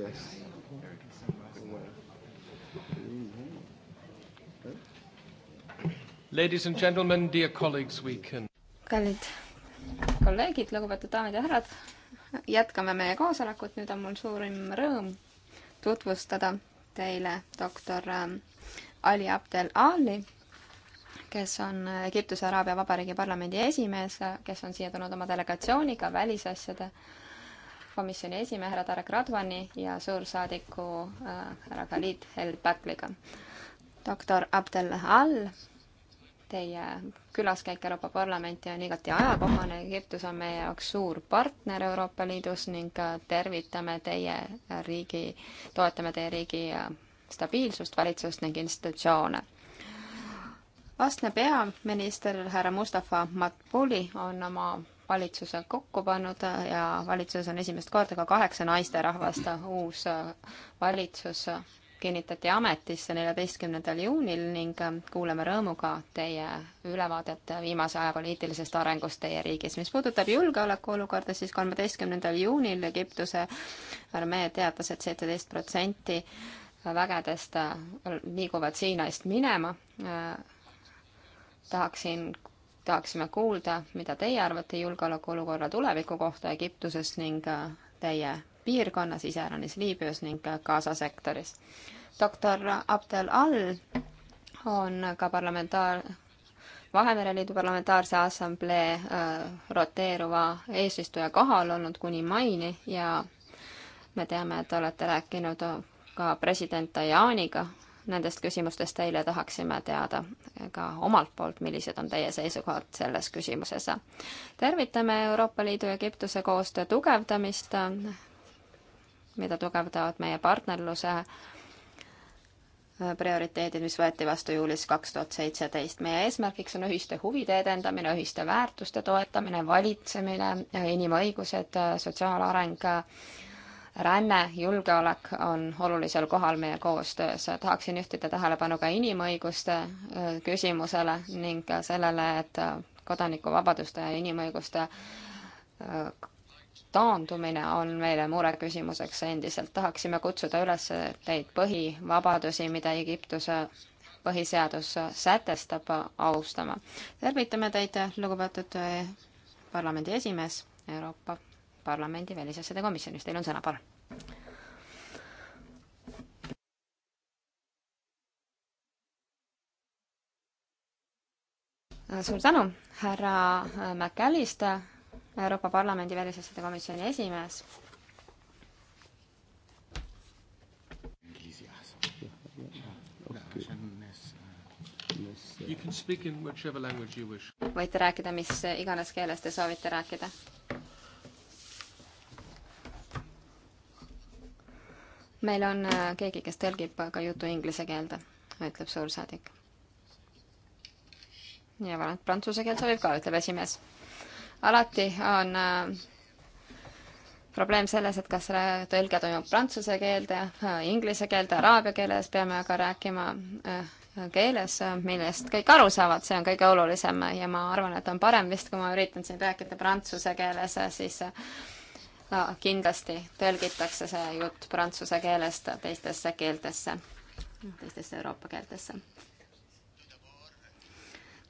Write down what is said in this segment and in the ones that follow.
Yes. Ladies and gentlemen, dear colleagues, we can. kallid kolleegid, lugupeetud daamid ja härrad, jätkame meie koosolekut, nüüd on mul suurim rõõm tutvustada teile doktor ähm, Ali Abdel Ali, kes on Egiptuse Araabia Vabariigi Parlamendi esimees, äh, kes on siia tulnud oma delegatsiooniga välisasjade äh, komisjoni esimehe härra Tarek Radvani ja suursaadiku äh, härra Khalid El-Bakliga. doktor Abdel Al, teie külaskäik Euroopa Parlamenti on igati ajakohane, Egiptus on meie jaoks suur partner Euroopa Liidus ning äh, tervitame teie riigi, toetame teie riigi äh, stabiilsust, valitsust ning institutsioone. Astne peaminister härra Mustafa Matbuli on oma valitsus on kokku pannud äh, ja valitsuses on esimest korda ka kaheksa naisterahvast. uus äh, valitsus kinnitati ametisse neljateistkümnendal juunil ning äh, kuuleme rõõmuga teie ülevaadet viimase aja poliitilisest arengust teie riigis. mis puudutab julgeolekuolukorda, siis kolmeteistkümnendal juunil Egiptuse armee teatas, et seitseteist protsenti vägedest liiguvad Siinaist minema tahaksin tahaksime kuulda, mida teie arvate julgeolekuolukorra tuleviku kohta Egiptuses ning äh, teie piirkonnas, iseäranis Liibüas ning Gaza sektoris. doktor Abdel Al on ka parlamentaar, Vahemere Liidu Parlamentaarse Assamblee äh, roteeruva eesistuja kohal olnud kuni maini ja me teame, et olete rääkinud ka president Tajaaniga nendest küsimustest teile tahaksime teada ka omalt poolt, millised on teie seisukohad selles küsimuses. tervitame Euroopa Liidu ja Egiptuse koostöö tugevdamist, mida tugevdavad meie partnerluse prioriteedid, mis võeti vastu juulis kaks tuhat seitseteist. meie eesmärgiks on ühiste huvide edendamine, ühiste väärtuste toetamine, valitsemine, inimõigused, sotsiaalareng ränne, julgeolek on olulisel kohal meie koostöös. tahaksin juhtida tähelepanu ka inimõiguste äh, küsimusele ning sellele, et äh, kodanikuvabaduste ja inimõiguste äh, taandumine on meile mureküsimuseks endiselt. tahaksime kutsuda üles neid põhivabadusi, mida Egiptuse põhiseadus sätestab, austama. tervitame teid, lugupeetud parlamendi esimees, Euroopa parlamendi välisasjade komisjonis, teil on sõna, palun. suur tänu, härra McAllister, Euroopa Parlamendi välisasjade komisjoni esimees. võite rääkida mis iganes keeles te soovite rääkida. meil on äh, keegi, kes tõlgib ka jutu inglise keelde, ütleb suursaadik. ja vanad prantsuse keel sobib ka, ütleb esimees. alati on äh, probleem selles, et kas tõlge toimub prantsuse keelde, äh, inglise keelde, araabia keeles, peame aga rääkima keeles, millest kõik aru saavad, see on kõige olulisem ja ma arvan, et on parem vist, kui ma üritan siin rääkida prantsuse keeles, siis no, kindlasti tõlgitakse see jutt prantsuse keelest teistesse keeltesse, teistesse Euroopa keeltesse.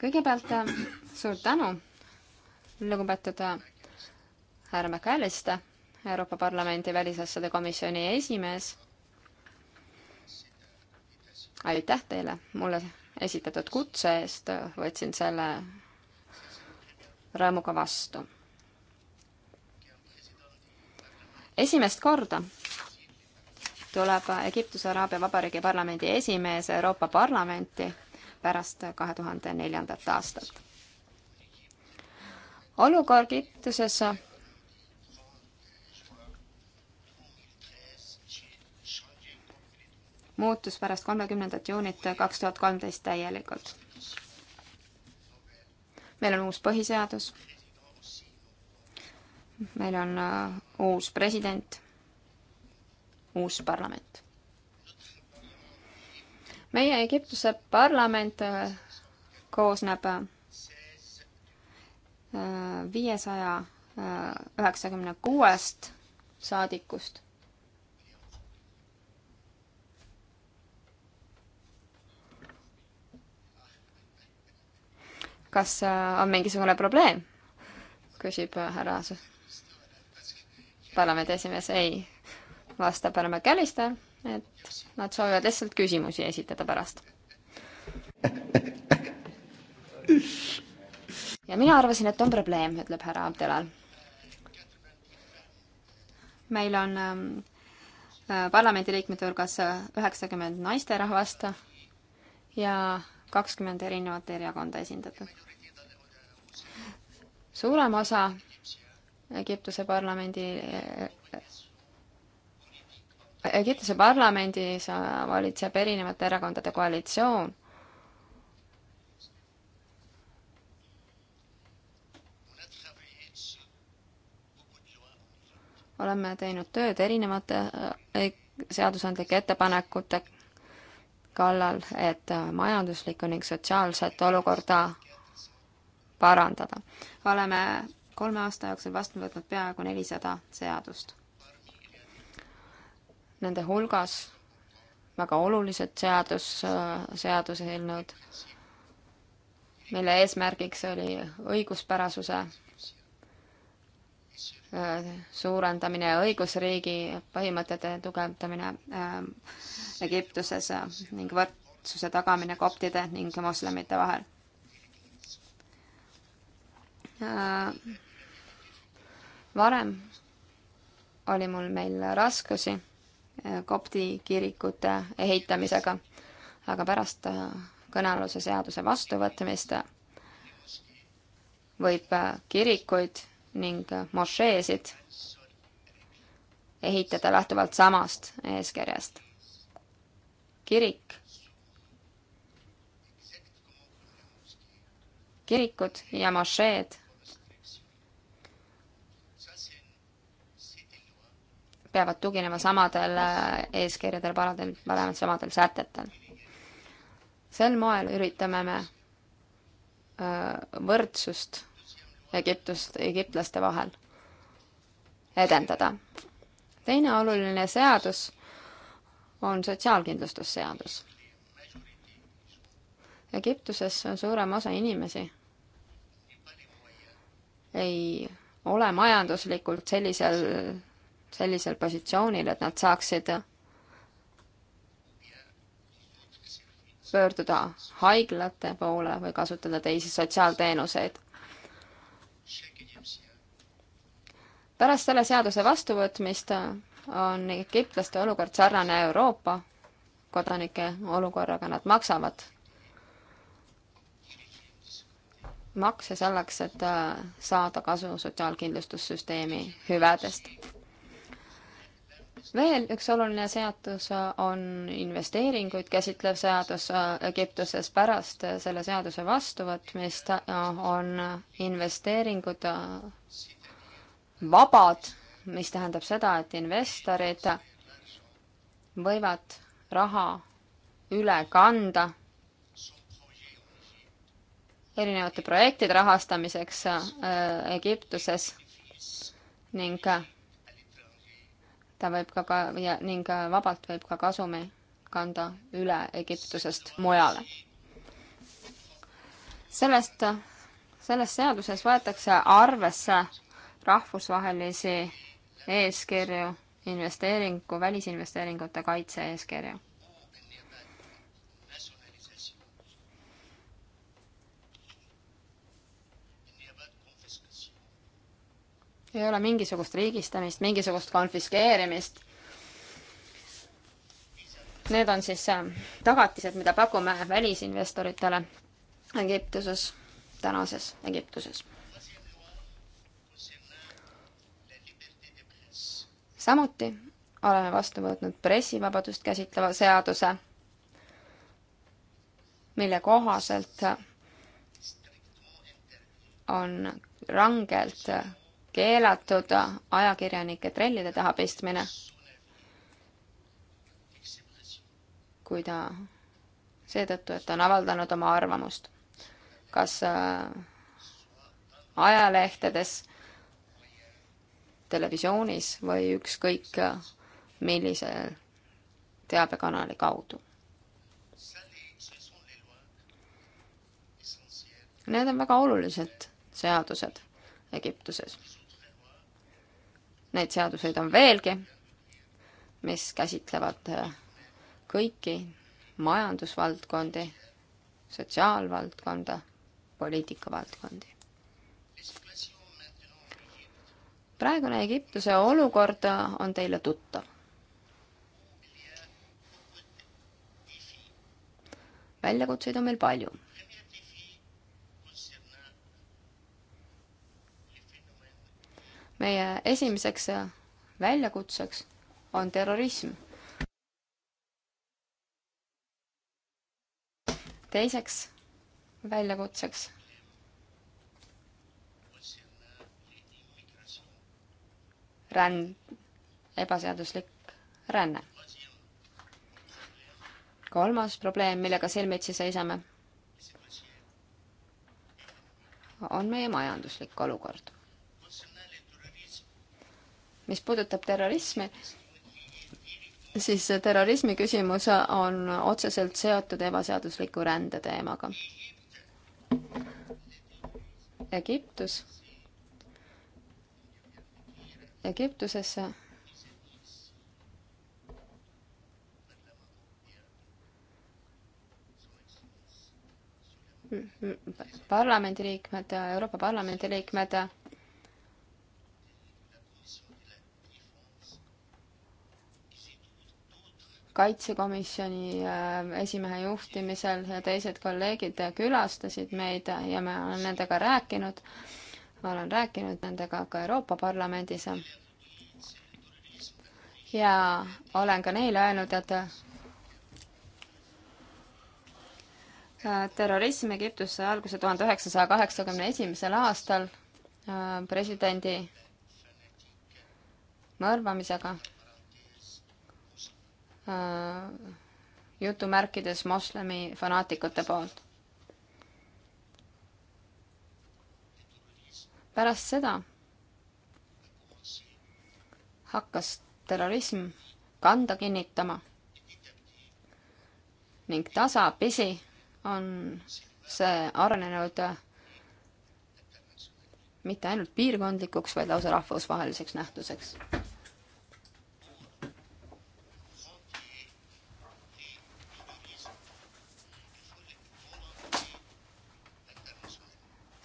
kõigepealt äh, suur tänu, lugupeetud äh, härra McAllister, Euroopa Parlamendi välisasjade komisjoni esimees. aitäh teile mulle esitatud kutse eest, võtsin selle rõõmuga vastu esimest korda tuleb Egiptuse Araabia Vabariigi parlamendi esimees Euroopa Parlamenti pärast kahe tuhande neljandat aastat. olukord Egiptuses muutus pärast kolmekümnendat juunit kaks tuhat kolmteist täielikult. meil on uus põhiseadus meil on äh, uus president, uus parlament. meie Egiptuse parlament äh, koosneb äh, viiesaja üheksakümne kuuest saadikust kas on mingisugune probleem? küsib härra Aasus parlamendi esimees, ei, vastab härra McAllister, et nad soovivad lihtsalt küsimusi esitada pärast. ja mina arvasin, et on probleem, ütleb härra Abdelal. meil on ähm, äh, parlamendiliikmete hulgas üheksakümmend naisterahvast ja kakskümmend erinevat erakonda esindatud. suurem osa Egiptuse parlamendi Egiptuse parlamendis valitseb erinevate erakondade koalitsioon. oleme teinud tööd erinevate eh, seadusandlike ettepanekute kallal, et majanduslikku ning sotsiaalset olukorda parandada. oleme kolme aasta jooksul vastu võtnud peaaegu nelisada seadust. Nende hulgas väga olulised seadus, seaduseelnõud, mille eesmärgiks oli õiguspärasuse äh, suurendamine ja õigusriigi põhimõtete tugevdamine äh, Egiptuses äh, ning võrdsuse tagamine koptide ning moslemite vahel varem oli mul meil raskusi eh, kopti kirikute ehitamisega, aga pärast eh, kõnealuse seaduse vastuvõtmist eh, võib kirikuid ning mošeesid ehitada lähtuvalt samast eeskirjast. kirik, kirikud ja mošeed peavad tuginema samadel äh, eeskirjadel, paladel, vähemalt samadel sätetel. sel moel üritame me äh, võrdsust Egiptust, egiptlaste vahel edendada. teine oluline seadus on sotsiaalkindlustusseadus. Egiptuses on suurem osa inimesi ei ole majanduslikult sellisel sellisel positsioonil, et nad saaksid pöörduda haiglate poole või kasutada teisi sotsiaalteenuseid. pärast selle seaduse vastuvõtmist on egiptlaste olukord sarnane Euroopa kodanike olukorraga, nad maksavad makse selleks, et saada kasu sotsiaalkindlustussüsteemi hüvedest veel üks oluline seadus äh, on investeeringuid käsitlev seadus äh, Egiptuses. pärast äh, selle seaduse vastuvõtmist on investeeringud vabad, mis tähendab seda, et investorid võivad raha üle kanda erinevate projektide rahastamiseks Egiptuses ning ta võib ka ka- ja ning äh, vabalt võib ka kasumi kanda üle Egiptusest mujale. sellest, äh, selles seaduses võetakse arvesse rahvusvahelisi eeskirju, investeeringu, välisinvesteeringute kaitse eeskirju ei ole mingisugust riigistamist, mingisugust konfiskeerimist. Need on siis äh, tagatised, mida pakume välisinvestoritele Egiptuses, tänases Egiptuses. samuti oleme vastu võtnud pressivabadust käsitleva seaduse, mille kohaselt on rangelt keelatud ajakirjanike trellide taha pistmine. kui ta, seetõttu, et ta on avaldanud oma arvamust, kas äh, ajalehtedes, televisioonis või ükskõik millise teabekanali kaudu Need on väga olulised seadused Egiptuses. Neid seaduseid on veelgi, mis käsitlevad äh, kõiki majandusvaldkondi, sotsiaalvaldkonda, poliitikavaldkondi. praegune Egiptuse olukord äh, on teile tuttav. väljakutseid on meil palju meie esimeseks äh, väljakutseks on terrorism. teiseks väljakutseks ränd, ebaseaduslik ränne. kolmas probleem, millega silmitsi seisame, on meie majanduslik olukord mis puudutab terrorismi, siis terrorismi küsimus on otseselt seotud ebaseadusliku rände teemaga. Egiptus, Egiptusesse mm, mm, parlamendiliikmed, Euroopa Parlamendi liikmed kaitsekomisjoni äh, esimehe juhtimisel ja teised kolleegid külastasid meid ja ma olen nendega rääkinud. ma olen rääkinud nendega ka Euroopa Parlamendis. ja olen ka neile öelnud, et äh, terrorism Egiptusse alguse tuhande üheksasaja kaheksakümne esimesel aastal äh, presidendi mõrvamisega Äh, jutumärkides moslemi fanaatikute poolt. pärast seda hakkas terrorism kanda kinnitama ning tasapisi on see arenenud mitte ainult piirkondlikuks, vaid lausa rahvusvaheliseks nähtuseks.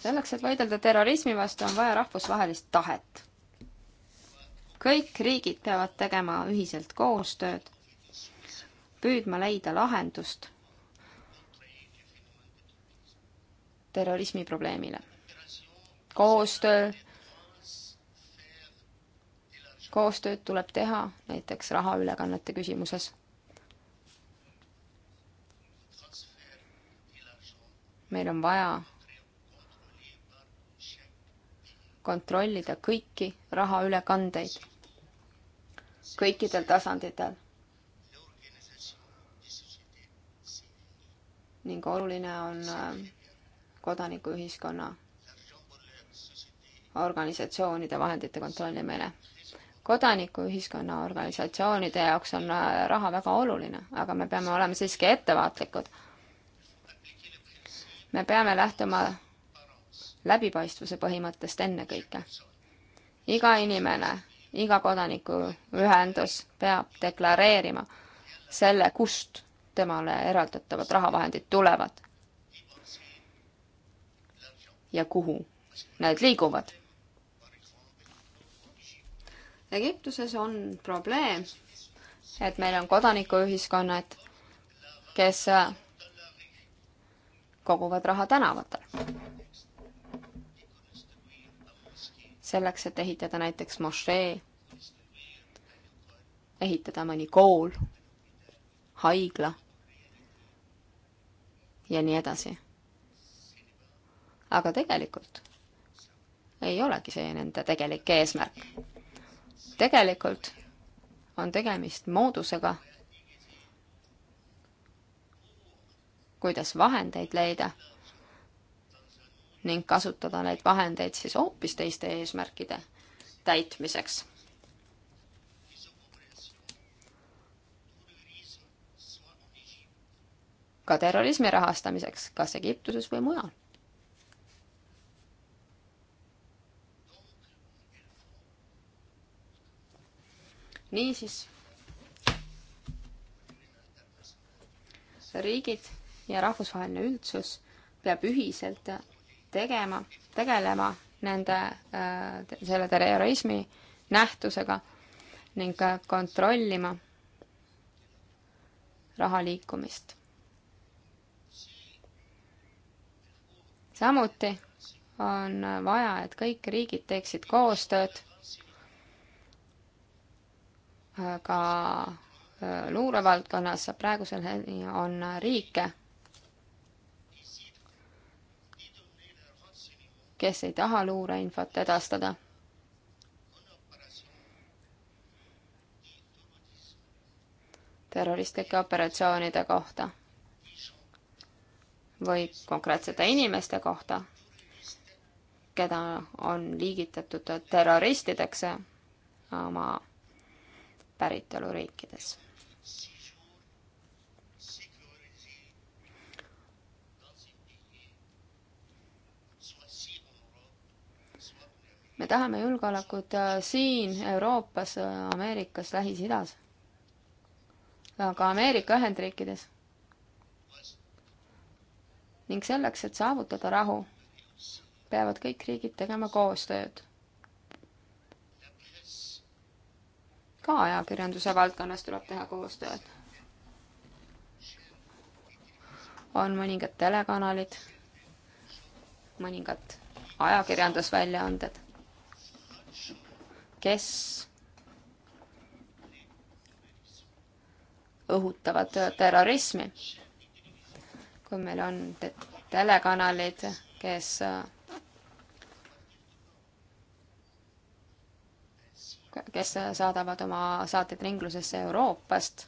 selleks, et võidelda terrorismi vastu, on vaja rahvusvahelist tahet. kõik riigid peavad tegema ühiselt koostööd, püüdma leida lahendust terrorismi probleemile. koostöö, koostööd tuleb teha näiteks rahaülekannete küsimuses meil on vaja kontrollida kõiki rahaülekandeid kõikidel tasanditel. ning oluline on äh, kodanikuühiskonna organisatsioonide vahendite kontrollimine. kodanikuühiskonna organisatsioonide jaoks on äh, raha väga oluline, aga me peame olema siiski ettevaatlikud. me peame lähtuma läbipaistvuse põhimõttest ennekõike. iga inimene, iga kodanikuühendus peab deklareerima selle, kust temale eraldatavad rahavahendid tulevad. ja kuhu need liiguvad. Egiptuses on probleem, et meil on kodanikuühiskonnad, kes koguvad raha tänavatel selleks, et ehitada näiteks mošee, ehitada mõni kool, haigla ja nii edasi. aga tegelikult ei olegi see nende tegelik eesmärk. tegelikult on tegemist moodusega, kuidas vahendeid leida ning kasutada neid vahendeid siis hoopis teiste eesmärkide täitmiseks. ka terrorismi rahastamiseks, kas Egiptuses või mujal niisiis riigid ja rahvusvaheline üldsus peab ühiselt tegema, tegelema nende, äh, selle terrorismi nähtusega ning äh, kontrollima raha liikumist. samuti on vaja, et kõik riigid teeksid koostööd äh, ka luurevaldkonnas, praegusel hetkel on riike, kes ei taha luureinfot edastada. terroristlike operatsioonide kohta või konkreetsete inimeste kohta, keda on liigitatud terroristideks oma päritoluriikides me tahame julgeolekut äh, siin Euroopas, äh, Ameerikas, Lähis-Idas, aga Ameerika Ühendriikides. ning selleks, et saavutada rahu, peavad kõik riigid tegema koostööd. ka ajakirjanduse valdkonnas tuleb teha koostööd. on mõningad telekanalid, mõningad ajakirjandusväljaanded kes õhutavad terrorismi. kui meil on te telekanalid, kes kes saadavad oma saateid ringlusesse Euroopast,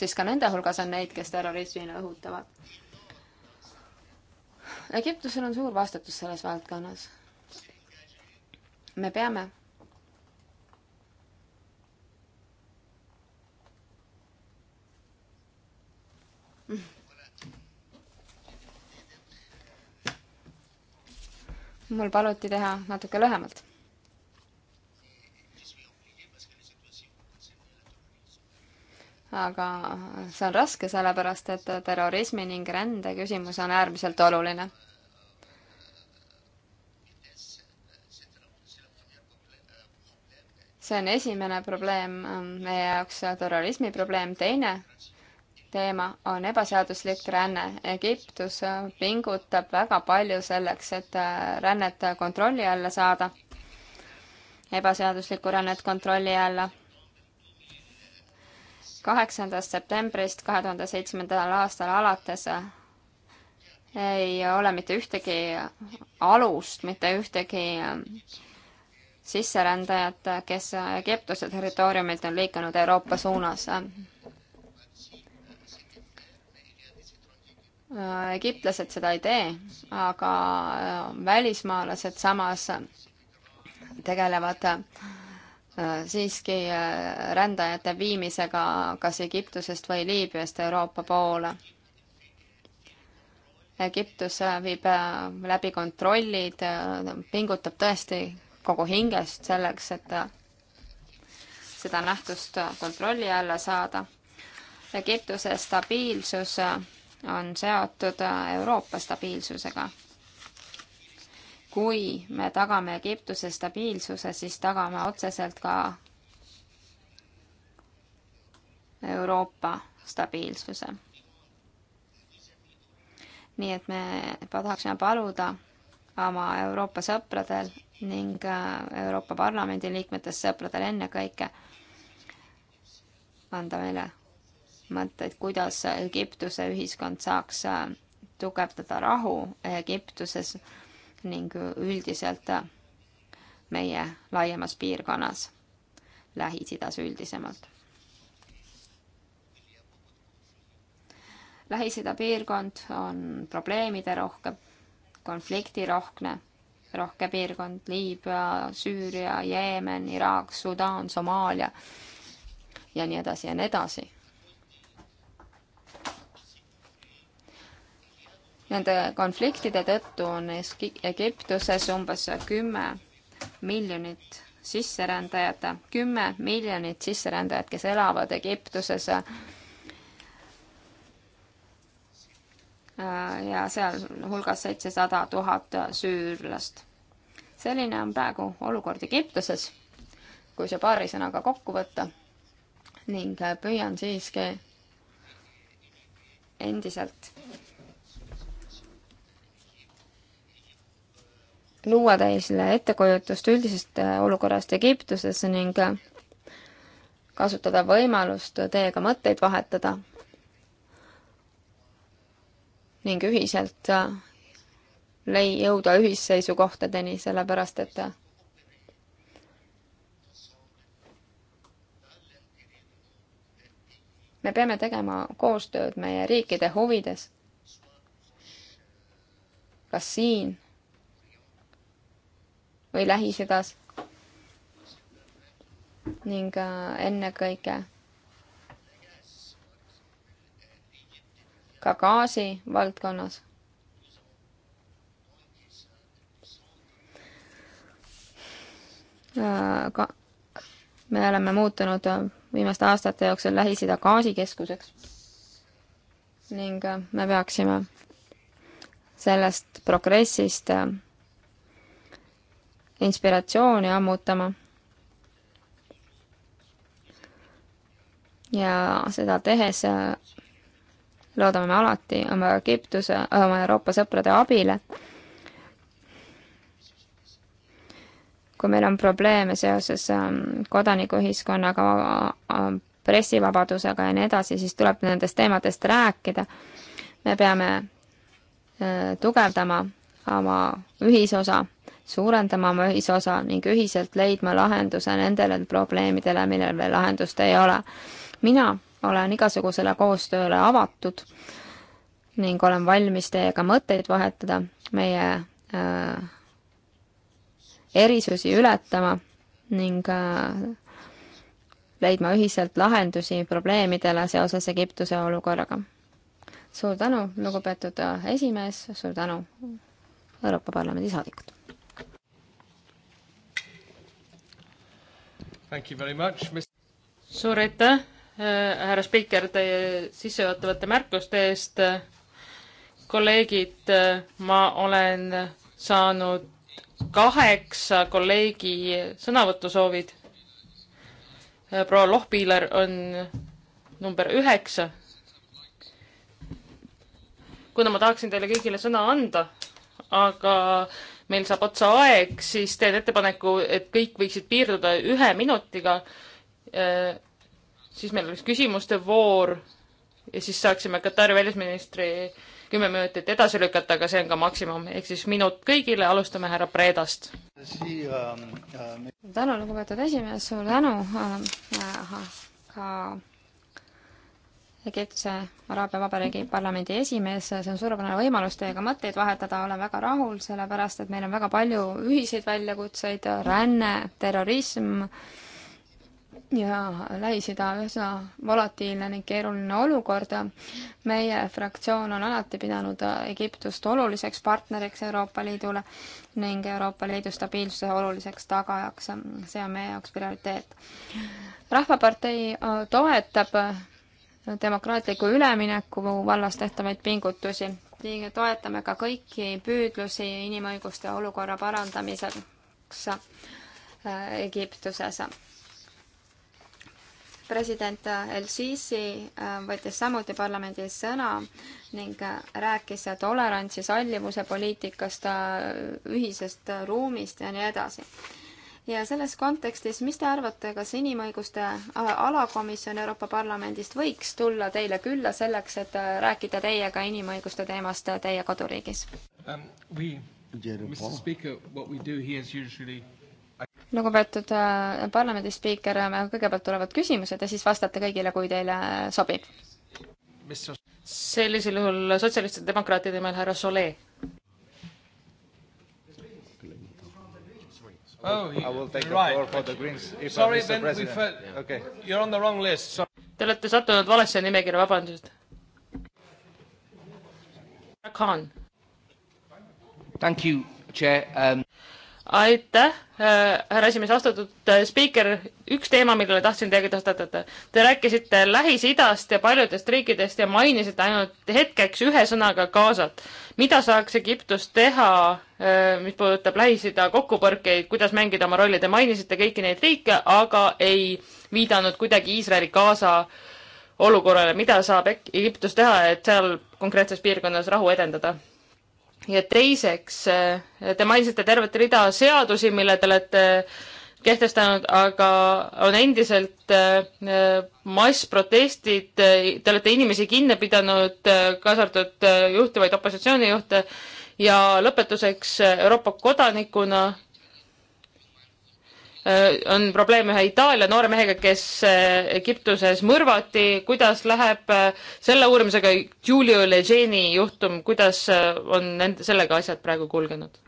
siis ka nende hulgas on neid, kes terrorismina õhutavad Egiptusel on suur vastutus selles valdkonnas. me peame mul paluti teha natuke lühemalt. aga see on raske, sellepärast et terrorismi ning rände küsimus on äärmiselt oluline. see on esimene probleem ähm, meie jaoks, terrorismi probleem, teine teema on ebaseaduslik ränne. Egiptus äh, pingutab väga palju selleks, et äh, rännet kontrolli alla saada, ebaseaduslikku rännet kontrolli alla kaheksandast septembrist kahe tuhande seitsmendal aastal alates ei ole mitte ühtegi alust, mitte ühtegi sisserändajat, kes Egiptuse territooriumilt on liikunud Euroopa suunas. egiptlased seda ei tee, aga välismaalased samas tegelevad äh, Äh, siiski äh, rändajate viimisega kas Egiptusest või Liibüast Euroopa poole. Egiptus äh, viib läbi kontrollid, pingutab tõesti kogu hingest selleks, et seda nähtust kontrolli alla saada. Egiptuse stabiilsus on seotud Euroopa stabiilsusega kui me tagame Egiptuse stabiilsuse, siis tagame otseselt ka Euroopa stabiilsuse. nii et me tahaksime paluda oma Euroopa sõpradel ning äh, Euroopa Parlamendi liikmetest sõpradel ennekõike anda meile mõtteid, kuidas Egiptuse ühiskond saaks äh, tugevdada rahu Egiptuses ning üldiselt meie laiemas piirkonnas, Lähis-Idas üldisemalt. Lähis-Ida piirkond on probleemide rohke, konfliktirohke, rohke piirkond, Liibüa, Süüria, Jeemen, Iraak, Sudaan, Somaalia ja nii edasi ja nii edasi Nende konfliktide tõttu on Egiptuses umbes kümme miljonit sisserändajat, kümme miljonit sisserändajat, kes elavad Egiptuses ja sealhulgas seitsesada tuhat süürlast. selline on praegu olukord Egiptuses, kui see paari sõnaga kokku võtta ning püüan siiski endiselt luua teile ettekujutust üldisest äh, olukorrast Egiptuses ning äh, kasutada võimalust teiega mõtteid vahetada ning ühiselt äh, lei-, jõuda ühisseisukohtadeni, sellepärast et me peame tegema koostööd meie riikide huvides, kas siin või Lähis-Idas ning äh, ennekõike ka gaasi valdkonnas. Äh, ka me oleme muutunud äh, viimaste aastate jooksul Lähis-Ida gaasikeskuseks ning me peaksime sellest progressist inspiratsiooni ammutama. ja seda tehes äh, loodame me alati oma Egiptuse, äh, oma Euroopa sõprade abile. kui meil on probleeme seoses ähm, kodanikuühiskonnaga, äh, pressivabadusega ja nii edasi, siis tuleb nendest teemadest rääkida. me peame tugevdama oma ühisosa suurendama oma ühisosa ning ühiselt leidma lahenduse nendele probleemidele, millel veel lahendust ei ole. mina olen igasugusele koostööle avatud ning olen valmis teiega mõtteid vahetada, meie äh, erisusi ületama ning äh, leidma ühiselt lahendusi probleemidele seoses Egiptuse olukorraga. suur tänu, lugupeetud äh, esimees, suur tänu, Euroopa Parlamendi saadikud! suur aitäh, äh, härra spiiker, teie sissejuhatavate märkuste eest. kolleegid, äh, ma olen saanud kaheksa kolleegi sõnavõtusoovid. Äh, proua Lohpiiler on number üheksa. kuna ma tahaksin teile kõigile sõna anda, aga meil saab otsa aeg, siis teen ettepaneku, et kõik võiksid piirduda ühe minutiga. Äh, siis meil oleks küsimuste voor ja siis saaksime Katari välisministri kümme minutit edasi lükata, aga see on ka maksimum, ehk siis minut kõigile, alustame härra Predast. tänu, lugupeetud esimees, suur tänu äh, äh ka Egiptuse Araabia Vabariigi parlamendi esimees, see on suurepärane võimalus teiega mõtteid vahetada, olen väga rahul, sellepärast et meil on väga palju ühiseid väljakutseid, ränne, terrorism ja Lähis-Ida üsna volatiilne ning keeruline olukord. meie fraktsioon on alati pidanud Egiptust oluliseks partneriks Euroopa Liidule ning Euroopa Liidu stabiilsuse oluliseks tagajaks. see on meie jaoks prioriteet. rahvapartei toetab demokraatliku ülemineku vallas tehtavaid pingutusi. toetame ka kõiki püüdlusi inimõiguste olukorra parandamiseks äh, Egiptuses. president El-Sisi äh, võttis samuti parlamendis sõna ning äh, rääkis tolerantsi, sallivuse poliitikast, ühisest ruumist ja nii edasi ja selles kontekstis, mis te arvate, kas inimõiguste alakomisjon Euroopa Parlamendist võiks tulla teile külla selleks, et äh, rääkida teiega inimõiguste teemast äh, teie koduriigis um,? lugupeetud äh, parlamendi spiiker, äh, kõigepealt tulevad küsimused ja siis vastate kõigile, kui teile sobib. sellisel juhul sotsialistide demokraatide nimel härra Solé Oh, I will take right. the floor for the Greens if Sorry, I'm Mr. President. Fell... Okay. You're on the wrong list. So... Te olete sattunud valesse nimekirja, vabandust. Khan. Thank you, Chair um aitäh, äh, härra esimees, austatud äh, spiiker, üks teema, millele tahtsin teiega tõstatada. Te rääkisite Lähis-Idast ja paljudest riikidest ja mainisite ainult hetkeks ühe sõnaga Gazat. mida saaks Egiptus teha, äh, mis puudutab Lähis-Ida kokkupõrkeid, kuidas mängida oma rolli, te mainisite kõiki neid riike, aga ei viidanud kuidagi Iisraeli Gaza olukorrale, mida saab Egiptus teha, et seal konkreetses piirkonnas rahu edendada? ja teiseks, eh, te mainisite tervet rida seadusi, mille te olete eh, kehtestanud, aga on endiselt eh, massprotestid, te olete inimesi kinni pidanud, kaasa arvatud juhtivaid opositsioonijuhte ja lõpetuseks Euroopa kodanikuna Äh, on probleem ühe Itaalia noore mehega, kes äh, Egiptuses mõrvati, kuidas läheb äh, selle uurimisega Giulio Legeni juhtum, kuidas on nende, sellega asjad praegu kulgenud?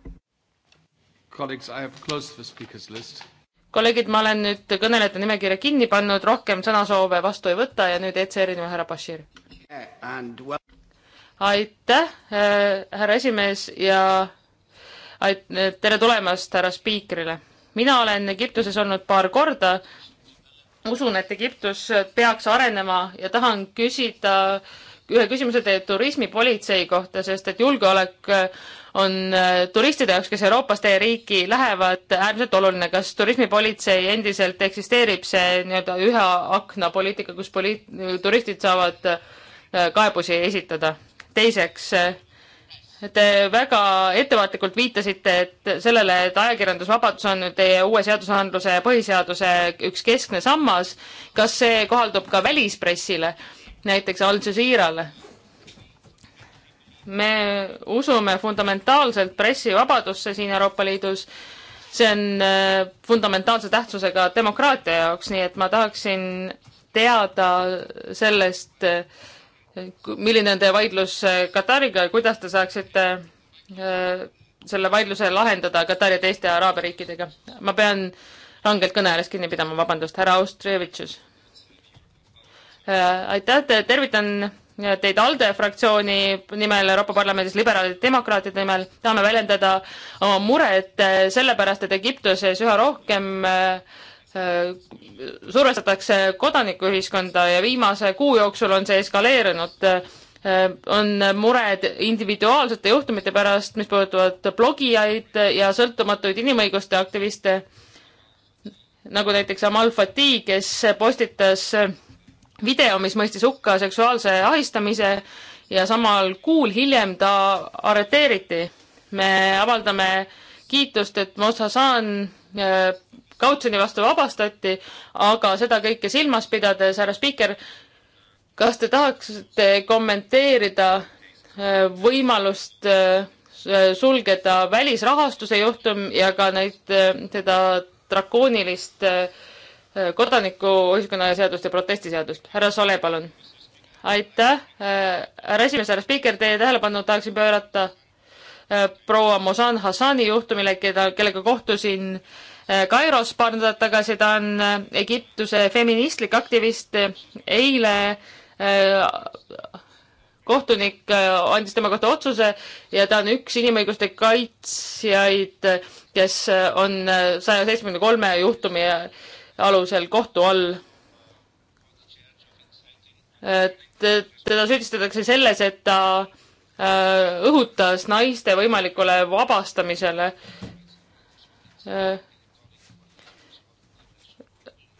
kolleegid, ma olen nüüd kõnelejate nimekirja kinni pannud, rohkem sõnasoove vastu ei võta ja nüüd ETSR-i nimel härra Bashir. aitäh, härra esimees ja ait-, tere tulemast härra spiikrile mina olen Egiptuses olnud paar korda, usun, et Egiptus peaks arenema ja tahan küsida ühe küsimuse teie turismipolitsei kohta, sest et julgeolek on äh, turistide jaoks, kes Euroopast teie riiki lähevad, äärmiselt oluline. kas turismipolitsei endiselt eksisteerib see nii-öelda ühe akna poliitika, kus poliit-, turistid saavad äh, kaebusi esitada? teiseks Te väga ettevaatlikult viitasite et sellele, et ajakirjandusvabadus on teie uue seadusandluse ja põhiseaduse üks keskne sammas. kas see kohaldub ka välispressile, näiteks Al Jazeerale? me usume fundamentaalselt pressivabadusse siin Euroopa Liidus. see on äh, fundamentaalse tähtsusega demokraatia jaoks, nii et ma tahaksin teada sellest äh, milline on teie vaidlus äh, Katariga ja kuidas te saaksite äh, selle vaidluse lahendada Katari ja teiste araabia riikidega? ma pean rangelt kõne ääres kinni pidama, vabandust, härra Austrevitšus. Äh, aitäh, tervitan teid ALDE fraktsiooni nimel Euroopa Parlamendis liberaalide demokraatide nimel. tahame väljendada oma muret sellepärast, et Egiptuses üha rohkem äh, Äh, survestatakse kodanikuühiskonda ja viimase kuu jooksul on see eskaleerunud. Äh, on mured individuaalsete juhtumite pärast, mis puudutavad blogijaid ja sõltumatuid inimõiguste aktiviste, nagu näiteks Amal Fatih, kes postitas video, mis mõistis hukka seksuaalse ahistamise ja samal kuul hiljem ta arreteeriti. me avaldame kiitust, et Mossad kautsjoni vastu vabastati, aga seda kõike silmas pidades, härra spiiker, kas te tahaksite kommenteerida äh, võimalust äh, sulgeda välisrahastuse juhtum ja ka neid, äh, seda drakoonilist kodanikuühiskonna seadust ja protestiseadust. härra Sole, palun. aitäh, härra esimees, härra spiiker, teie tähelepanu tahaksin pöörata proua Mosan Hassani juhtumile, keda, kellega kohtusin Äh, Kairos paar nädalat tagasi, ta on äh, Egiptuse feministlik aktivist. eile äh, kohtunik andis tema kohta otsuse ja ta on üks inimõiguste kaitsjaid, kes on saja seitsmekümne kolme juhtumi alusel kohtu all teda süüdistatakse selles, et ta õhutas naiste võimalikule vabastamisele.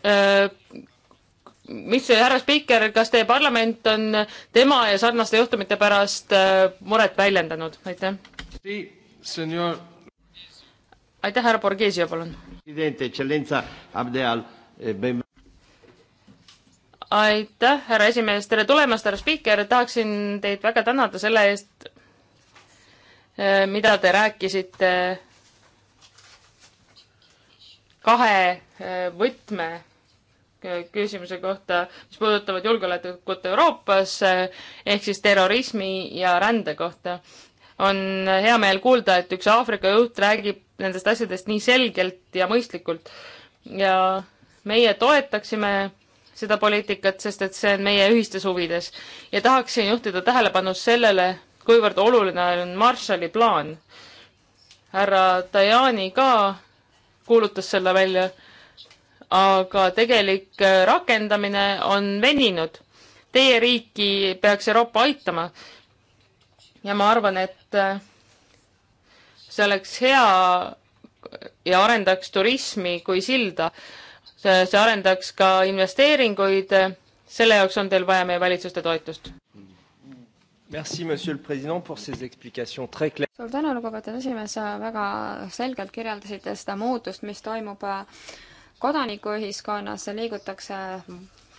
Äh, mis, härra spiiker, kas teie parlament on tema ja sarnaste juhtumite pärast äh, muret väljendanud? aitäh. aitäh, härra Borghesio, palun. Eh, aitäh, härra esimees, tere tulemast, härra spiiker, tahaksin teid väga tänada selle eest, äh, mida te rääkisite kahe võtme küsimuse kohta, mis puudutavad julgeolekut Euroopas ehk siis terrorismi ja rände kohta. on hea meel kuulda, et üks Aafrika juht räägib nendest asjadest nii selgelt ja mõistlikult ja meie toetaksime seda poliitikat, sest et see on meie ühistes huvides ja tahaksin juhtida tähelepanu sellele, kuivõrd oluline on Marshalli plaan. härra Tajani ka kuulutas selle välja aga tegelik äh, rakendamine on veninud. Teie riiki peaks Euroopa aitama. ja ma arvan, et äh, see oleks hea ja arendaks turismi kui silda. see arendaks ka investeeringuid. selle jaoks on teil vaja meie valitsuste toetust. Merci, Monsieur le Président, pour ces explications très claires. suur tänu, lugupeetud esimees, väga selgelt kirjeldasite seda muutust, mis toimub äh, kodanikuühiskonnas liigutakse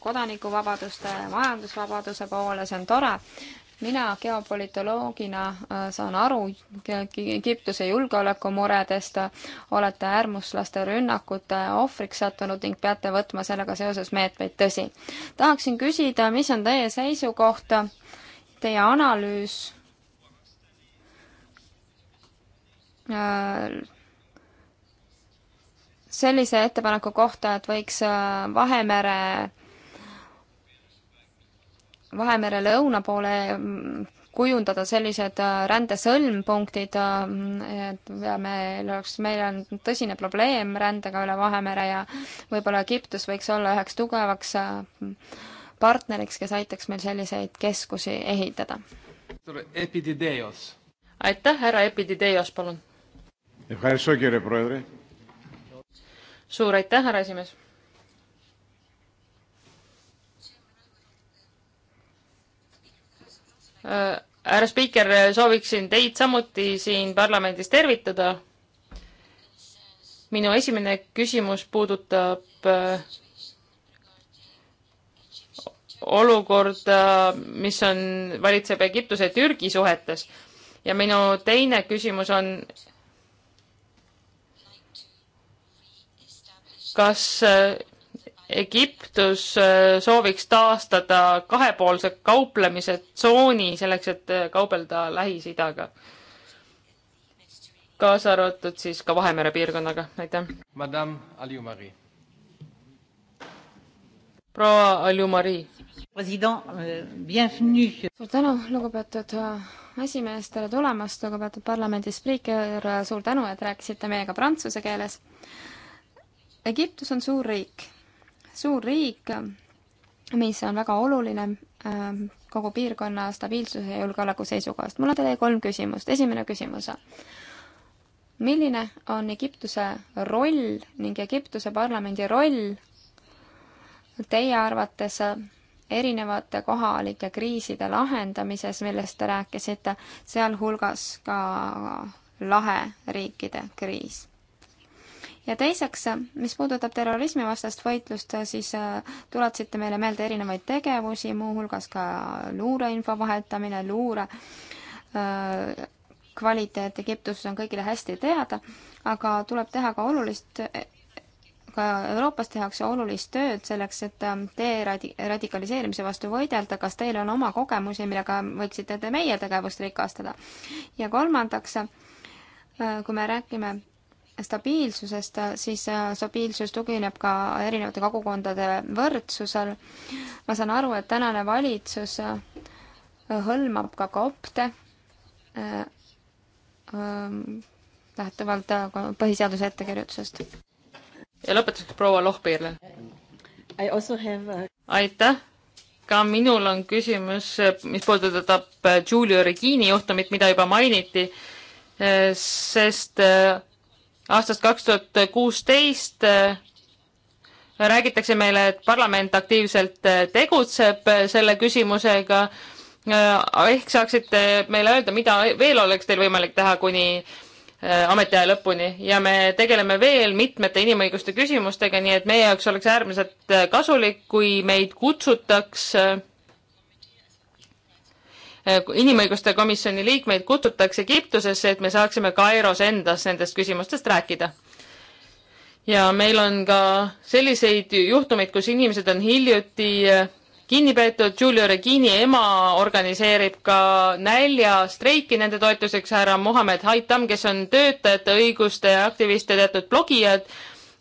kodanikuvabaduste, majandusvabaduse poole, see on tore. mina geopolitoloogina äh, saan aru Egiptuse julgeolekumuredest, olete äärmuslaste rünnakute ohvriks sattunud ning peate võtma sellega seoses meetmeid tõsi. tahaksin küsida, mis on teie seisukoht, teie analüüs äh, sellise ettepaneku kohta, et võiks äh, Vahemere, Vahemere lõuna poole mm, kujundada sellised äh, rändesõlmpunktid, äh, et meil oleks, meil on tõsine probleem rändega üle Vahemere ja võib-olla Egiptus võiks olla üheks tugevaks partneriks, kes aitaks meil selliseid keskusi ehitada. aitäh, härra Epidideios, palun! suur aitäh, härra esimees! Äh, härra spiiker, sooviksin teid samuti siin parlamendis tervitada. minu esimene küsimus puudutab äh, olukorda, mis on, valitseb Egiptuse ja Türgi suhetes. ja minu teine küsimus on, kas äh, Egiptus äh, sooviks taastada kahepoolse kauplemise tsooni selleks, et äh, kaubelda Lähis-Idaga? kaasa arvatud siis ka Vahemere piirkonnaga, aitäh. Madame Alju-Mari. proua Alju-Mari. president, euh, bienvenue. suur tänu, lugupeetud esimees, tere tulemast, lugupeetud parlamendi spiiker, suur tänu, et rääkisite meiega prantsuse keeles Egiptus on suur riik, suur riik, mis on väga oluline ähm, kogu piirkonna stabiilsuse ja julgeoleku seisukohast. mul on teile kolm küsimust. esimene küsimus. milline on Egiptuse roll ning Egiptuse parlamendi roll teie arvates erinevate kohalike kriiside lahendamises, millest te rääkisite, sealhulgas ka laheriikide kriis? ja teiseks, mis puudutab terrorismivastast võitlust, siis äh, tuletasite meile meelde erinevaid tegevusi, muuhulgas ka luureinfo vahetamine, luure äh, kvaliteet Egiptuses on kõigile hästi teada, aga tuleb teha ka olulist ka Euroopas tehakse olulist tööd selleks, et äh, deradikaliseerimise vastu võidelda, kas teil on oma kogemusi, millega võiksite te meie tegevust rikastada? ja kolmandaks, kui me räägime stabiilsusest, siis äh, stabiilsus tugineb ka erinevate kogukondade võrdsusel. ma saan aru, et tänane valitsus äh, hõlmab ka kopte äh, ähm, lähtuvalt põhiseaduse ettekirjutusest. ja lõpetuseks proua Lohpiirle. Have... aitäh! ka minul on küsimus, mis puudutab Giulio Regini juhtumit, mida juba mainiti, sest aastast kaks tuhat kuusteist äh, räägitakse meile, et parlament aktiivselt äh, tegutseb äh, selle küsimusega. ehk saaksite meile öelda, mida veel oleks teil võimalik teha kuni ametiaja lõpuni ja me tegeleme veel mitmete inimõiguste küsimustega, nii et meie jaoks oleks äärmiselt kasulik, kui meid kutsutaks äh, Eh, inimõiguste komisjoni liikmeid kutsutakse Egiptusesse, et me saaksime Kairos endas nendest küsimustest rääkida. ja meil on ka selliseid juhtumeid, kus inimesed on hiljuti eh, kinni peetud, Giulio Regini ema organiseerib ka näljastreiki nende toetuseks, härra Mohammed Haitam, kes on töötajate õiguste aktiviste, teatud blogijad,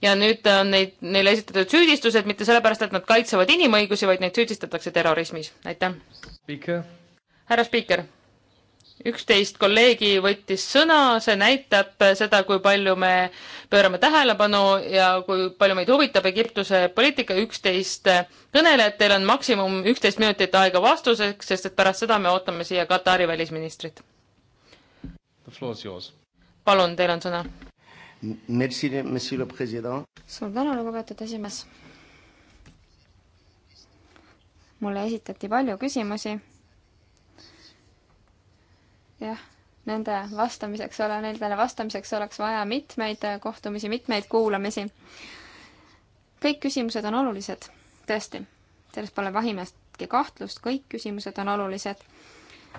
ja nüüd on neid, neile esitatud süüdistused mitte sellepärast, et nad kaitsevad inimõigusi, vaid neid süüdistatakse terrorismis. aitäh! härra spiiker, üksteist kolleegi võttis sõna, see näitab seda, kui palju me pöörame tähelepanu ja kui palju meid huvitab Egiptuse poliitika, üksteist kõnelejat, teil on maksimum üksteist minutit aega vastuseks, sest et pärast seda me ootame siia Katari välisministrit. palun, teil on sõna. suur tänu, lugupeetud esimees mulle esitati palju küsimusi jah, nende vastamiseks ole, nendele vastamiseks oleks vaja mitmeid äh, kohtumisi, mitmeid kuulamisi. kõik küsimused on olulised, tõesti, selles pole vähimatki kahtlust, kõik küsimused on olulised.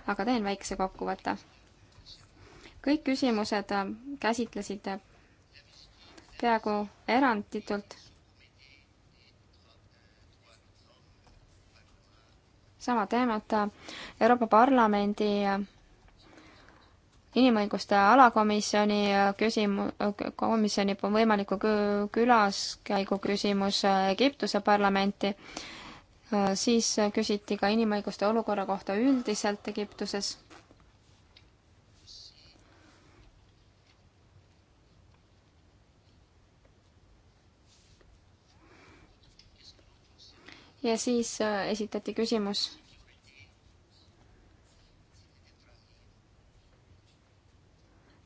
aga teen väikse kokkuvõtte. kõik küsimused äh, käsitlesid äh, peaaegu eranditult sama teemat Euroopa Parlamendi inimõiguste alakomisjoni äh, küsimu-, äh, komisjoni võimaliku külaskäigu küsimus äh, Egiptuse parlamenti, siis küsiti ka inimõiguste olukorra kohta üldiselt Egiptuses. ja siis esitati küsimus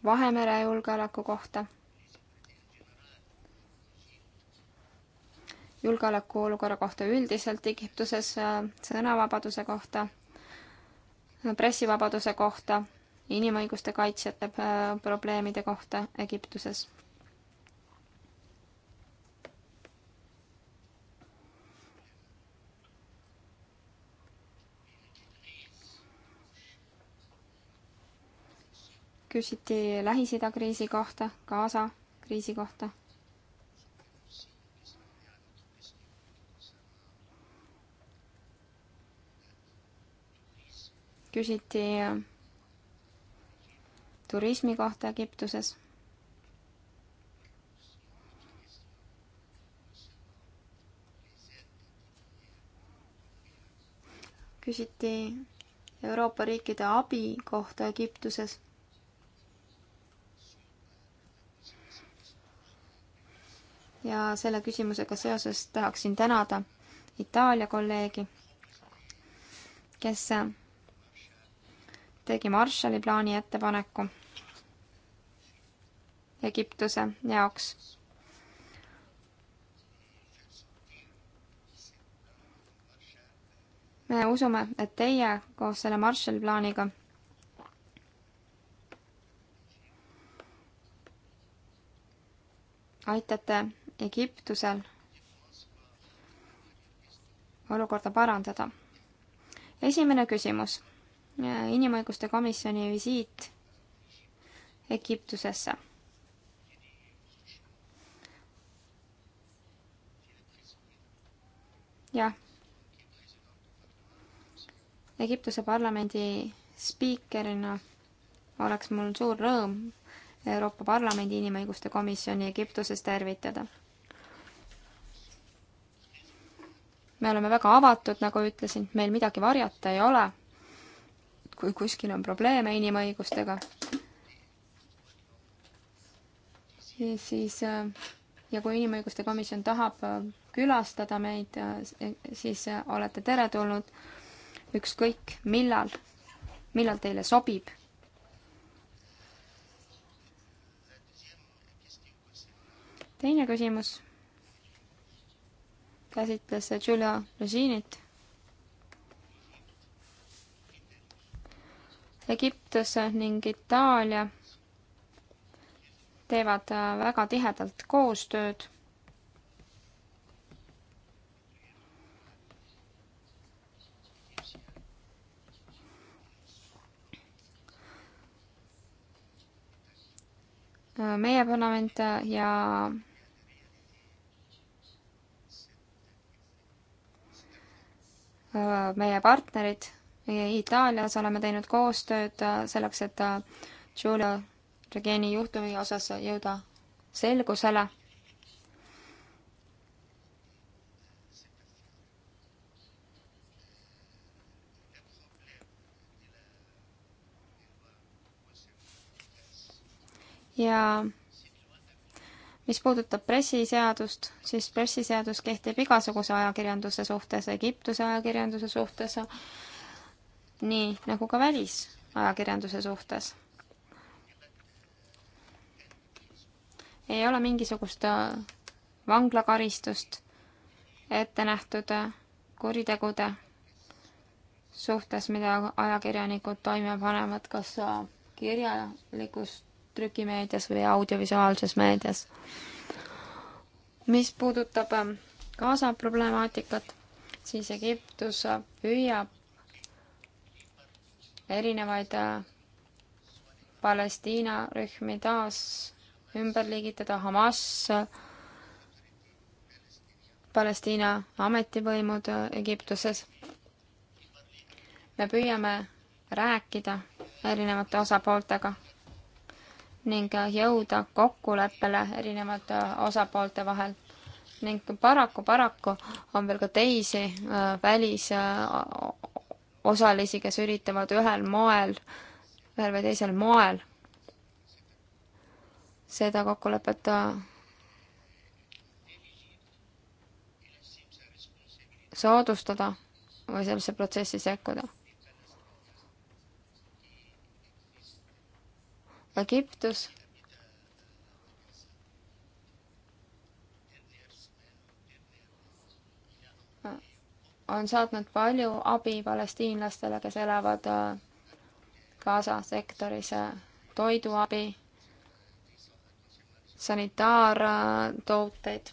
Vahemere julgeoleku kohta. julgeolekuolukorra kohta üldiselt Egiptuses, sõnavabaduse kohta, pressivabaduse kohta, inimõiguste kaitsjate äh, probleemide kohta Egiptuses küsiti Lähis-Ida kriisi kohta, Gaza kriisi kohta. küsiti turismi kohta Egiptuses. küsiti Euroopa riikide abi kohta Egiptuses ja selle küsimusega seoses tahaksin tänada Itaalia kolleegi, kes tegi Marshalli plaani ettepaneku Egiptuse jaoks. me usume, et teie koos selle Marshalli plaaniga aitate Egiptusel olukorda parandada. esimene küsimus. inimõiguste komisjoni visiit Egiptusesse. jah. Egiptuse parlamendi spiikerina oleks mul suur rõõm Euroopa Parlamendi inimõiguste komisjoni Egiptuses tervitada me oleme väga avatud, nagu ütlesin, meil midagi varjata ei ole. kui kuskil on probleeme inimõigustega, siis äh, ja kui Inimõiguste Komisjon tahab äh, külastada meid, äh, siis olete teretulnud ükskõik millal, millal teile sobib. teine küsimus käsitles Julia Reginit. Egiptus ning Itaalia teevad äh, väga tihedalt koostööd. Äh, meie parlament ja Äh, meie partnerid. Itaalias oleme teinud koostööd äh, selleks, et äh, Giulio Regeni juhtumi osas jõuda selgusele. ja mis puudutab pressiseadust, siis pressiseadus kehtib igasuguse ajakirjanduse suhtes, Egiptuse ajakirjanduse suhtes, nii nagu ka välisajakirjanduse suhtes. ei ole mingisugust äh, vanglakaristust ette nähtud äh, kuritegude suhtes, mida ajakirjanikud toime panevad, kas äh, kirjalikust trükimeedias või audiovisuaalses meedias. mis puudutab ähm, Gaza problemaatikat, siis Egiptus äh, püüab erinevaid äh, Palestiina rühmi taas ümber liigitada, Hamas, äh, Palestiina ametivõimud Egiptuses. me püüame rääkida erinevate osapooltega ning äh, jõuda kokkuleppele erinevate äh, osapoolte vahel. ning paraku, paraku on veel ka teisi äh, välisosalisi, kes üritavad ühel moel, ühel või teisel moel seda kokkulepet soodustada või sellesse protsessi sekkuda Egiptus on saatnud palju abi palestiinlastele, kes elavad äh, Gaza sektoris, äh, toiduabi, sanitaartooteid.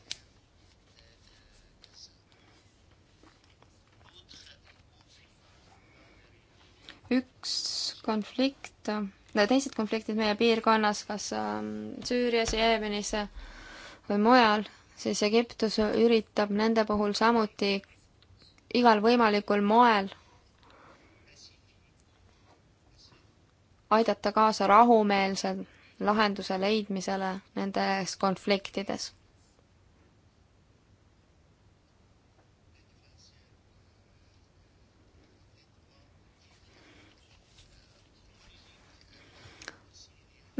üks konflikt äh, teised konfliktid meie piirkonnas, kas ähm, Süürias, Jeemenis või mujal, siis Egiptus üritab nende puhul samuti igal võimalikul moel aidata kaasa rahumeelse lahenduse leidmisele nendes konfliktides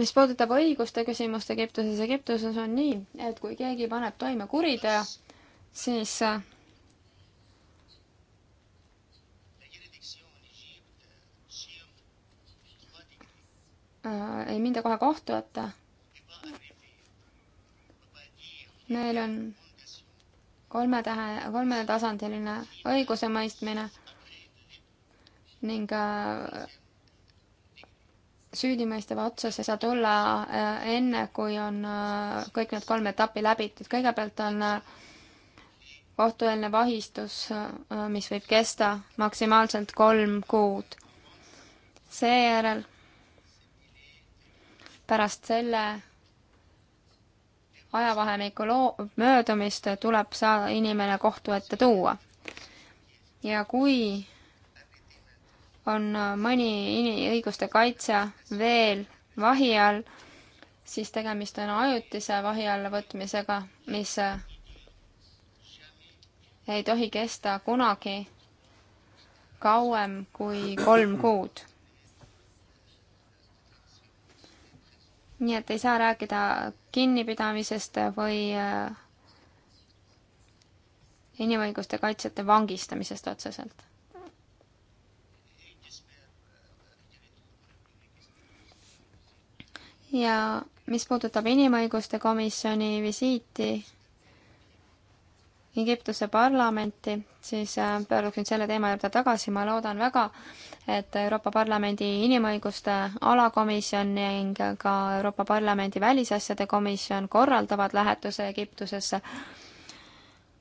mis puudutab õiguste küsimust Egiptuses, Egiptuses on nii, et kui keegi paneb toime kuriteo, siis äh, ei minda kohe kohtu ette. meil on kolme tähe, kolmetasandiline õigusemõistmine ning äh, süüdimõisteva otsuse saad olla äh, enne, kui on äh, kõik need kolm etappi läbitud. kõigepealt on äh, kohtueelne vahistus, mis võib kesta maksimaalselt kolm kuud. seejärel pärast selle ajavahemiku loo-, möödumist tuleb saa-, inimene kohtu ette tuua. ja kui on mõni inimõiguste kaitsja veel vahi all, siis tegemist on ajutise vahi alla võtmisega, mis ei tohi kesta kunagi kauem kui kolm kuud. nii et ei saa rääkida kinnipidamisest või äh, inimõiguste kaitsjate vangistamisest otseselt ja mis puudutab Inimõiguste Komisjoni visiiti Egiptuse parlamenti, siis äh, pöörduksin selle teema juurde tagasi, ma loodan väga, et Euroopa Parlamendi inimõiguste alakomisjon ning ka Euroopa Parlamendi välisasjade komisjon korraldavad lähetuse Egiptusesse.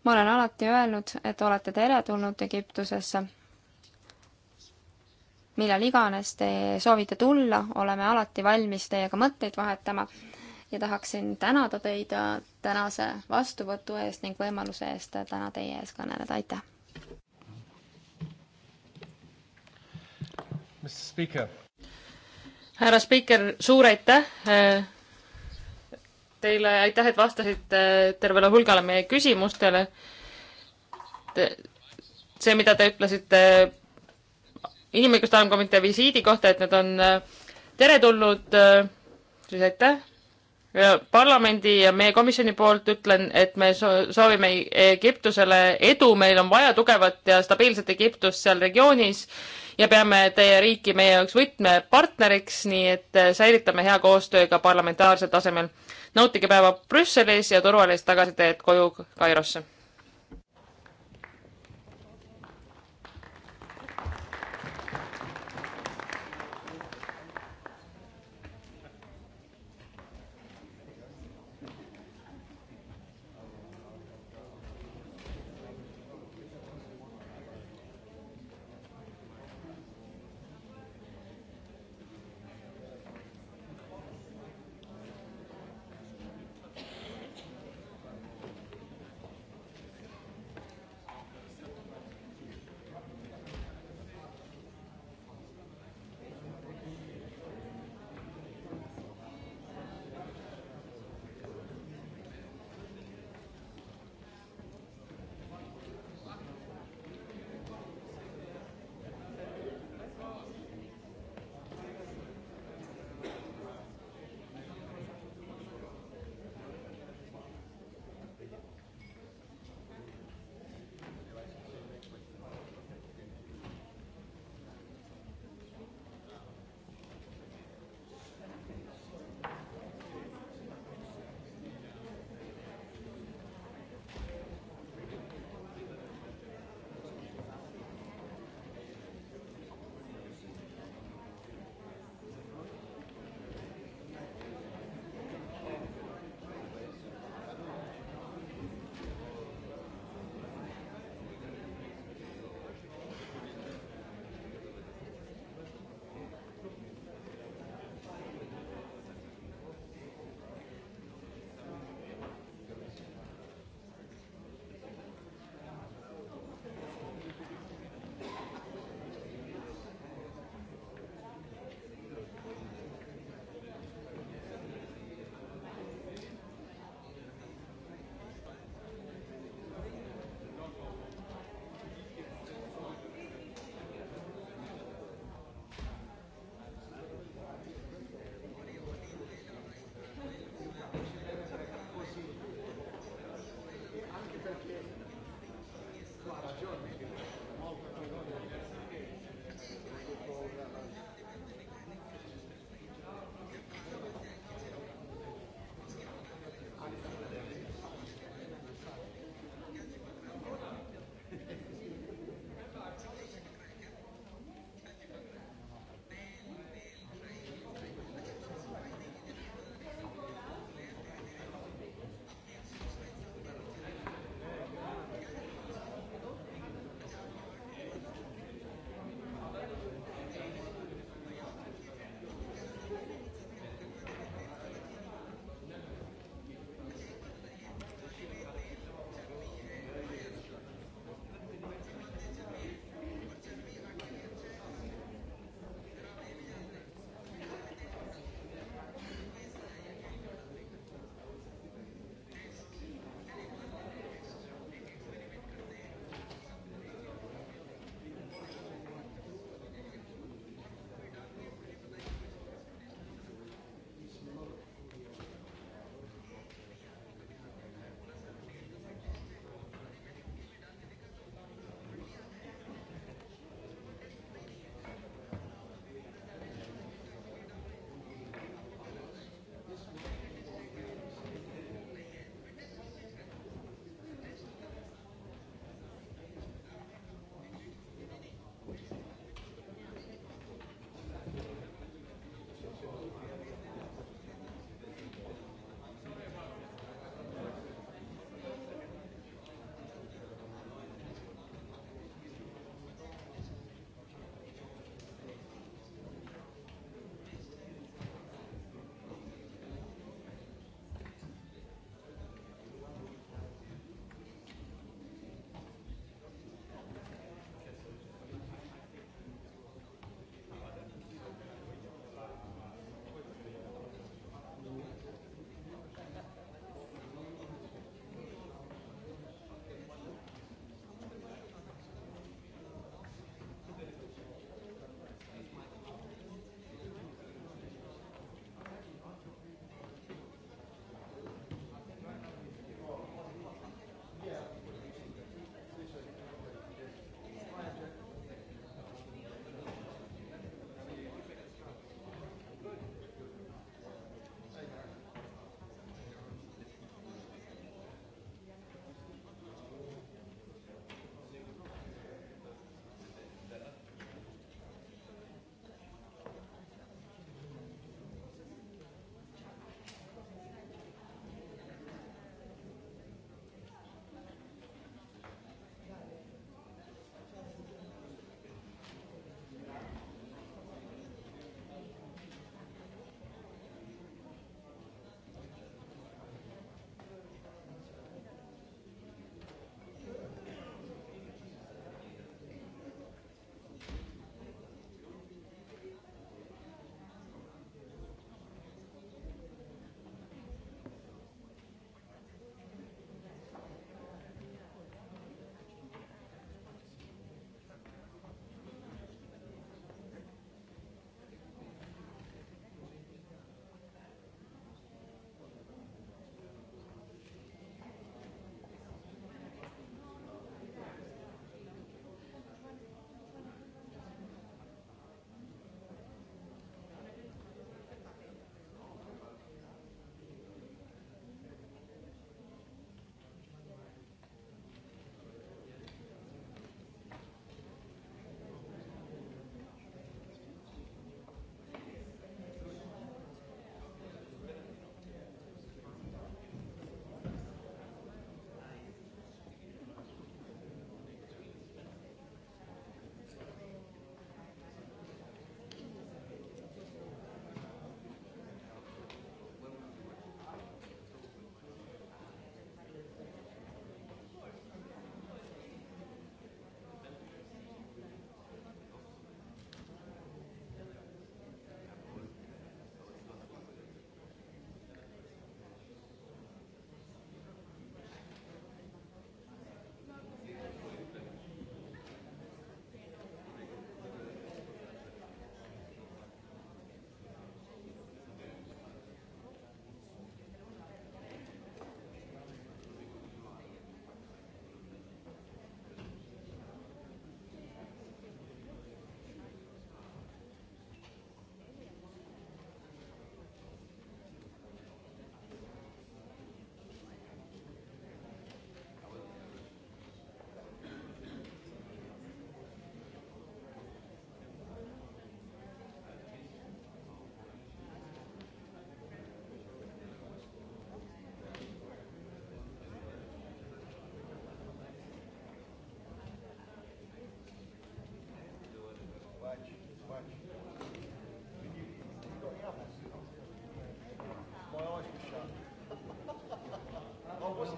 ma olen alati öelnud, et olete teretulnud Egiptusesse millal iganes te soovite tulla, oleme alati valmis teiega mõtteid vahetama ja tahaksin tänada teid äh, tänase vastuvõtu eest ning võimaluse eest äh, täna teie ees kõneleda, aitäh! härra spiiker, suur aitäh äh, teile, aitäh, et vastasite tervele hulgale meie küsimustele. see, mida te ütlesite inimõiguste alamkomitee visiidi kohta, et nad on äh, teretulnud, äh, siis aitäh. parlamendi ja meie komisjoni poolt ütlen, et me soovime Egiptusele edu, meil on vaja tugevat ja stabiilset Egiptust seal regioonis ja peame teie riiki meie jaoks võtmepartneriks, nii et äh, säilitame hea koostöö ka parlamentaarsel tasemel. nautige päeva Brüsselis ja turvalist tagasiteed koju Kairosse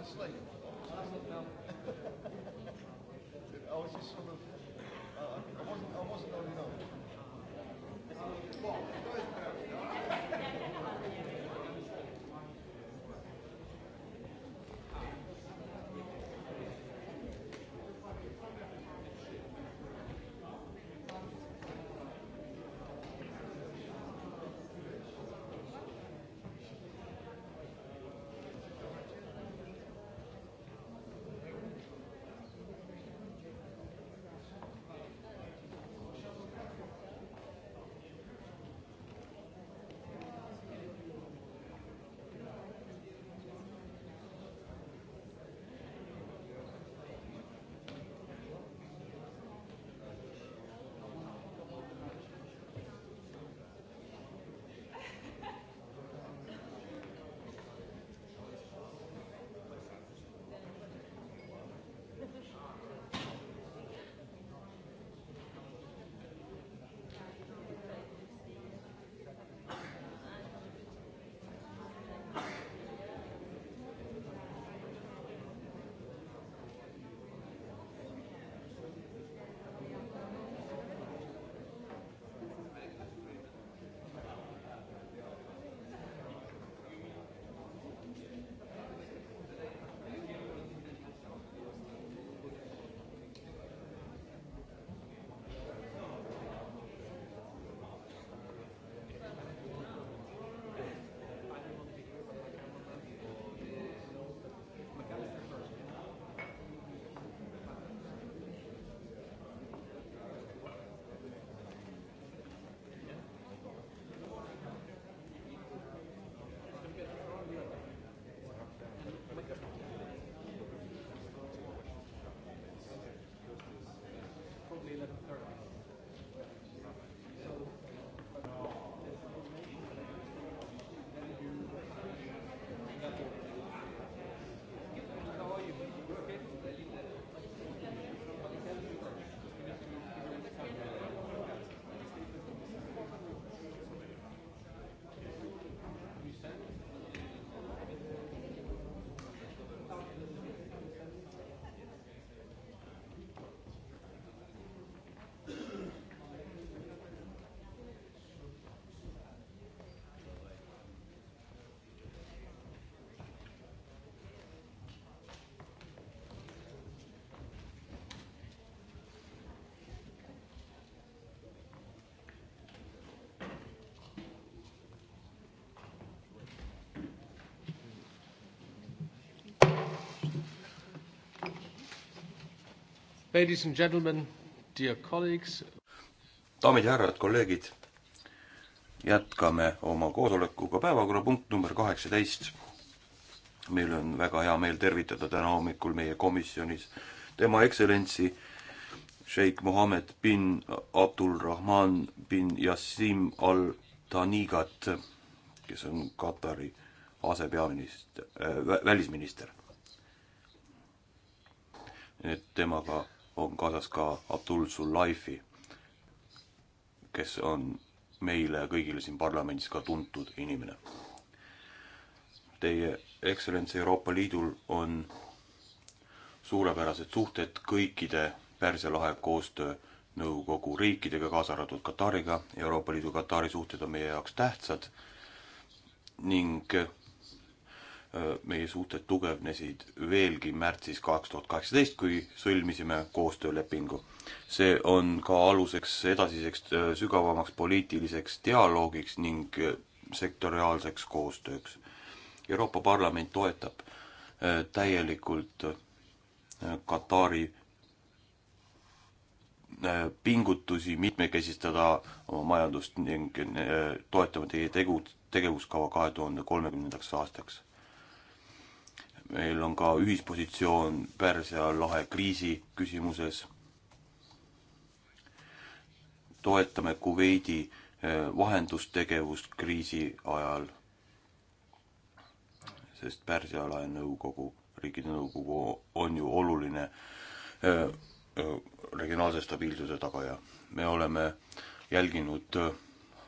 I wasn't, I wasn't early enough. Ladies and gentlemen, dear colleagues. daamid ja härrad, kolleegid, jätkame oma koosolekuga päevakorrapunkt number kaheksateist. meil on väga hea meel tervitada täna hommikul meie komisjonis tema ekstsellentsi Sheikh Mohammed bin Abdulrahman bin Yassim Al Tanigat, kes on Katari asepeaminister äh,, välisminister. et temaga on kaasas ka Abdul Zulaifi, kes on meile kõigile siin parlamendis ka tuntud inimene. Teie ekstsellents Euroopa Liidul on suurepärased suhted kõikide Pärsia lahe koostöönõukogu riikidega, kaasa arvatud Katariga. Euroopa Liidu Katari suhted on meie jaoks tähtsad ning meie suhted tugevnesid veelgi märtsis kaks tuhat kaheksateist, kui sõlmisime koostöölepingu. see on ka aluseks edasiseks äh, sügavamaks poliitiliseks dialoogiks ning äh, sektoriaalseks koostööks. Euroopa Parlament toetab äh, täielikult Katari pingutusi mitmekesistada oma majandust ning toetame teie tegu, tegevuskava kahe tuhande kolmekümnendaks aastaks meil on ka ühispositsioon Pärsia lahe kriisi küsimuses. toetame Kuveidi eh, vahendustegevust kriisi ajal, sest Pärsia lahe nõukogu, riikide nõukogu on ju oluline eh, eh, regionaalse stabiilsuse tagaja. me oleme jälginud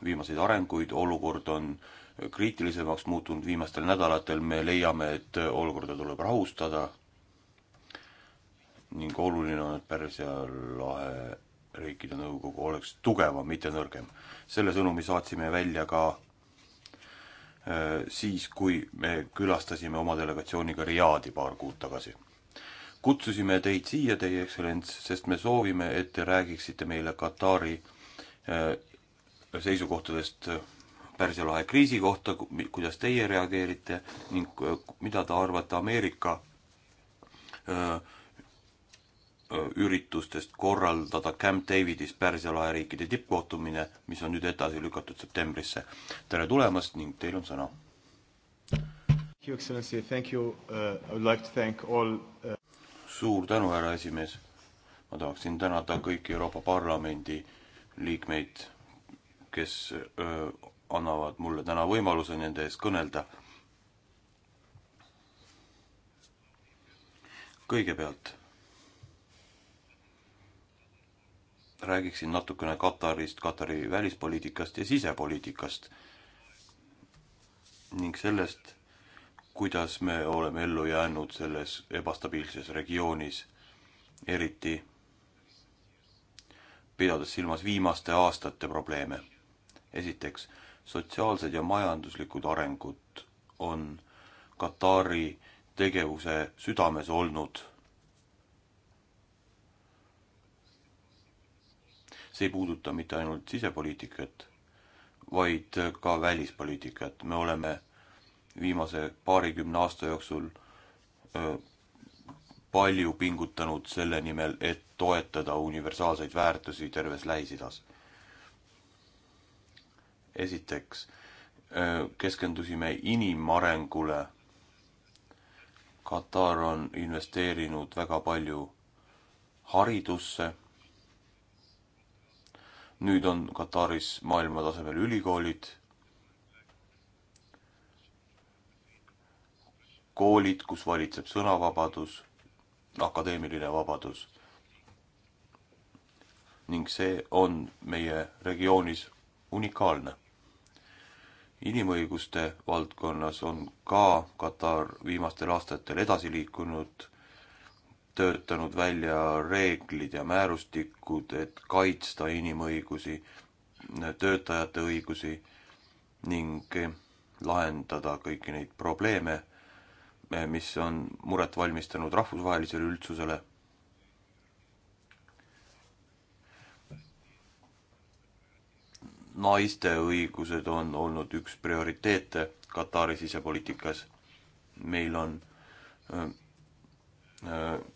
viimaseid arenguid, olukord on äh, kriitilisemaks muutunud viimastel nädalatel, me leiame, et olukorda tuleb rahustada ning oluline on, et Pärsia lahe riikide nõukogu oleks tugevam, mitte nõrgem. selle sõnumi saatsime välja ka äh, siis, kui me külastasime oma delegatsiooniga Riadi paar kuud tagasi. kutsusime teid siia, Teie Ekstsellents, sest me soovime, et te räägiksite meile Katari äh, seisukohtadest Pärsia lahe kriisi kohta, kuidas teie reageerite ning äh, mida te arvate Ameerika äh, äh, üritustest korraldada Camp Davidis Pärsia lahe riikide tippkohtumine, mis on nüüd edasi lükatud septembrisse. tere tulemast ning teil on sõna. Your Excellency, thank you uh,. I would like to thank all uh.... suur tänu, härra esimees. ma tahaksin tänada kõiki Euroopa Parlamendi liikmeid, kes uh, annavad mulle täna võimaluse nende ees kõnelda. kõigepealt räägiksin natukene Katarist, Katari välispoliitikast ja sisepoliitikast ning sellest, kuidas me oleme ellu jäänud selles ebastabiilses regioonis, eriti pidades silmas viimaste aastate probleeme. esiteks sotsiaalsed ja majanduslikud arengud on Katari tegevuse südames olnud. see ei puuduta mitte ainult sisepoliitikat, vaid ka välispoliitikat, me oleme viimase paarikümne aasta jooksul öö, palju pingutanud selle nimel, et toetada universaalseid väärtusi terves Lähis-Idas esiteks keskendusime inimarengule. Katar on investeerinud väga palju haridusse. nüüd on Kataris maailma tasemel ülikoolid. koolid, kus valitseb sõnavabadus, akadeemiline vabadus. ning see on meie regioonis unikaalne inimõiguste valdkonnas on ka Katar viimastel aastatel edasi liikunud, töötanud välja reeglid ja määrustikud, et kaitsta inimõigusi, töötajate õigusi ning lahendada kõiki neid probleeme, mis on muret valmistanud rahvusvahelisele üldsusele naiste õigused on olnud üks prioriteete Katari sisepoliitikas. meil on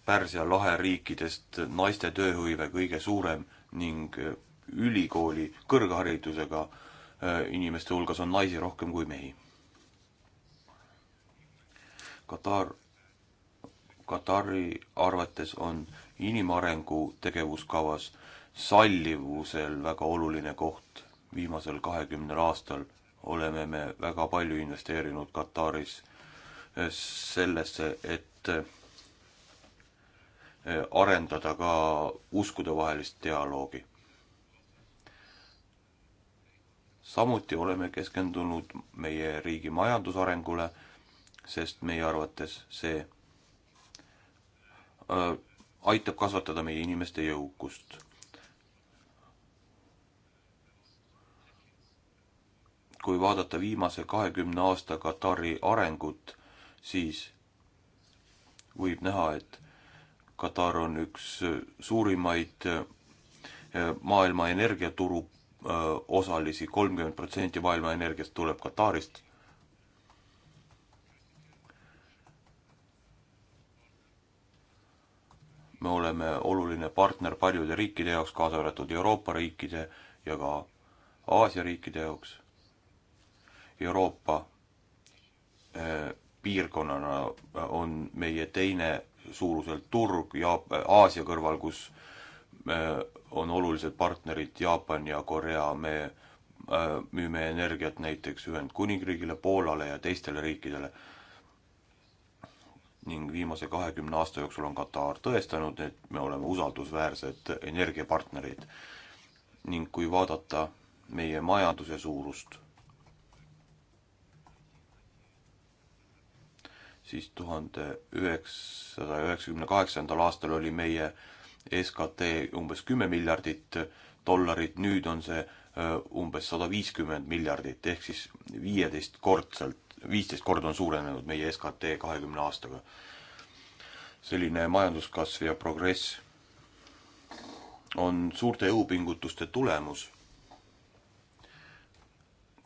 Pärsia lahe riikidest naiste tööhõive kõige suurem ning ülikooli kõrgharidusega inimeste hulgas on naisi rohkem kui mehi. Katar, Katari arvates on inimarengu tegevuskavas sallivusel väga oluline koht viimasel kahekümnel aastal oleme me väga palju investeerinud Kataris eh, sellesse, et eh, arendada ka uskudevahelist dialoogi. samuti oleme keskendunud meie riigi majandusarengule, sest meie arvates see eh, aitab kasvatada meie inimeste jõukust kui vaadata viimase kahekümne aasta Katari arengut, siis võib näha, et Katar on üks suurimaid äh, maailma energiaturu äh, osalisi, kolmkümmend protsenti maailma energiast tuleb Katarist. me oleme oluline partner paljude riikide jaoks, kaasa arvatud Euroopa riikide ja ka Aasia riikide jaoks Euroopa eh, piirkonnana eh, on meie teine suuruselt turg ja eh, Aasia kõrval, kus on olulised partnerid Jaapan ja Korea, me müüme energiat näiteks Ühendkuningriigile, Poolale ja teistele riikidele. ning viimase kahekümne aasta jooksul on Katar tõestanud, et me oleme usaldusväärsed energiapartnerid. ning kui vaadata meie majanduse suurust siis tuhande üheksasaja üheksakümne kaheksandal aastal oli meie SKT umbes kümme miljardit dollarit, nüüd on see umbes sada viiskümmend miljardit, ehk siis viieteistkordselt, viisteist korda on suurenenud meie SKT kahekümne aastaga. selline majanduskasv ja progress on suurte jõupingutuste tulemus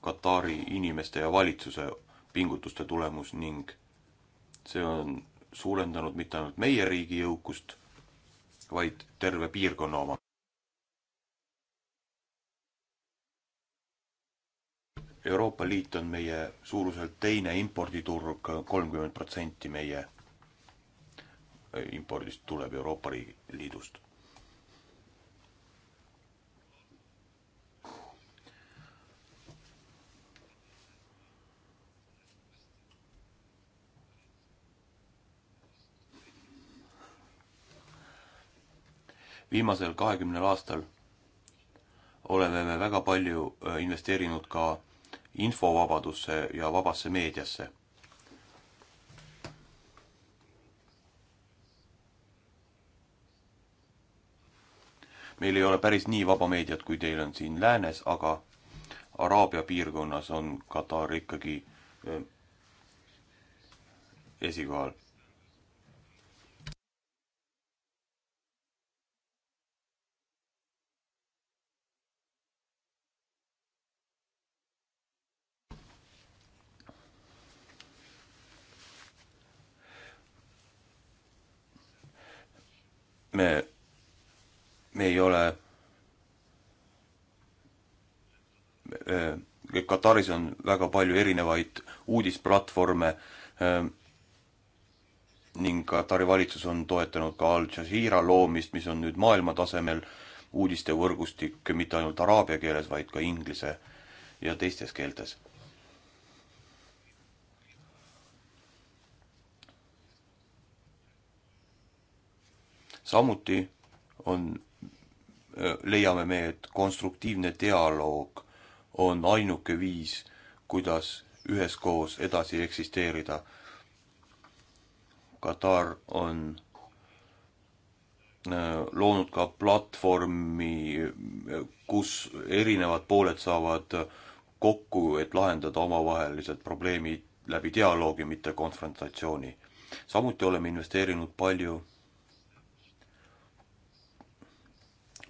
Katari inimeste ja valitsuse pingutuste tulemus ning see on suurendanud mitte ainult meie riigi jõukust, vaid terve piirkonna oma. Euroopa Liit on meie suuruselt teine imporditurg, kolmkümmend protsenti meie impordist tuleb Euroopa riigi, Liidust viimasel kahekümnel aastal oleme me väga palju äh, investeerinud ka infovabadusse ja vabasse meediasse. meil ei ole päris nii vaba meediat, kui teil on siin läänes, aga Araabia piirkonnas on Katar ikkagi äh, esikohal. me, me ei ole Kataris on väga palju erinevaid uudisplatvorme ähm, ning Katari valitsus on toetanud ka Al Jazeera loomist, mis on nüüd maailmatasemel uudistevõrgustik mitte ainult araabia keeles, vaid ka inglise ja teistes keeltes samuti on, leiame me, et konstruktiivne dialoog on ainuke viis, kuidas üheskoos edasi eksisteerida. Katar on loonud ka platvormi, kus erinevad pooled saavad kokku, et lahendada omavahelised probleemid läbi dialoogi, mitte konfrontatsiooni. samuti oleme investeerinud palju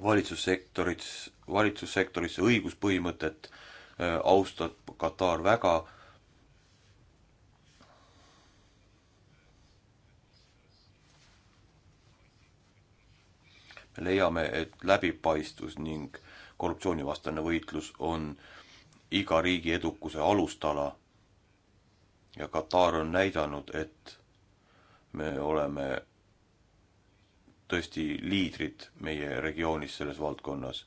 valitsussektoris, valitsussektorisse õiguspõhimõtet äh, austab Katar väga. me leiame, et läbipaistvus ning korruptsioonivastane võitlus on iga riigi edukuse alustala ja Katar on näidanud, et me oleme tõesti liidrid meie regioonis selles valdkonnas.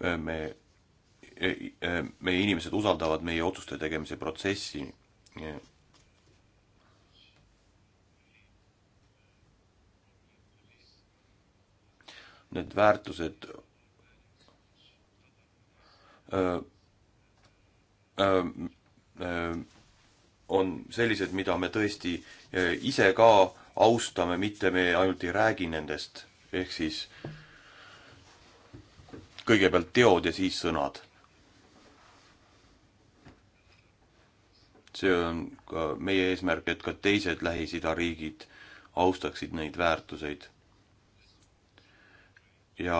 me, meie inimesed usaldavad meie otsuste tegemise protsessi. Need väärtused öö, öö, Äh, on sellised, mida me tõesti äh, ise ka austame, mitte me ainult ei räägi nendest, ehk siis kõigepealt teod ja siis sõnad. see on ka meie eesmärk, et ka teised Lähis-Ida riigid austaksid neid väärtuseid. ja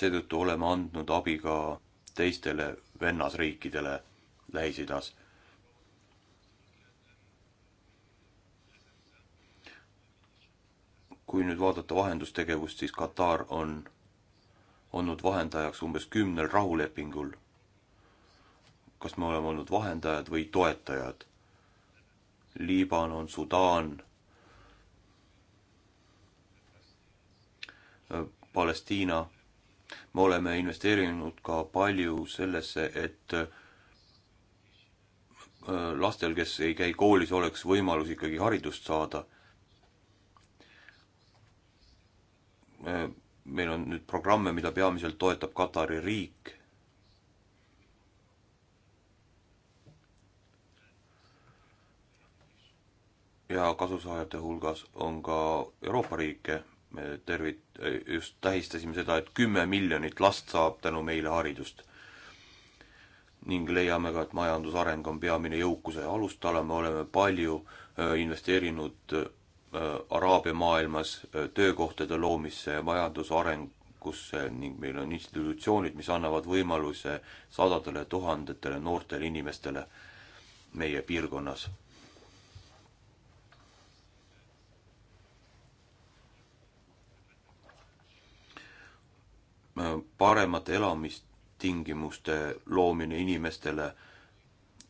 seetõttu oleme andnud abi ka teistele vennasriikidele Lähis-Idas. kui nüüd vaadata vahendustegevust, siis Katar on olnud vahendajaks umbes kümnel rahulepingul. kas me oleme olnud vahendajad või toetajad? Liibanon, Sudaan, Palestiina me oleme investeerinud ka palju sellesse, et äh, lastel, kes ei käi koolis, oleks võimalus ikkagi haridust saada. Äh, meil on nüüd programme, mida peamiselt toetab Katari riik. ja kasusaajate hulgas on ka Euroopa riike me tervit-, just tähistasime seda, et kümme miljonit last saab tänu meile haridust. ning leiame ka, et majandusareng on peamine jõukuse alustala, me oleme palju äh, investeerinud äh, Araabia maailmas äh, töökohtade loomisse ja majandusarengusse ning meil on institutsioonid, mis annavad võimaluse sadadele tuhandetele noortele inimestele meie piirkonnas paremate elamistingimuste loomine inimestele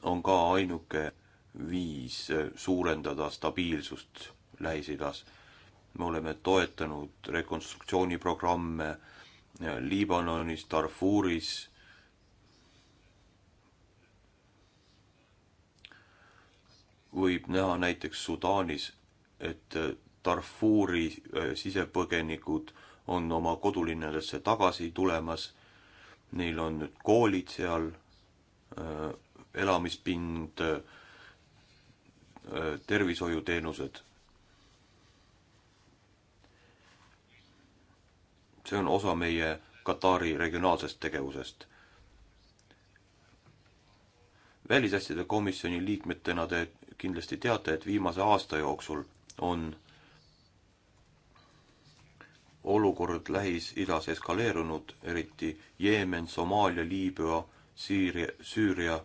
on ka ainuke viis suurendada stabiilsust Lähis-Idas. me oleme toetanud rekonstruktsiooniprogramme Liibanonis, Darfuris. võib näha näiteks Sudaanis, et Darfuri sisepõgenikud äh, on oma kodulinnadesse tagasi tulemas. Neil on nüüd koolid seal, äh, elamispind, äh, tervishoiuteenused. see on osa meie Katari regionaalsest tegevusest. välisasjade komisjoni liikmetena te kindlasti teate, et viimase aasta jooksul on olukord Lähis-Idas eskaleerunud, eriti Jeemen, Somaalia, Liibüa, Siiria, Süüria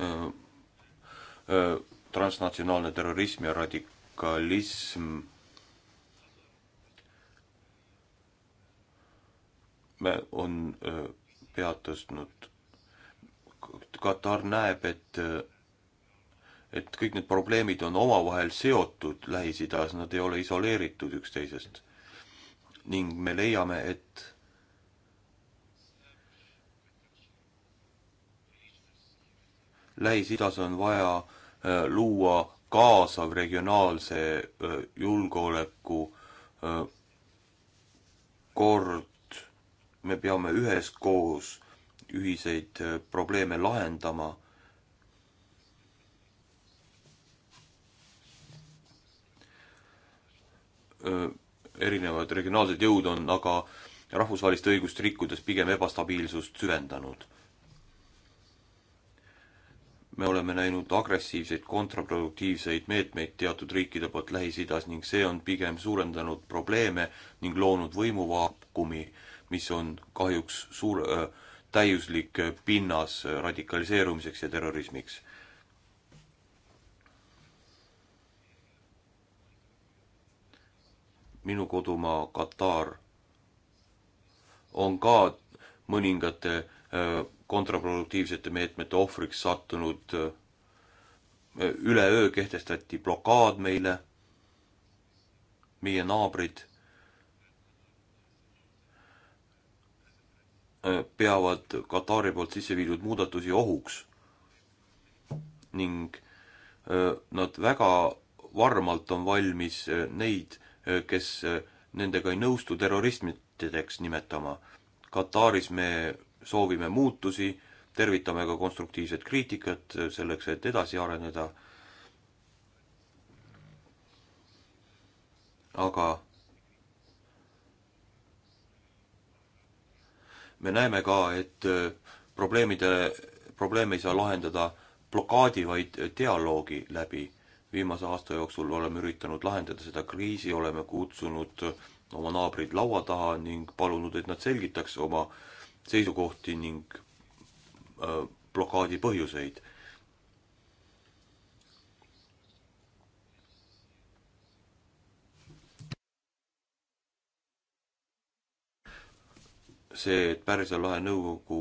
äh,, äh, transnatsionaalne terrorism ja radikalism. me on äh, pead tõstnud. Katar näeb, et äh, et kõik need probleemid on omavahel seotud Lähis-Idas, nad ei ole isoleeritud üksteisest. ning me leiame, et Lähis-Idas on vaja äh, luua kaasav regionaalse äh, julgeoleku äh, kord, me peame üheskoos ühiseid äh, probleeme lahendama erinevad regionaalsed jõud on aga rahvusvahelist õigust rikkudes pigem ebastabiilsust süvendanud. me oleme näinud agressiivseid kontraproduktiivseid meetmeid teatud riikide poolt Lähis-Idas ning see on pigem suurendanud probleeme ning loonud võimuvaakumi, mis on kahjuks suur äh,, täiuslik pinnas radikaliseerumiseks ja terrorismiks minu kodumaa Katar on ka mõningate äh, kontraproduktiivsete meetmete ohvriks sattunud. Äh, üleöö kehtestati blokaad meile. meie naabrid äh, peavad Katari poolt sisse viidud muudatusi ohuks ning nad väga varmalt on valmis neid kes äh, nendega ei nõustu terroristideks nimetama. Kataris me soovime muutusi, tervitame ka konstruktiivset kriitikat äh, selleks, et edasi areneda. aga me näeme ka, et äh, probleemide, probleeme ei saa lahendada blokaadi, vaid dialoogi läbi viimase aasta jooksul oleme üritanud lahendada seda kriisi, oleme kutsunud oma naabrid laua taha ning palunud, et nad selgitaks oma seisukohti ning äh, blokaadi põhjuseid. see, et Pärsia lahe nõukogu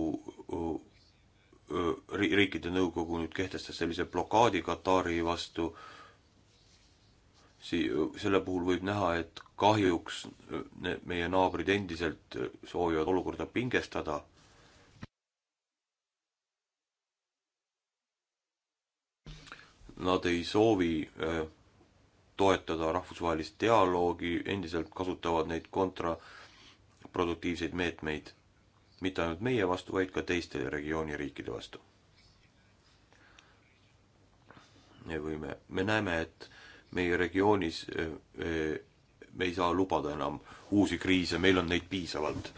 äh, riikide nõukogu nüüd kehtestas sellise blokaadi Katari vastu, sii-, selle puhul võib näha, et kahjuks meie naabrid endiselt soovivad olukorda pingestada. Nad ei soovi äh, toetada rahvusvahelist dialoogi, endiselt kasutavad neid kontraproduktiivseid meetmeid. mitte ainult meie vastu, vaid ka teiste regiooni riikide vastu. me võime, me näeme, et meie regioonis eh, eh, me ei saa lubada enam uusi kriise, meil on neid piisavalt.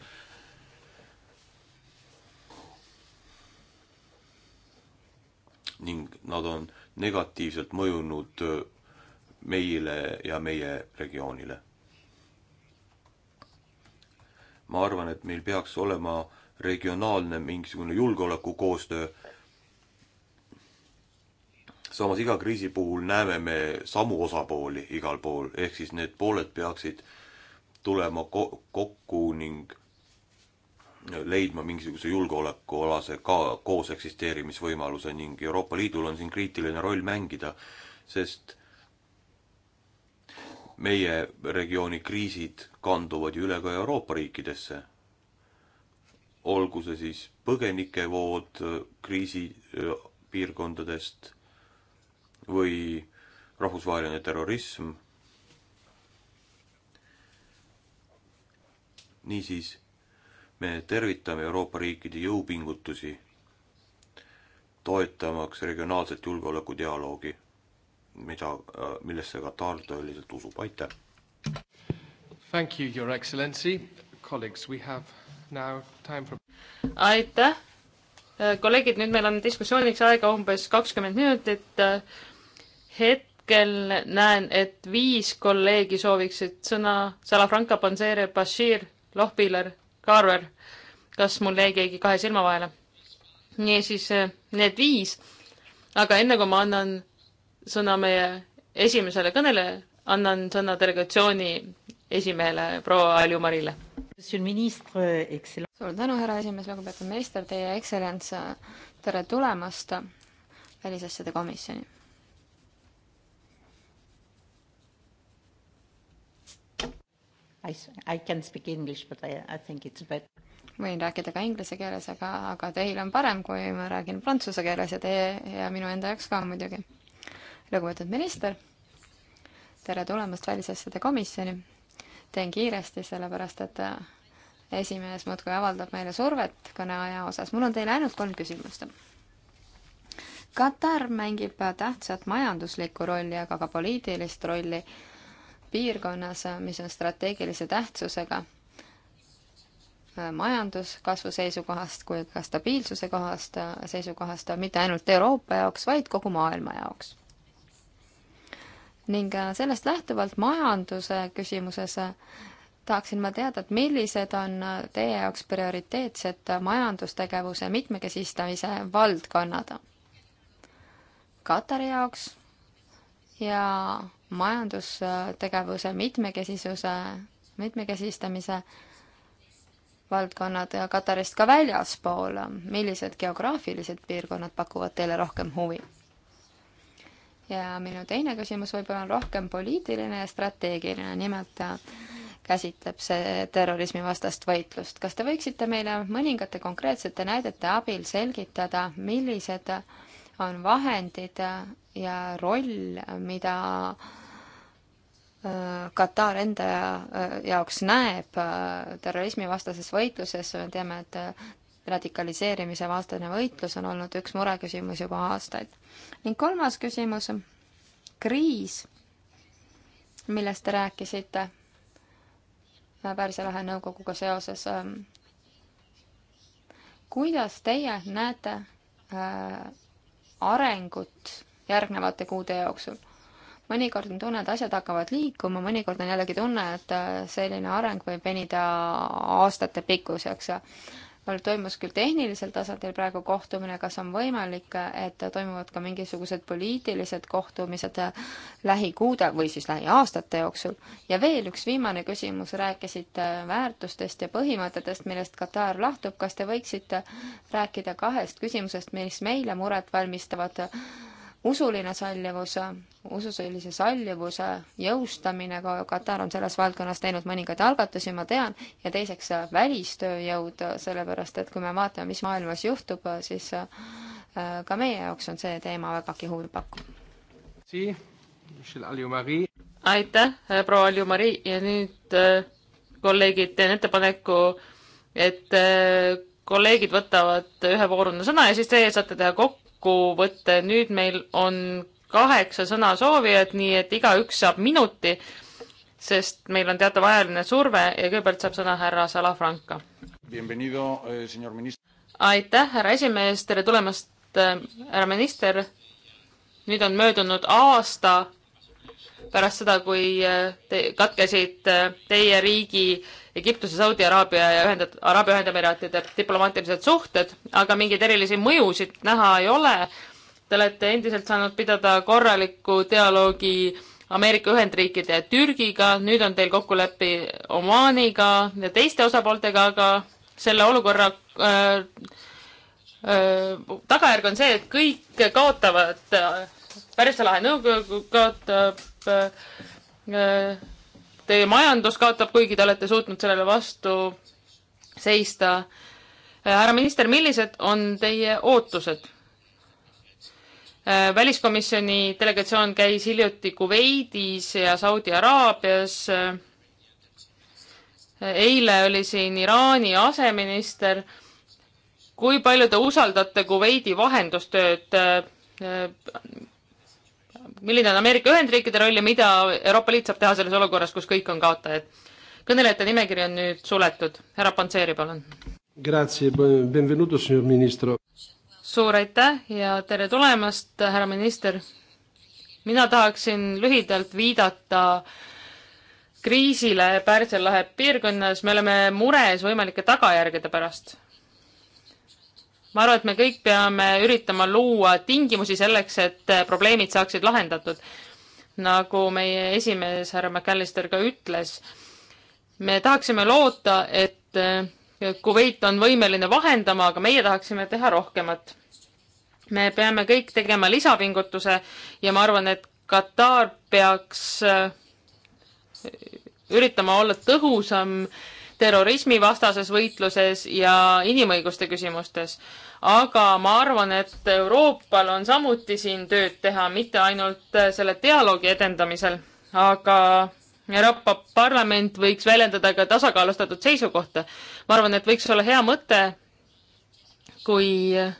ning nad on negatiivselt mõjunud eh, meile ja meie regioonile. ma arvan, et meil peaks olema regionaalne mingisugune julgeolekukoostöö samas iga kriisi puhul näeme me samu osapooli igal pool, ehk siis need pooled peaksid tulema ko-, kokku ning leidma mingisuguse julgeolekualase ka koos eksisteerimisvõimaluse ning Euroopa Liidul on siin kriitiline roll mängida, sest meie regiooni kriisid kanduvad ju üle ka Euroopa riikidesse. olgu see siis põgenikevood kriisipiirkondadest äh, või rahvusvaheline terrorism. niisiis, me tervitame Euroopa riikide jõupingutusi toetamaks regionaalset julgeolekudialoogi, mida, millesse Katar tõeliselt usub, aitäh! Thank you, your excellency, colleagues, we have now time for aitäh! kolleegid, nüüd meil on diskussiooniks aega umbes kakskümmend minutit hetkel näen, et viis kolleegi sooviksid sõna. Salafranca, Pansere, Bashir, Lohbiller, Carver. kas mul jäi keegi kahe silma vahele? niisiis eh, need viis. aga enne kui ma annan sõna meie esimesele kõnele, annan sõna delegatsiooni esimehele proua Alju Marile. suur tänu, härra esimees, lugupeetud minister, teie ekstsellents, tere tulemast välisasjade komisjoni I, I can speak english but I, I think it's better. võin rääkida ka inglise keeles, aga, aga teil on parem, kui ma räägin prantsuse keeles ja teie ja minu enda jaoks ka muidugi. lugupeetud minister, tere tulemast Välisasjade Komisjoni. teen kiiresti, sellepärast et äh, esimees muudkui avaldab meile survet kõneaja osas. mul on teile ainult kolm küsimust. Katar mängib tähtsat majanduslikku rolli, aga ka poliitilist rolli piirkonnas, mis on strateegilise tähtsusega äh, majanduskasvu seisukohast kui ka stabiilsuse kohast, äh, seisukohast äh, mitte ainult Euroopa jaoks, vaid kogu maailma jaoks. ning sellest lähtuvalt majanduse küsimuses tahaksin ma teada, et millised on teie jaoks prioriteetsed majandustegevuse mitmekesistamise valdkonnad Katari jaoks ja majandustegevuse mitmekesisuse, mitmekesistamise valdkonnad Katarist ka väljaspool, millised geograafilised piirkonnad pakuvad teile rohkem huvi? ja minu teine küsimus võib-olla on rohkem poliitiline ja strateegiline, nimelt äh, käsitleb see terrorismivastast võitlust. kas te võiksite meile mõningate konkreetsete näidete abil selgitada, millised on vahendid äh, ja roll, mida äh, Katar enda äh, jaoks näeb äh, terrorismivastases võitluses, me teame, et radikaliseerimise vastane võitlus on olnud üks mureküsimus juba aastaid. ning kolmas küsimus, kriis, millest te rääkisite Pärsia lahe nõukoguga seoses. Ähm, kuidas teie näete arengut järgnevate kuude jooksul. mõnikord on tunne, et asjad hakkavad liikuma, mõnikord on jällegi tunne, et äh, selline areng võib venida aastate pikkuseks. toimus küll tehnilisel tasandil praegu kohtumine, kas on võimalik, et toimuvad ka mingisugused poliitilised kohtumised äh, lähikuude või siis lähiaastate jooksul. ja veel üks viimane küsimus, rääkisite äh, väärtustest ja põhimõtetest, millest Katar lahtub, kas te võiksite rääkida kahest küsimusest, mis meile muret valmistavad usuline sallivus, usu sellise sallivuse jõustamine, Katar on selles valdkonnas teinud mõningaid algatusi, ma tean, ja teiseks välistööjõud, sellepärast et kui me vaatame, mis maailmas juhtub, siis äh, ka meie jaoks on see teema vägagi huvipakkuv. aitäh, proua Alju-Mari ja nüüd äh, kolleegid, teen ettepaneku, et äh, kolleegid võtavad ühe vooruna sõna ja siis teie saate teha kokku kokkuvõte, nüüd meil on kaheksa sõna soovijat, nii et igaüks saab minuti, sest meil on teatav ajaline surve ja kõigepealt saab sõna härra Salafranca. Eh, aitäh, härra esimees, tere tulemast, eh, härra minister. nüüd on möödunud aasta pärast seda, kui äh, te, katkesid äh, teie riigi Egiptuse, Saudi Araabia ja Ühendat-, Araabia Ühendemiraatide diplomaatilised suhted, aga mingeid erilisi mõjusid näha ei ole. Te olete endiselt saanud pidada korralikku dialoogi Ameerika Ühendriikide ja Türgiga, nüüd on teil kokkulepe Omaaniga ja teiste osapooltega, aga selle olukorra äh, äh, tagajärg on see, et kõik kaotavad äh, Pärsia lahe nõukogu kaotab Äh, teie majandus kaotab, kuigi te olete suutnud sellele vastu seista. Äh, härra minister, millised on teie ootused? Äh, väliskomisjoni delegatsioon käis hiljuti Kuveidis ja Saudi Araabias. eile oli siin Iraani aseminister. kui palju te usaldate Kuveidi vahendustööd? milline on Ameerika Ühendriikide roll ja mida Euroopa Liit saab teha selles olukorras, kus kõik on kaotajad. kõnelejate nimekiri on nüüd suletud. härra Panseri, palun. suur aitäh ja tere tulemast, härra minister. mina tahaksin lühidalt viidata kriisile Pärsia lahe piirkonnas, me oleme mures võimalike tagajärgede pärast ma arvan, et me kõik peame üritama luua tingimusi selleks, et probleemid saaksid lahendatud. nagu meie esimees härra McAllister ka ütles, me tahaksime loota, et eh, Kuveit on võimeline vahendama, aga meie tahaksime teha rohkemat. me peame kõik tegema lisapingutuse ja ma arvan, et Katar peaks eh, üritama olla tõhusam terrorismivastases võitluses ja inimõiguste küsimustes. aga ma arvan, et Euroopal on samuti siin tööd teha, mitte ainult äh, selle dialoogi edendamisel, aga Euroopa Parlament võiks väljendada ka tasakaalustatud seisukohta. ma arvan, et võiks olla hea mõte, kui äh,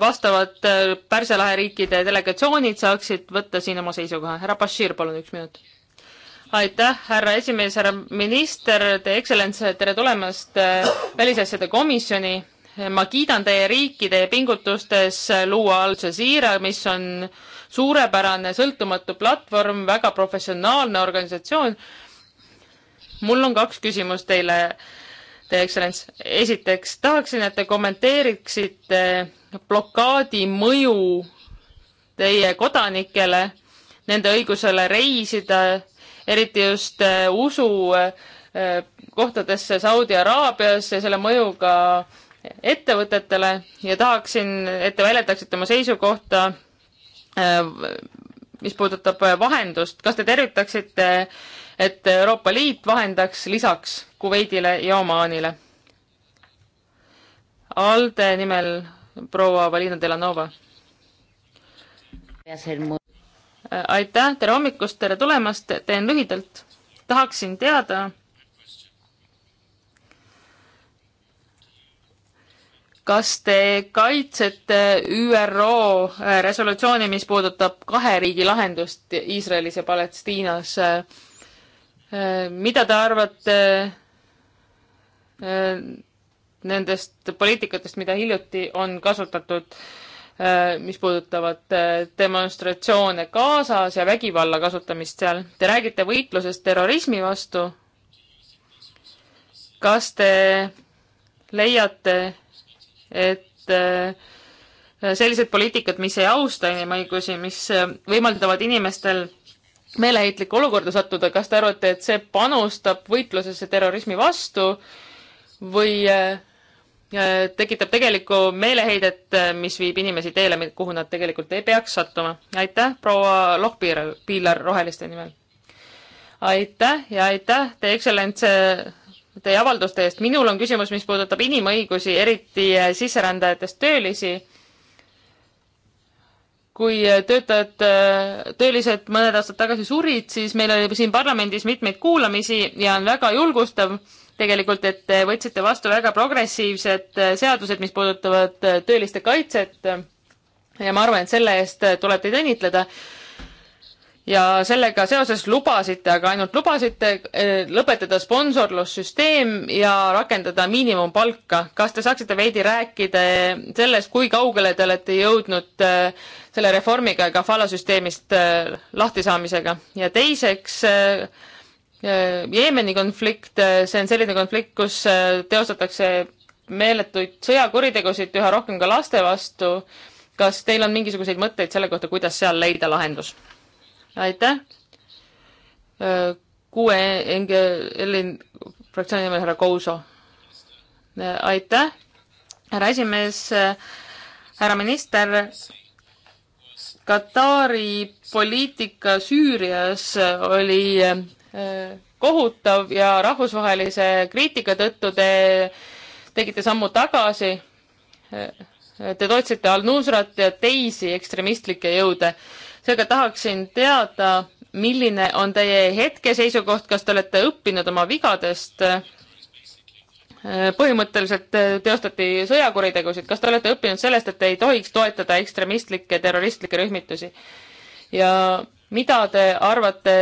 vastavad äh, Pärsia lahe riikide delegatsioonid saaksid võtta siin oma seisukoha. härra Bashir, palun üks minut aitäh, härra esimees, härra minister, teie ekstsellents, tere tulemast äh, välisasjade komisjoni. ma kiidan teie riiki teie pingutustes luua Al Jazeera, mis on suurepärane sõltumatu platvorm, väga professionaalne organisatsioon. mul on kaks küsimust teile Teie ekstsellents, esiteks tahaksin, et te kommenteeriksite blokaadi mõju teie kodanikele, nende õigusele reisida eriti just äh, usu äh, kohtadesse Saudi Araabias ja selle mõjuga ettevõtetele ja tahaksin, et te väljendaksite oma seisukohta, äh, mis puudutab vahendust, kas te tervitaksite, et Euroopa Liit vahendaks lisaks Kuveidile ja Omaanile? ALDE nimel proua Valina Delanova aitäh, tere hommikust, tere tulemast, teen lühidalt. tahaksin teada, kas te kaitsete ÜRO resolutsiooni, mis puudutab kahe riigi lahendust Iisraelis ja Palestiinas? mida te arvate eh, nendest poliitikatest, mida hiljuti on kasutatud Äh, mis puudutavad äh, demonstratsioone Gazas ja vägivalla kasutamist seal. Te räägite võitlusest terrorismi vastu. kas te leiate, et äh, sellised poliitikad, mis ei austa inimõigusi, mis võimaldavad inimestel meeleheitlikku olukorda sattuda, kas te arvate, et see panustab võitlusesse terrorismi vastu või äh, Äh, tekitab tegelikku meeleheidet, äh, mis viib inimesi teele, kuhu nad tegelikult ei peaks sattuma. aitäh, proua Lohpiir, Piilar Roheliste nimel. aitäh ja aitäh, teie ekstsellents, teie avalduste eest. minul on küsimus, mis puudutab inimõigusi, eriti äh, sisserändajatest töölisi. kui töötajad, töölised mõned aastad tagasi surid, siis meil oli siin parlamendis mitmeid kuulamisi ja on väga julgustav tegelikult, et te võtsite vastu väga progressiivsed äh, seadused, mis puudutavad äh, tööliste kaitset. ja ma arvan, et selle eest äh, tuleb teid õnnitleda. ja sellega seoses lubasite, aga ainult lubasite lõpetada sponsorlussüsteem ja rakendada miinimumpalka. kas te saaksite veidi rääkida sellest, kui kaugele te olete jõudnud selle reformiga ja Kafala süsteemist lahtisaamisega ja teiseks Äh, Jeemeni konflikt, äh, see on selline konflikt, kus äh, teostatakse meeletuid sõjakuritegusid üha rohkem ka laste vastu. kas teil on mingisuguseid mõtteid selle kohta, kuidas seal leida lahendus? aitäh. kuue NGL-i fraktsiooni nimel härra Kouso. aitäh, härra esimees, härra minister Katari poliitika Süürias oli kohutav ja rahvusvahelise kriitika tõttu te tegite sammu tagasi. Te toetasite Al-Nusrat ja teisi ekstremistlikke jõude. seega tahaksin teada, milline on teie hetkeseisukoht, kas te olete õppinud oma vigadest? põhimõtteliselt teostati sõjakuritegusid, kas te olete õppinud sellest, et ei tohiks toetada ekstremistlikke terroristlikke rühmitusi? ja mida te arvate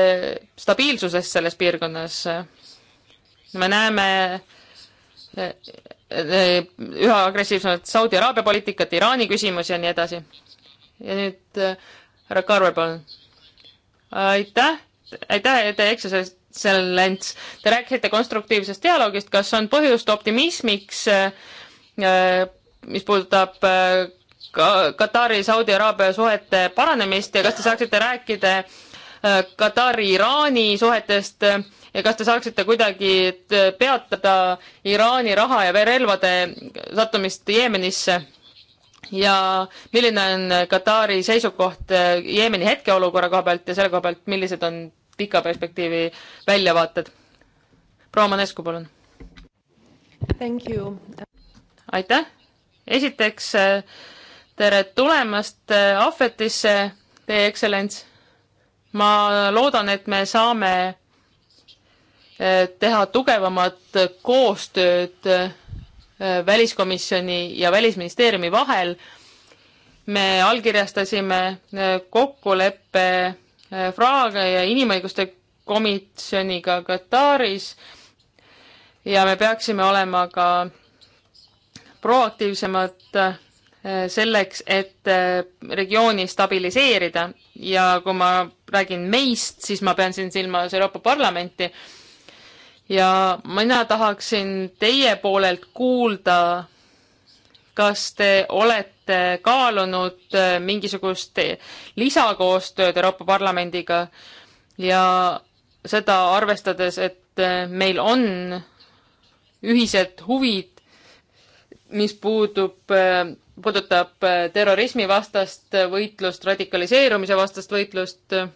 stabiilsusest selles piirkonnas? me näeme eh, eh, üha agressiivsemat Saudi Araabia poliitikat, Iraani küsimusi ja nii edasi. ja nüüd eh, härra Karver, palun. aitäh, aitäh, te ekstsellents, te rääkisite konstruktiivsest dialoogist, kas on põhjust optimismiks, mis puudutab ka Katari, Saudi Araabia suhete paranemist ja kas te saaksite rääkida äh, Katari-Iraani suhetest ja kas te saaksite kuidagi äh, peatada Iraani raha ja relvade sattumist Jeemenisse? ja milline on Katari seisukoht äh, Jeemeni hetkeolukorra koha pealt ja selle koha pealt, millised on pika perspektiivi väljavaated? proua Manescu, palun. aitäh. esiteks äh, tere tulemast äh, Ahvetisse, Teie Ekstsellents. ma loodan, et me saame äh, teha tugevamat koostööd äh, väliskomisjoni ja välisministeeriumi vahel. me allkirjastasime kokkuleppe Fraaga ja inimõiguste komisjoniga Kataris ja me peaksime olema ka proaktiivsemad Äh, selleks, et äh, regiooni stabiliseerida ja kui ma räägin meist, siis ma pean siin silmas Euroopa Parlamenti. ja mina tahaksin teie poolelt kuulda, kas te olete kaalunud äh, mingisugust lisakoostööd Euroopa Parlamendiga ja seda arvestades, et meil on ühised huvid mis puudub puudutab äh, terrorismivastast võitlust, radikaliseerumise vastast võitlust äh,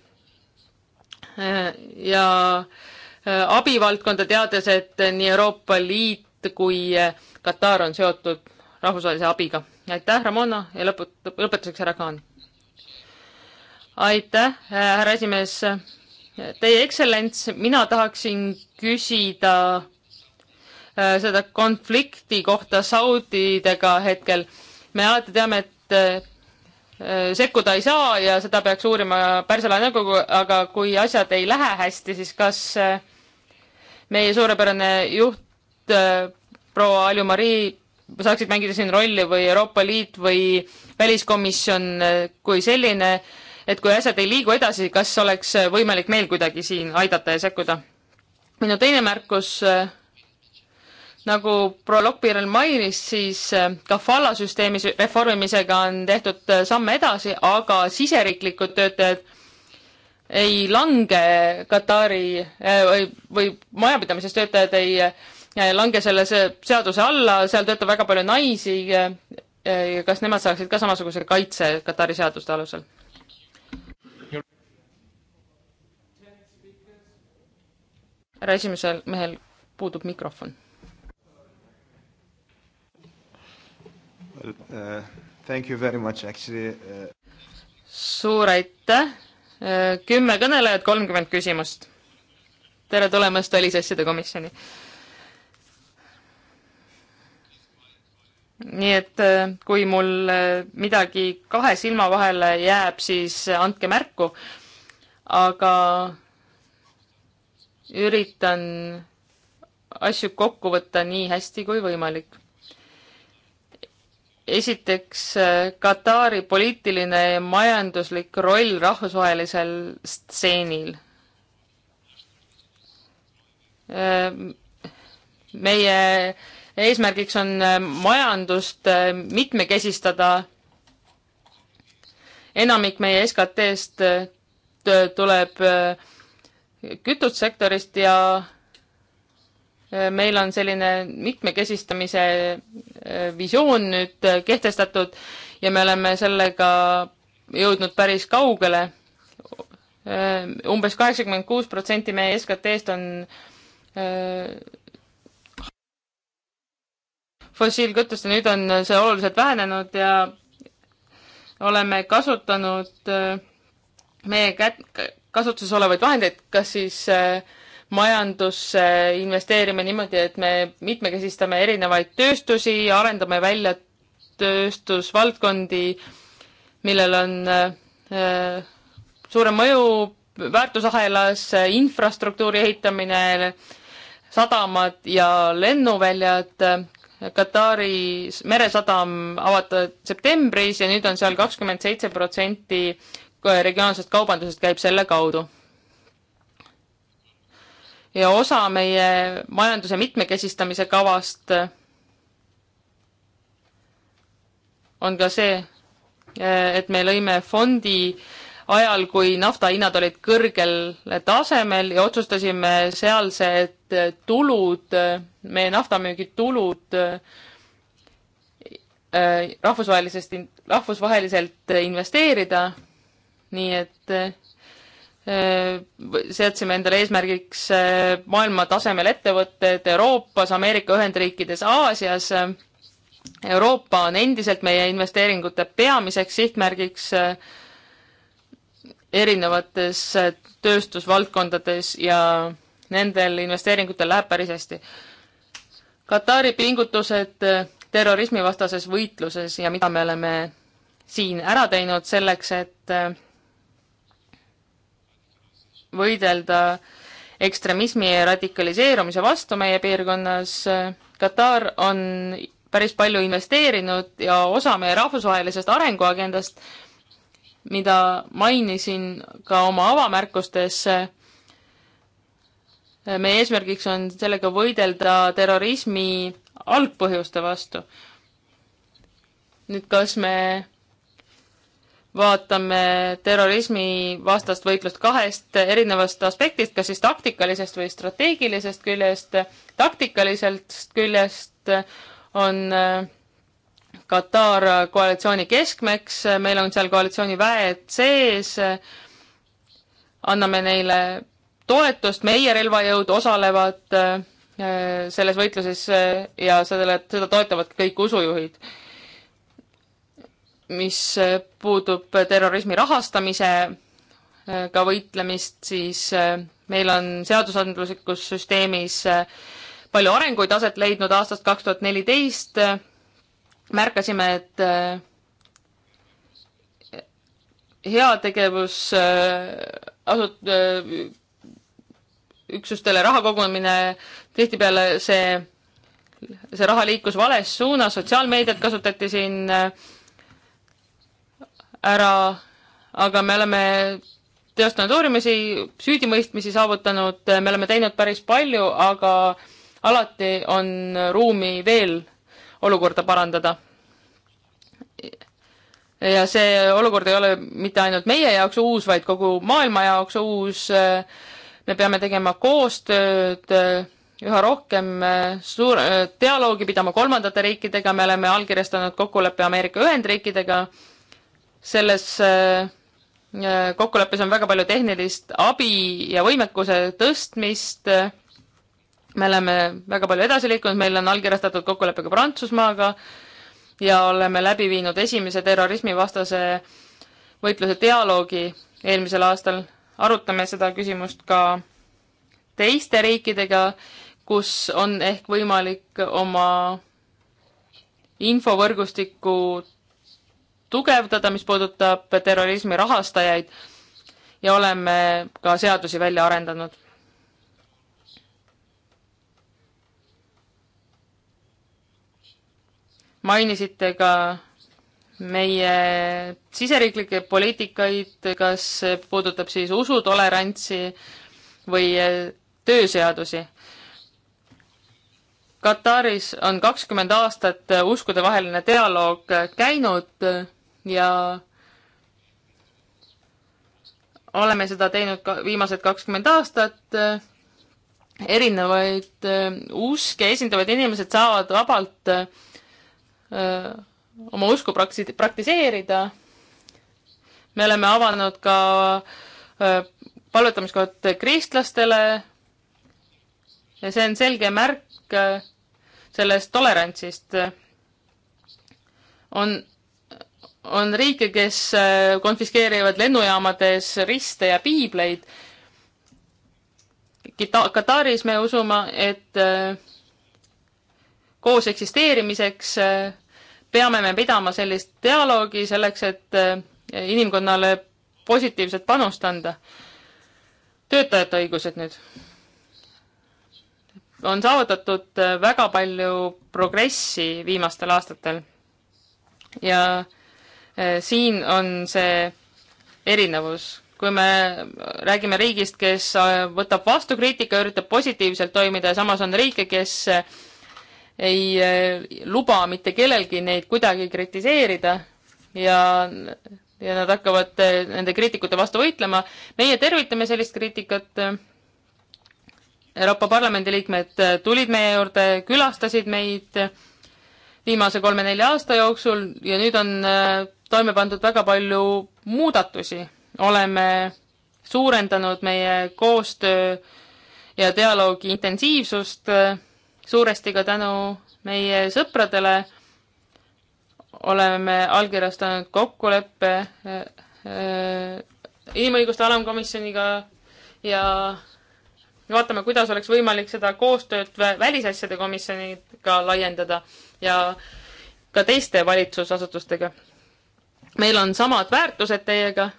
ja äh, abivaldkonda, teades, et nii Euroopa Liit kui Katar on seotud rahvusvahelise abiga. aitäh, Ramona ja lõput-, lõpetuseks härra Kaan. aitäh, härra esimees. Teie ekstsellents, mina tahaksin küsida seda konflikti kohta Saudi-dega hetkel me alati teame, et äh, sekkuda ei saa ja seda peaks uurima Pärsia nõukogu, aga kui asjad ei lähe hästi, siis kas äh, meie suurepärane juht äh, proua Alju-Marii saaksid mängida siin rolli või Euroopa Liit või väliskomisjon kui selline, et kui asjad ei liigu edasi, kas oleks võimalik meil kuidagi siin aidata ja sekkuda? minu teine märkus nagu proua Lokpiirel mainis, siis äh, kafala süsteemi reformimisega on tehtud äh, samme edasi, aga siseriiklikud töötajad ei lange Katari äh, või, või majapidamises töötajad ei lange selle seaduse alla, seal töötab väga palju naisi. kas nemad saaksid ka samasuguse kaitse Katari seaduste alusel? härra esimesel mehel puudub mikrofon well,. Uh, thank you very much actually uh.... suur aitäh, uh, kümme kõnelejat, kolmkümmend küsimust. tere tulemast Välisasjade komisjoni. nii et uh, kui mul midagi kahe silma vahele jääb, siis andke märku. aga üritan asju kokku võtta nii hästi kui võimalik esiteks äh, Katari poliitiline ja majanduslik roll rahvusvahelisel stseenil. Ähm, meie eesmärgiks on äh, majandust äh, mitmekesistada. enamik meie SKT-st tuleb kütussektorist ja Äh, meil on selline mitmekesistamise äh, visioon nüüd äh, kehtestatud ja me oleme sellega jõudnud päris kaugele umbes. umbes kaheksakümmend kuus protsenti meie SKT-st on fossiilkütust ja nüüd on see oluliselt vähenenud ja oleme kasutanud meie kasutuses olevaid vahendeid, kas siis äh, majandusse investeerime niimoodi, et me mitmekesistame erinevaid tööstusi ja arendame välja tööstusvaldkondi, millel on äh, suurem mõju väärtusahelas, infrastruktuuri ehitamine, sadamad ja lennuväljad. Katari meresadam avatud septembris ja nüüd on seal kakskümmend seitse protsenti regionaalsest kaubandusest käib selle kaudu ja osa meie majanduse mitmekesistamise kavast on ka see, et me lõime fondi ajal, kui naftahinnad olid kõrgel tasemel ja otsustasime sealsed tulud, meie naftamüügitulud äh, rahvusvahelisest, rahvusvaheliselt investeerida. nii et Äh, seadsime endale eesmärgiks äh, maailma tasemel ettevõtted Euroopas, Ameerika Ühendriikides, Aasias. Euroopa on endiselt meie investeeringute peamiseks sihtmärgiks äh, erinevates tööstusvaldkondades ja nendel investeeringutel läheb päris hästi. Katari pingutused terrorismivastases võitluses ja mida me oleme siin ära teinud selleks, et võidelda ekstremismi ja radikaliseerumise vastu meie piirkonnas. Katar on päris palju investeerinud ja osa meie rahvusvahelisest arenguagendast, mida mainisin ka oma avamärkustes. meie eesmärgiks on sellega võidelda terrorismi algpõhjuste vastu. nüüd, kas me vaatame terrorismi vastast võitlust kahest erinevast aspektist, kas siis taktikalisest või strateegilisest küljest. taktikalisest küljest on äh, Katar koalitsiooni keskmeks, äh, meil on seal koalitsiooniväed sees, äh, anname neile toetust, meie relvajõud osalevad selles võitluses ja sellele, seda toetavad kõik usujuhid mis puudub terrorismi rahastamisega võitlemist, siis eh, meil on seadusandluslikus süsteemis eh, palju arenguid aset leidnud aastast kaks tuhat neliteist. märkasime, et eh, heategevus asut-, üksustele raha kogumine, tihtipeale see, see raha liikus vales suunas, sotsiaalmeediat kasutati siin äh, ära, aga me oleme teostanud uurimisi, süüdimõistmisi saavutanud, me oleme teinud päris palju, aga alati on ruumi veel olukorda parandada. ja see olukord ei ole mitte ainult meie jaoks uus, vaid kogu maailma jaoks uus. me peame tegema koostööd üha rohkem suur-, dialoogi pidama kolmandate riikidega, me oleme allkirjastanud kokkuleppe Ameerika Ühendriikidega selles äh, äh, kokkuleppes on väga palju tehnilist abi ja võimekuse tõstmist. me oleme väga palju edasi liikunud, meil on allkirjastatud kokkulepe ka Prantsusmaaga ja oleme läbi viinud esimese terrorismivastase võitluse dialoogi eelmisel aastal. arutame seda küsimust ka teiste riikidega, kus on ehk võimalik oma infovõrgustikku tugevdada, mis puudutab terrorismi rahastajaid ja oleme ka seadusi välja arendanud. mainisite ka meie siseriiklikke poliitikaid, kas puudutab siis usutolerantsi või tööseadusi. Kataris on kakskümmend aastat uskudevaheline dialoog käinud ja oleme seda teinud ka viimased kakskümmend aastat. erinevaid äh, uske esindavad inimesed saavad vabalt äh, oma usku prakti-, praktiseerida. me oleme avanud ka äh, palvetamiskohad kristlastele. ja see on selge märk sellest tolerantsist. on on riike, kes äh, konfiskeerivad lennujaamades riste ja piibleid. Kataris me usume, et äh, koos eksisteerimiseks äh, peame me pidama sellist dialoogi selleks, et inimkonnale positiivset panust anda. töötajate õigused nüüd. on saavutatud väga palju progressi viimastel aastatel ja Eh, siin on see erinevus. kui me räägime riigist, kes äh, võtab vastu kriitika, üritab positiivselt toimida ja samas on riike, kes äh, ei äh, luba mitte kellelgi neid kuidagi kritiseerida ja ja nad hakkavad nende kriitikute vastu võitlema. meie tervitame sellist kriitikat. Euroopa Parlamendi liikmed tulid meie juurde, külastasid meid viimase kolme-nelja aasta jooksul ja nüüd on toime pandud väga palju muudatusi, oleme suurendanud meie koostöö ja dialoogi intensiivsust suuresti ka tänu meie sõpradele. oleme allkirjastanud kokkuleppe äh, äh, inimõiguste alamkomisjoniga ja vaatame, kuidas oleks võimalik seda koostööd välisasjade komisjoniga laiendada ja ka teiste valitsusasutustega meil on samad väärtused teiega.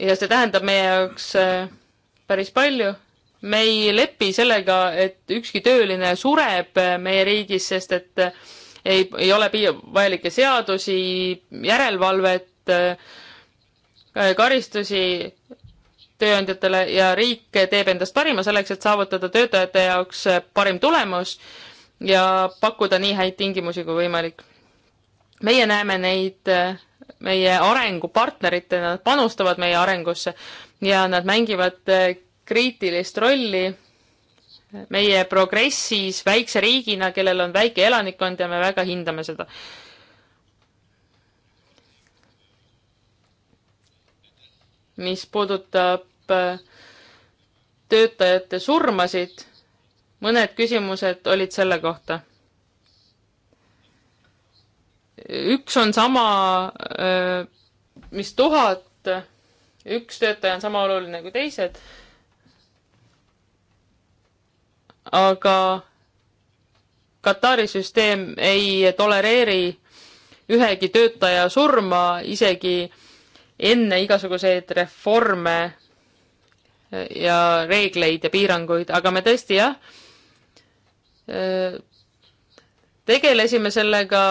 ja see tähendab meie jaoks äh, päris palju. me ei lepi sellega, et ükski tööline sureb äh, meie riigis, sest et äh, ei, ei ole vajalikke seadusi, järelevalvet, karistusi tööandjatele ja riik teeb endast parima selleks, et saavutada töötajate jaoks parim tulemus ja pakkuda nii häid tingimusi kui võimalik meie näeme neid meie arengupartneritena, nad panustavad meie arengusse ja nad mängivad eh, kriitilist rolli meie progressis väikse riigina, kellel on väike elanikkond ja me väga hindame seda. mis puudutab eh, töötajate surmasid, mõned küsimused olid selle kohta üks on sama, mis tuhat, üks töötaja on sama oluline kui teised. aga Katari süsteem ei tolereeri ühegi töötaja surma isegi enne igasuguseid reforme ja reegleid ja piiranguid, aga me tõesti jah, tegelesime sellega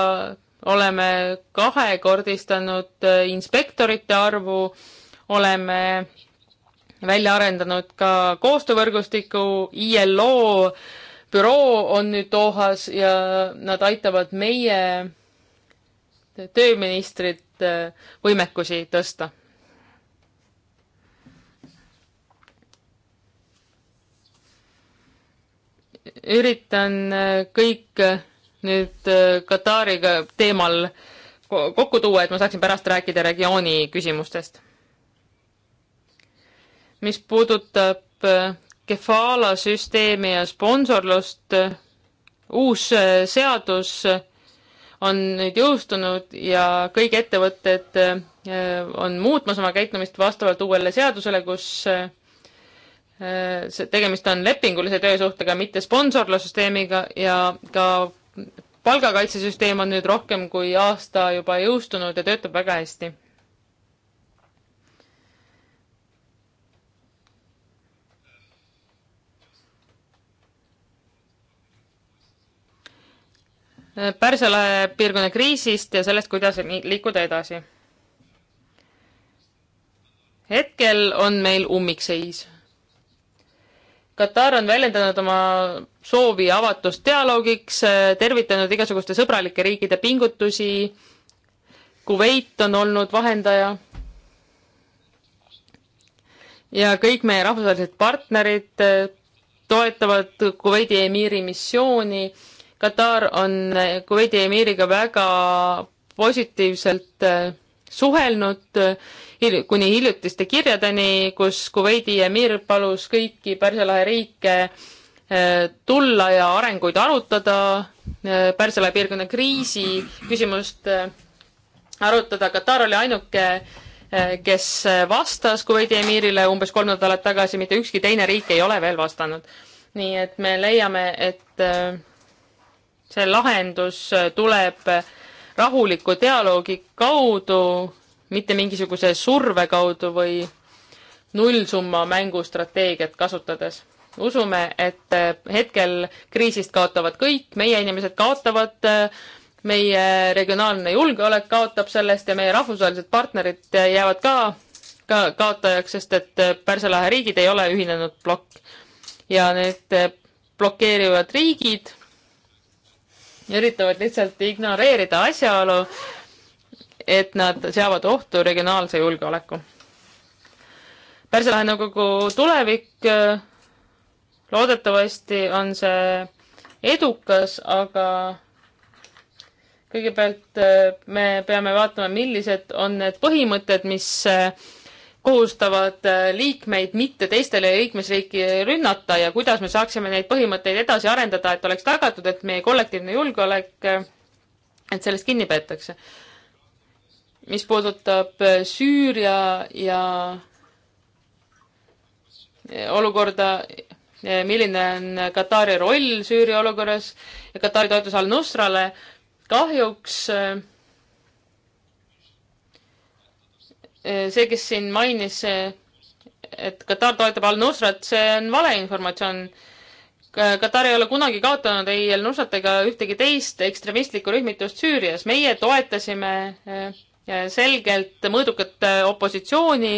oleme kahekordistanud äh, inspektorite arvu, oleme välja arendanud ka koostöövõrgustiku, ILO büroo on nüüd Dohas ja nad aitavad meie tööministrit äh, võimekusi tõsta. üritan äh, kõik nüüd äh, Katariga teemal kokku tuua, et ma saaksin pärast rääkida regiooni küsimustest. mis puudutab äh, Kefala süsteemi ja sponsorlust, äh, uus seadus on nüüd jõustunud ja kõik ettevõtted on muutmas oma käitumist vastavalt uuele seadusele, kus tegemist on lepingulise töösuhtega, mitte sponsorlussüsteemiga ja ka palgakaitsesüsteem on nüüd rohkem kui aasta juba jõustunud ja töötab väga hästi. Pärsia lahe piirkonna kriisist ja sellest, kuidas liikuda edasi. hetkel on meil ummikseis Katar on väljendanud oma soovi avatust dialoogiks, eh, tervitanud igasuguste sõbralike riikide pingutusi. Kuveit on olnud vahendaja. ja kõik meie rahvusvahelised partnerid eh, toetavad Kuveidi emiiri missiooni. Katar on eh, Kuveidi emiiriga väga positiivselt suhelnud äh, kuni hiljutiste kirjadeni, kus Kuveidi emiir palus kõiki Pärsia lahe riike äh, tulla ja arenguid arutada, äh, Pärsia lahe piirkonna kriisi küsimust arutada. Katar oli ainuke, kes vastas Kuveidi emiirile umbes kolm nädalat tagasi, mitte ükski teine riik ei ole veel vastanud. nii et me leiame, et see lahendus tuleb äh, rahuliku dialoogi kaudu, mitte mingisuguse surve kaudu või nullsumma mängustrateegiat kasutades. usume, et eh, hetkel kriisist kaotavad kõik, meie inimesed kaotavad, eh, meie regionaalne julgeolek kaotab sellest ja meie rahvusvahelised partnerid eh, jäävad ka ka kaotajaks, sest et Pärsia lahe riigid ei ole ühinenud plokk ja need blokeerivad riigid üritavad lihtsalt ignoreerida asjaolu, et nad seavad ohtu regionaalse julgeoleku. Pärsia lahe nõukogu tulevik, äh, loodetavasti on see edukas, aga kõigepealt äh, me peame vaatama, millised on need põhimõtted, mis äh, kohustavad äh, liikmeid mitte teistele liikmesriiki rünnata ja kuidas me saaksime neid põhimõtteid edasi arendada, et oleks tagatud, et meie kollektiivne julgeolek, äh, et sellest kinni peetakse. mis puudutab äh, Süüria ja olukorda, milline on Katari roll Süüria olukorras ja Katari toetus al-Nusrale, kahjuks äh, Äh, see, kes siin mainis, et Katar toetab al-Nusrat, see on valeinformatsioon. Katar ei ole kunagi kaotanud ei al-Nusrat ega ühtegi teist ekstremistlikku rühmitust Süürias. meie toetasime äh, selgelt mõõdukat äh, opositsiooni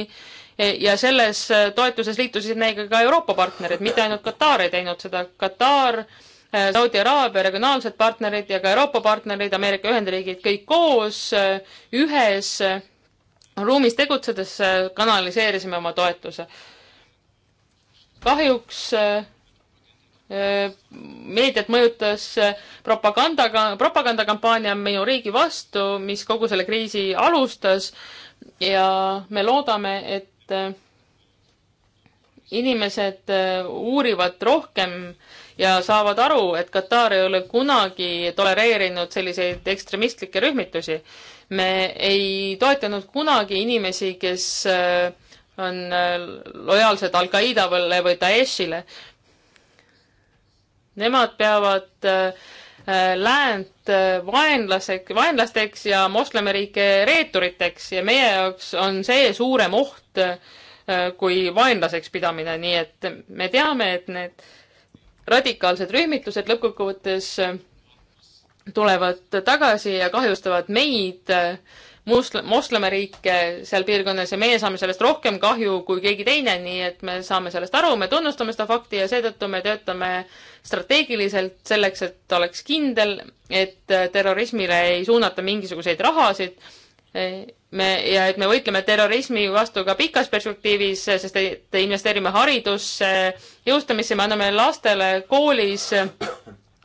ja selles toetuses liitusid meiega ka Euroopa partnerid, mitte ainult Katar ei teinud seda. Katar, Saudi Araabia regionaalsed partnerid ja ka Euroopa partnerid, Ameerika Ühendriigid, kõik koos, ühes ruumis tegutsedes äh, kanaliseerisime oma toetuse. kahjuks äh, äh, meediat mõjutas propagandaga, propagandakampaania minu riigi vastu, mis kogu selle kriisi alustas ja me loodame, et inimesed uurivad rohkem ja saavad aru, et Katar ei ole kunagi tolereerinud selliseid ekstremistlikke rühmitusi me ei toetanud kunagi inimesi, kes äh, on äh, lojaalsed Al-Qaeda või Daeshile. Nemad peavad äh, läänt vaenlaseks, vaenlasteks ja moslemiriike reeturiteks ja meie jaoks on see suurem oht kui vaenlaseks pidamine, nii et me teame, et need radikaalsed rühmitused lõppkokkuvõttes tulevad tagasi ja kahjustavad meid, mosle-, moslemiriike seal piirkonnas ja meie saame sellest rohkem kahju kui keegi teine, nii et me saame sellest aru, me tunnustame seda fakti ja seetõttu me töötame strateegiliselt selleks, et oleks kindel, et terrorismile ei suunata mingisuguseid rahasid, me, ja et me võitleme terrorismi vastu ka pikas perspektiivis, sest et investeerime haridusse, jõustamisse, me anname lastele koolis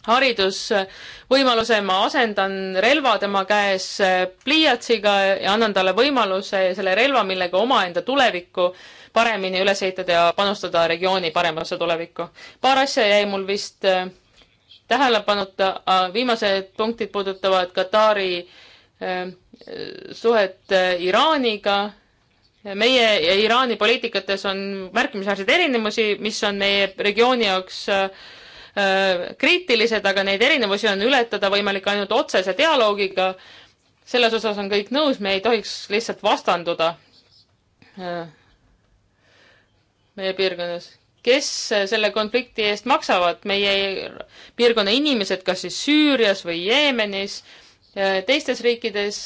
haridusvõimaluse, ma asendan relva tema käes eh, pliiatsiga ja annan talle võimaluse selle relva, millega omaenda tulevikku paremini üles ehitada ja panustada regiooni paremasse tulevikku. paar asja jäi mul vist eh, tähelepanuta, viimased punktid puudutavad Katari eh, suhet Iraaniga. meie ja Iraani poliitikates on märkimisväärseid erinevusi, mis on meie regiooni jaoks äh, Äh, kriitilised, aga neid erinevusi on ületada võimalik ainult otsese dialoogiga. selles osas on kõik nõus, me ei tohiks lihtsalt vastanduda äh, meie piirkonnas. kes selle konflikti eest maksavad, meie piirkonna inimesed, kas siis Süürias või Jeemenis, äh, teistes riikides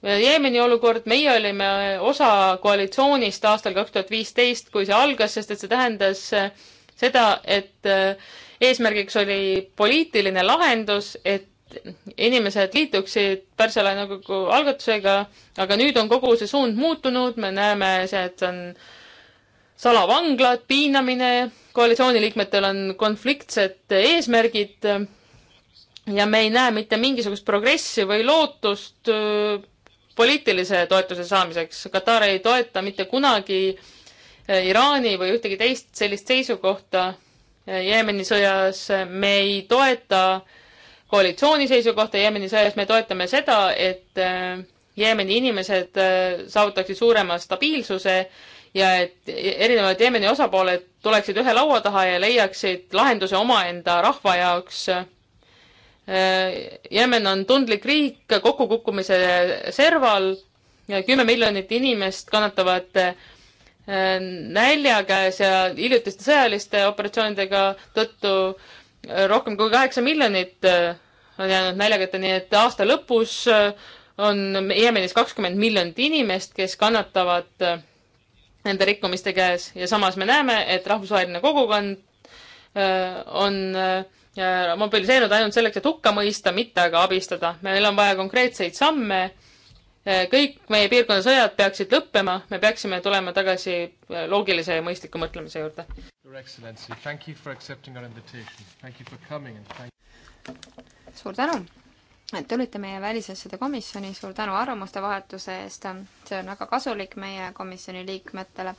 Jeemeni olukord, meie olime osa koalitsioonist aastal kaks tuhat viisteist, kui see algas, sest et see tähendas äh, seda, et äh, eesmärgiks oli poliitiline lahendus, et inimesed liituksid Pärsia laenukogu algatusega, aga nüüd on kogu see suund muutunud, me näeme see, et on salavanglad, piinamine, koalitsiooniliikmetel on konfliktsed eesmärgid ja me ei näe mitte mingisugust progressi või lootust äh, poliitilise toetuse saamiseks. Katar ei toeta mitte kunagi eh, Iraani või ühtegi teist sellist seisukohta eh, Jeemeni sõjas. me ei toeta koalitsiooni seisukohta Jeemeni sõjas, me toetame seda, et eh, Jeemeni inimesed saavutaksid suurema stabiilsuse ja et erinevad Jeemeni osapooled tuleksid ühe laua taha ja leiaksid lahenduse omaenda rahva jaoks Äh, Jemen on tundlik riik kokkukukkumise serval, kümme miljonit inimest kannatavad äh, nälja käes ja hiljutiste sõjaliste operatsioonidega tõttu äh, rohkem kui kaheksa miljonit on jäänud näljakätte, nii et aasta lõpus on Jeemenis kakskümmend miljonit inimest, kes kannatavad nende rikkumiste käes ja samas me näeme, et rahvusvaheline kogukond on äh, mobiliseerunud ainult selleks, et hukka mõista, mitte aga abistada. meil on vaja konkreetseid samme. E, kõik meie piirkonna sõjad peaksid lõppema, me peaksime tulema tagasi loogilise ja mõistliku mõtlemise juurde. suur tänu, et tulite meie välisasjade komisjoni, suur tänu arvamuste vahetuse eest, see on väga kasulik meie komisjoni liikmetele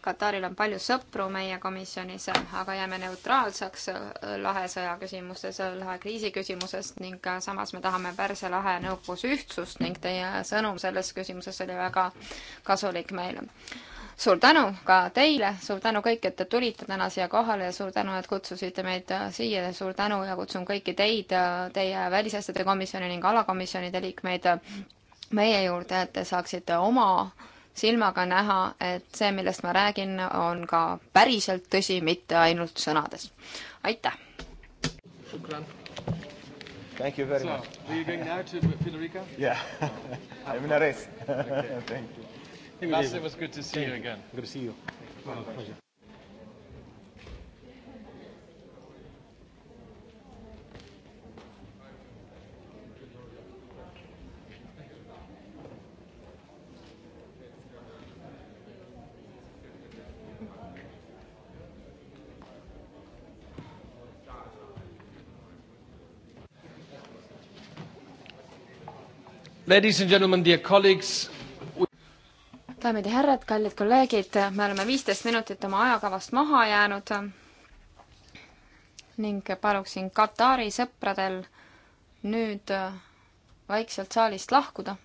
Kataril on palju sõpru meie komisjonis, aga jääme neutraalseks lahe sõja küsimustes, lahe kriisi küsimuses ning samas me tahame Pärsia lahe nõukogus ühtsust ning teie sõnum selles küsimuses oli väga kasulik meile. suur tänu ka teile, suur tänu kõik, et te tulite täna siia kohale ja suur tänu, et kutsusite meid siia ja suur tänu ja kutsun kõiki teid, teie välisasjade komisjoni ning alakomisjonide liikmeid meie juurde, et te saaksite oma silmaga näha, et see, millest ma räägin, on ka päriselt tõsi, mitte ainult sõnades. aitäh! Thank you very so, much. Are you going now to Federica? Yeah. I'm in a race. okay. Thank you. Lasse, it was good to see Thank you again. Good to see you. Well, pleasure. Ladies and gentlemen, dear colleagues. daamid ja härrad, kallid kolleegid, me oleme viisteist minutit oma ajakavast maha jäänud ning paluksin Katari sõpradel nüüd vaikselt saalist lahkuda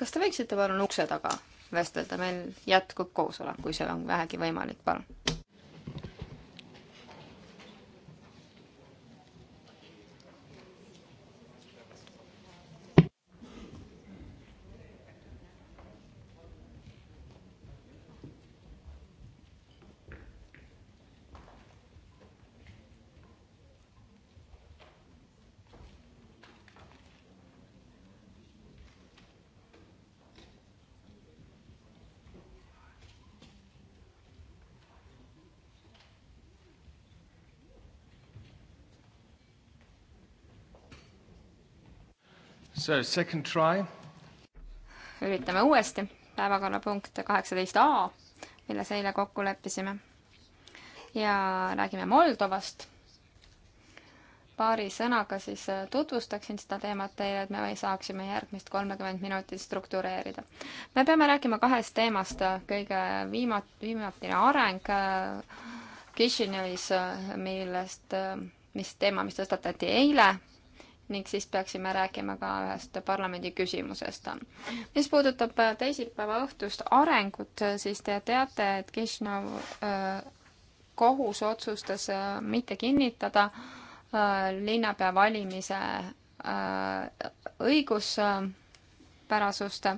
kas te võiksite palun ukse taga vestelda, meil jätkub koosolek, kui see on vähegi võimalik, palun. So second try. üritame uuesti, päevakorrapunkt kaheksateist A, milles eile kokku leppisime. ja räägime Moldovast. paari sõnaga siis äh, tutvustaksin seda teemat teile, et me saaksime järgmist kolmekümmet minutit struktureerida. me peame rääkima kahest teemast, kõige viima-, viimatine areng äh, Kišinevis, äh, millest, mis teema, mis tõstatati eile ning siis peaksime rääkima ka ühest parlamendi küsimusest. mis puudutab äh, teisipäeva õhtust arengut, äh, siis te teate, et Kišnav äh, kohus otsustas mitte kinnitada linnapea valimise õiguspärasust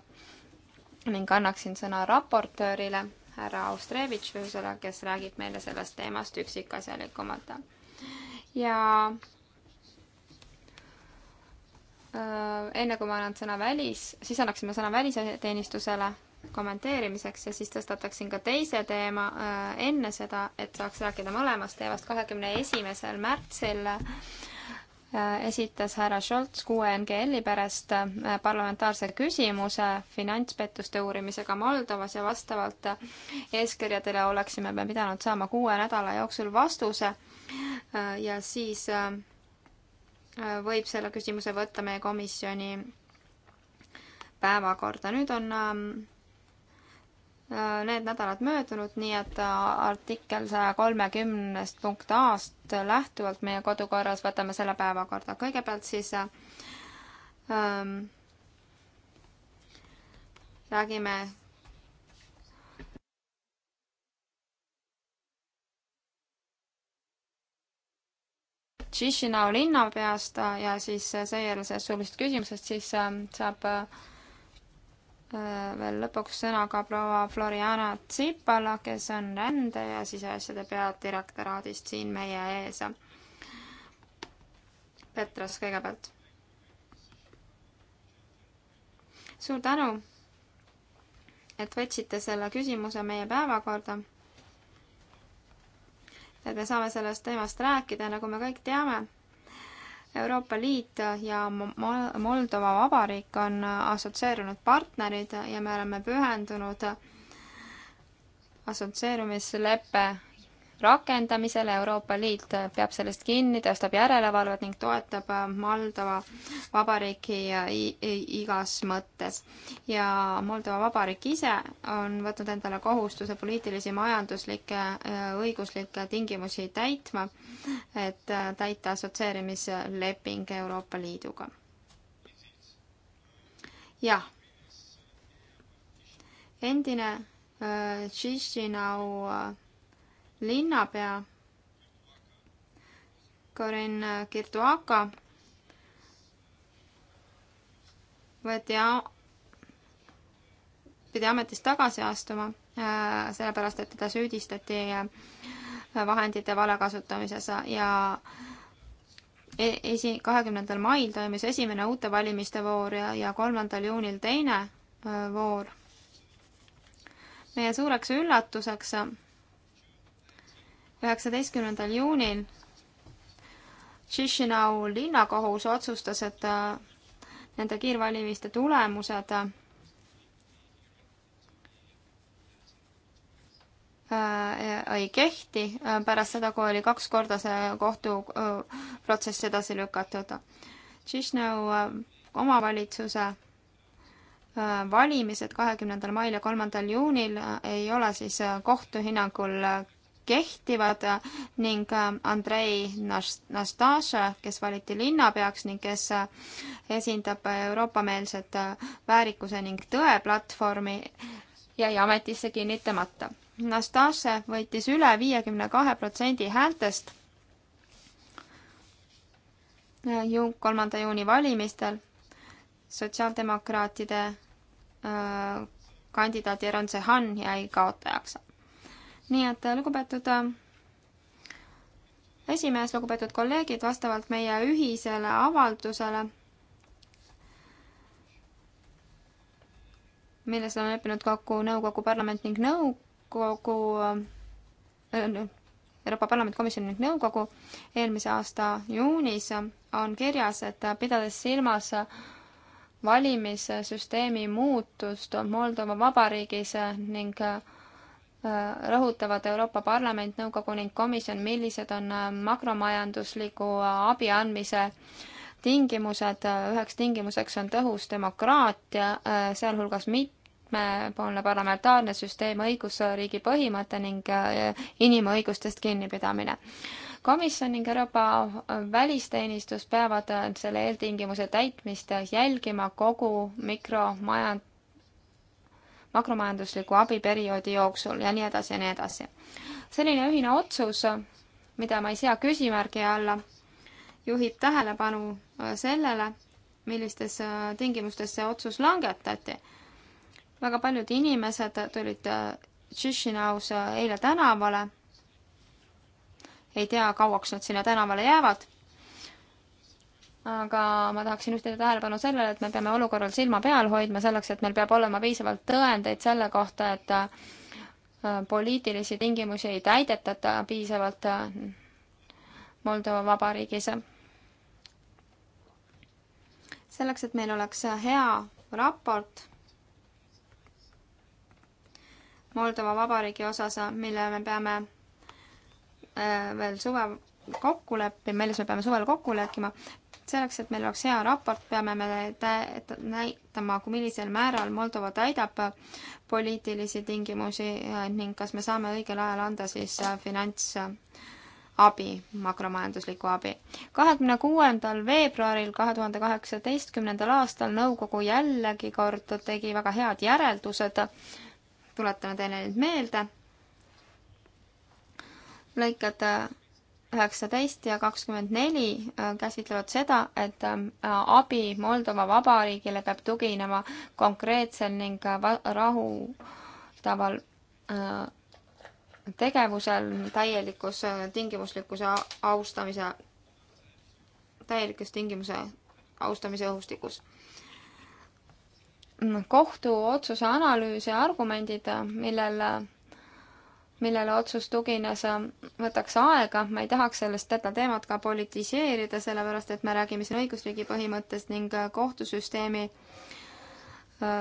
ning annaksin sõna raportöörile, härra Austrevitšusele, kes räägib meile sellest teemast üksikasjalikumalt. ja Äh, enne kui ma annan sõna välis, siis annaksime sõna välisteenistusele kommenteerimiseks ja siis tõstataksin ka teise teema äh, enne seda, et saaks rääkida mõlemast teemast. kahekümne esimesel märtsil äh, esitas härra Scholz QNGL-i pärast parlamentaarse küsimuse finantspettuste uurimisega Moldovas ja vastavalt eeskirjadele oleksime me pidanud saama kuue nädala jooksul vastuse ja siis võib selle küsimuse võtta meie komisjoni päevakorda. nüüd on ähm, äh, need nädalad möödunud, nii et äh, artikkel saja kolmekümnest punkt A-st lähtuvalt meie kodukorras võtame selle päevakorda. kõigepealt siis äh, ähm, räägime Chisinau linnapeast ja siis seejärel sellest suulisest küsimusest siis ähm, saab äh, veel lõpuks sõna ka proua Floriana Tsipala, kes on rände- ja siseasjade peadirektoraadist siin meie ees. Petras kõigepealt. suur tänu, et võtsite selle küsimuse meie päevakorda et me saame sellest teemast rääkida, nagu me kõik teame. Euroopa Liit ja Moldova Vabariik on assotsieerunud partnerid ja me oleme pühendunud assotsieerumisleppe rakendamisele, Euroopa Liit peab sellest kinni, tõstab järelevalvet ning toetab äh, Moldova Vabariiki igas mõttes. ja Moldova Vabariik ise on võtnud endale kohustuse poliitilisi, majanduslikke, äh, õiguslikke tingimusi täitma, et äh, täita assotsieerimisleping Euroopa Liiduga. jah. endine Chisinau linnapea Karin Kirtuaka võeti pidi ametist tagasi astuma, äh, sellepärast et teda süüdistati äh, vahendite vale kasutamises ja e-, esi-, kahekümnendal mail toimus esimene uute valimiste voor ja, ja kolmandal juunil teine äh, voor. meie suureks üllatuseks üheksateistkümnendal juunil Chisinau linnakohus otsustas, et äh, nende kiirvalimiste tulemused äh, ei kehti äh, pärast seda, kui oli kaks korda see kohtuprotsess edasi lükatud. Chisinau omavalitsuse valimised kahekümnendal mail ja kolmandal juunil ei ole siis kohtu hinnangul kehtivad ning äh, Andrei Nastaša, kes valiti linnapeaks ning kes äh, esindab Euroopa-meelset äh, väärikuse ning tõe platvormi, jäi ametisse kinnitamata. Nastaše võitis üle viiekümne kahe protsendi häältest ju-, kolmanda juuni valimistel sotsiaaldemokraatide kandidaat Jeron Zehan jäi kaotajaks nii et äh, lugupeetud äh, esimees, lugupeetud kolleegid, vastavalt meie ühisele avaldusele, milles on leppinud kokku nõukogu parlament ning nõukogu äh,, Euroopa Parlamendi komisjon ning nõukogu eelmise aasta juunis on kirjas, et pidades silmas valimissüsteemi muutust Moldova Vabariigis ning äh, rõhutavad Euroopa Parlament, Nõukogu ning komisjon, millised on äh, makromajandusliku äh, abi andmise tingimused, üheks tingimuseks on tõhus demokraatia, äh, sealhulgas mitmepoolne parlamentaarne süsteem, õigusriigi põhimõte ning inimõigustest kinnipidamine. komisjon ning Euroopa välisteenistus peavad selle eeltingimuse täitmist jälgima kogu mikromajand-, makromajandusliku abiperioodi jooksul ja nii edasi ja nii edasi. selline ühine otsus, mida ma ei sea küsimärgi alla, juhib tähelepanu äh, sellele, millistes äh, tingimustes see otsus langetati. väga paljud inimesed tulid Tšišinaus äh, eile tänavale, ei tea, kauaks nad sinna tänavale jäävad aga ma tahaksin juhtida tähelepanu sellele, et me peame olukorral silma peal hoidma selleks, et meil peab olema piisavalt tõendeid selle kohta, et äh, poliitilisi tingimusi ei täidetata piisavalt äh, Moldova Vabariigis. selleks, et meil oleks hea raport Moldova Vabariigi osas, mille me peame äh, veel suve kokku leppima, milles me peame suvel kokku leppima, selleks, et meil oleks hea raport, peame me näitama, millisel määral Moldova täidab poliitilisi tingimusi äh, ning kas me saame õigel ajal anda siis äh, finantsabi, makromajanduslikku abi. kahekümne kuuendal veebruaril kahe tuhande kaheksateistkümnendal aastal nõukogu jällegi kord tegi väga head järeldused, tuletame teile nüüd meelde, lõiked äh, üheksateist ja kakskümmend neli äh, käsitlevad seda, et ähm, äh, abi Moldova Vabariigile peab tuginema konkreetsel ning äh, rahuldaval tegevusel täielikus tingimuslikkuse austamise, täielikus tingimuse austamise õhustikus mm, kohtuotsuse analüüs ja argumendid, millel millele otsus tugines, võtaks aega, ma ei tahaks sellest seda teemat ka politiseerida, sellepärast et me räägime siin õigusriigi põhimõttest ning äh, kohtusüsteemi äh,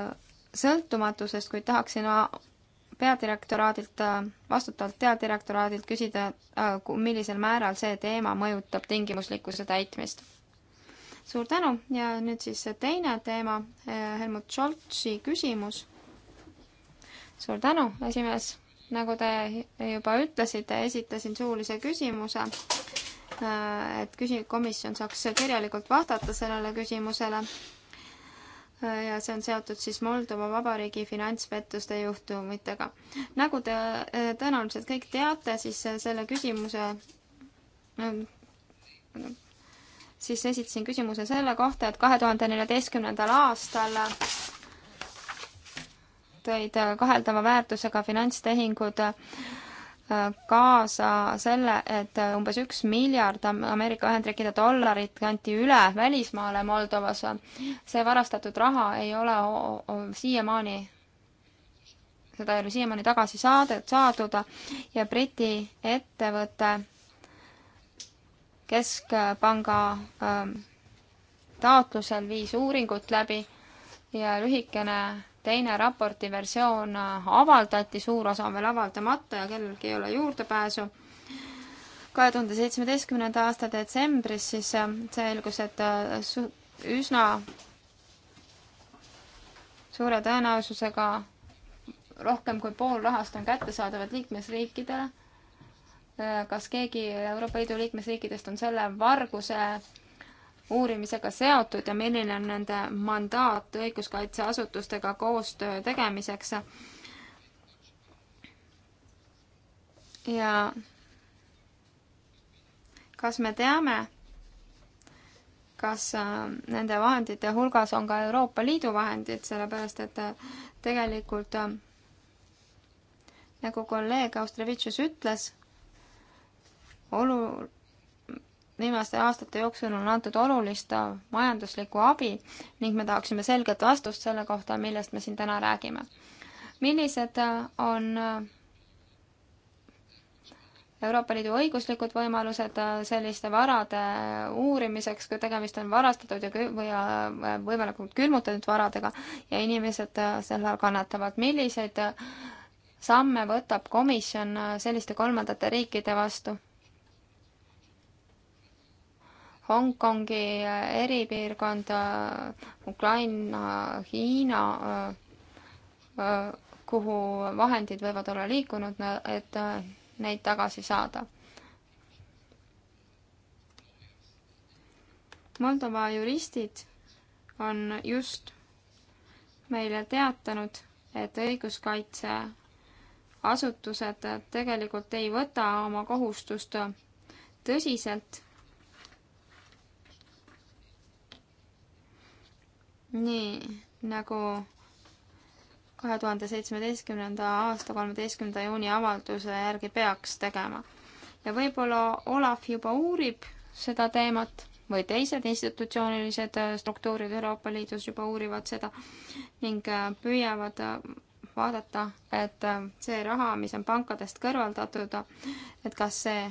sõltumatusest, kuid tahaksin äh, peadirektoraadilt, vastutavalt peadirektoraadilt küsida, millisel määral see teema mõjutab tingimuslikkuse täitmist. suur tänu ja nüüd siis teine teema, Helmut Scholzi küsimus. suur tänu, esimees nagu te juba ütlesite, esitasin suulise küsimuse, äh, et küsi-, komisjon saaks kirjalikult vastata sellele küsimusele. ja see on seotud siis Moldova Vabariigi finantspettuste juhtumitega. nagu te äh, tõenäoliselt kõik teate, siis äh, selle küsimuse siis esitasin küsimuse selle kohta, et kahe tuhande neljateistkümnendal aastal tõid kaheldava väärtusega finantstehingud äh, kaasa selle, et äh, umbes üks miljard Ameerika Ühendriikide dollarit kanti üle välismaale Moldovas. see varastatud raha ei ole siiamaani, seda ei ole siiamaani tagasi saadet, saadud ja Briti ettevõte Keskpanga ähm, taotlusel viis uuringut läbi ja lühikene teine raporti versioon äh, avaldati, suur osa on veel avaldamata ja kellelgi ei ole juurdepääsu. kahe tuhande seitsmeteistkümnenda aasta detsembris siis äh, selgus, et äh, üsna suure tõenäosusega rohkem kui pool rahast on kättesaadavad liikmesriikidele. kas keegi Euroopa Liidu liikmesriikidest on selle varguse uurimisega seotud ja milline on nende mandaat õiguskaitseasutustega koostöö tegemiseks. ja kas me teame, kas äh, nende vahendite hulgas on ka Euroopa Liidu vahendid, sellepärast et äh, tegelikult äh, nagu kolleeg Austrevitšus ütles, olu-, viimaste aastate jooksul on antud olulist majanduslikku abi ning me tahaksime selget vastust selle kohta, millest me siin täna räägime. millised on Euroopa Liidu õiguslikud võimalused selliste varade uurimiseks, kui tegemist on varastatud ja või äh, võimalikult külmutatud varadega ja inimesed äh, selle all kannatavad. milliseid samme võtab komisjon äh, selliste kolmandate riikide vastu? Hongkongi äh, eripiirkond, äh, Ukraina, Hiina, äh, kuhu vahendid võivad olla liikunud, et neid tagasi saada. Moldova juristid on just meile teatanud, et õiguskaitseasutused tegelikult ei võta oma kohustust tõsiselt nii nagu kahe tuhande seitsmeteistkümnenda aasta kolmeteistkümnenda juuni avalduse järgi peaks tegema. ja võib-olla Olav juba uurib seda teemat või teised institutsioonilised struktuurid Euroopa Liidus juba uurivad seda ning äh, püüavad äh, vaadata, et äh, see raha, mis on pankadest kõrvaldatud, et kas see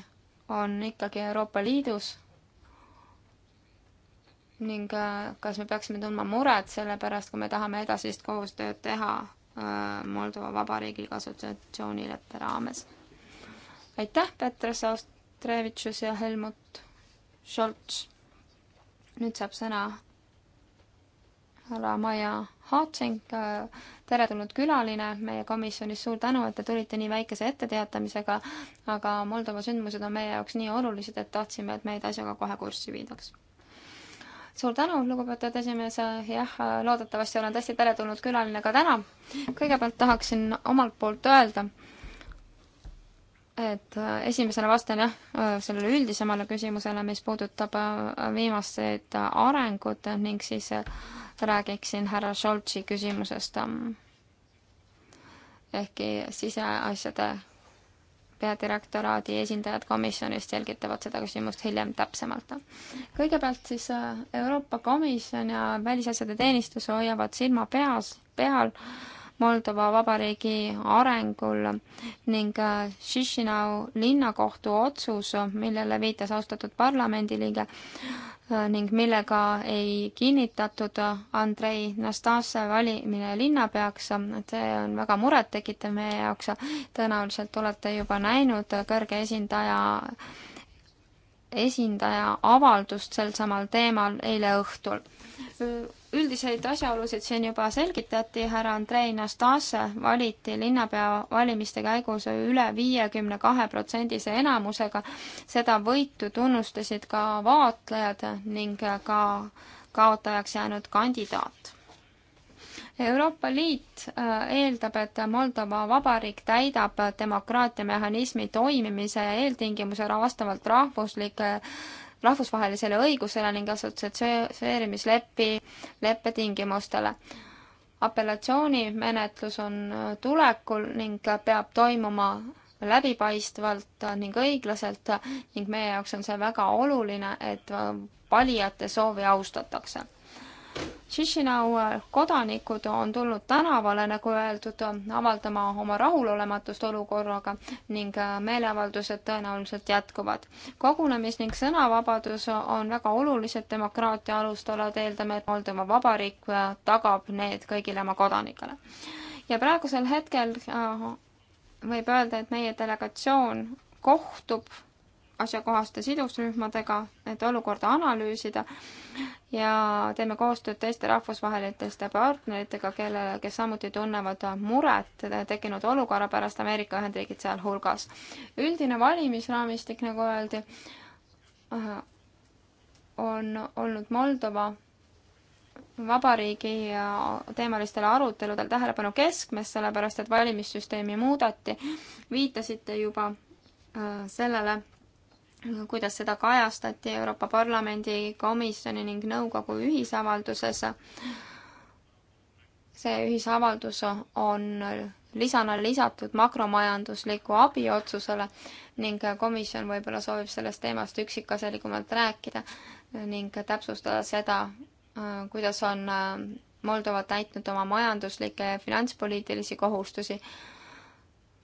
on ikkagi Euroopa Liidus ning äh, kas me peaksime tundma muret selle pärast, kui me tahame edasist koostööd teha äh, Moldova Vabariigiga assotsiatsioonileppe raames. aitäh, Petras Austrevitšus ja Helmut Scholz. nüüd saab sõna härra Maia Haatsing, äh, teretulnud külaline meie komisjonis, suur tänu, et te tulite nii väikese etteteatamisega, aga Moldova sündmused on meie jaoks nii olulised, et tahtsime, et meid asjaga kohe kurssi viidaks suur tänu, lugupeetud esimees, jah, loodetavasti olen tõesti teretulnud külaline ka täna. kõigepealt tahaksin omalt poolt öelda, et esimesena vastan jah, sellele üldisemale küsimusele, mis puudutab viimaseid arengut ning siis räägiksin härra Šoltsi küsimusest. ehkki siseasjade peadirektoraadi esindajad komisjonist selgitavad seda küsimust hiljem täpsemalt. kõigepealt siis äh, Euroopa Komisjon ja välisasjade teenistus hoiavad silma peas, peal Moldova Vabariigi arengul ning äh, Chisinau linnakohtu otsus, millele viitas austatud parlamendiliige, Äh, ning millega ei kinnitatud äh, Andrei Nastase valimine linnapeaks, äh, see on väga murettekitav meie jaoks. tõenäoliselt olete juba näinud kõrge esindaja esindaja avaldust sel samal teemal eile õhtul üldiseid asjaolusid siin juba selgitati, härra Andrei Nastase valiti linnapea valimiste käigus üle viiekümne kahe protsendise enamusega. seda võitu tunnustasid ka vaatlejad ning ka kaotajaks jäänud kandidaat. Euroopa Liit äh, eeldab, et Moldova Vabariik täidab demokraatia mehhanismi toimimise eeltingimuse vastavalt rahvuslike rahvusvahelisele õigusele ning assotsieerimislepi, leppe tingimustele. apellatsioonimenetlus on äh, tulekul ning peab toimuma läbipaistvalt ning õiglaselt ning meie jaoks on see väga oluline, et äh, valijate soovi austatakse Chisinau äh, kodanikud on tulnud tänavale, nagu öeldud, avaldama oma rahulolematust olukorraga ning äh, meeleavaldused tõenäoliselt jätkuvad. kogunemis- ning sõnavabadus on väga olulised demokraatia alustalad, eeldame, et Moldova Vabariik äh, tagab need kõigile oma kodanikele. ja praegusel hetkel võib öelda, et meie delegatsioon kohtub asjakohaste sidusrühmadega, et olukorda analüüsida ja teeme koostööd teiste rahvusvaheliste partneritega, kelle, kes samuti tunnevad muret tekkinud olukorra pärast Ameerika Ühendriigid sealhulgas. üldine valimisraamistik, nagu öeldi, on olnud Moldova vabariigi teemalistel aruteludel tähelepanu keskmes, sellepärast et valimissüsteemi muudeti. viitasite juba äh, sellele kuidas seda kajastati Euroopa Parlamendi komisjoni ning nõukogu ühisavalduses. see ühisavaldus on lisana lisatud makromajandusliku abi otsusele ning komisjon võib-olla soovib sellest teemast üksikasjalikumalt rääkida ning täpsustada seda, kuidas on Moldova täitnud oma majanduslikke ja finantspoliitilisi kohustusi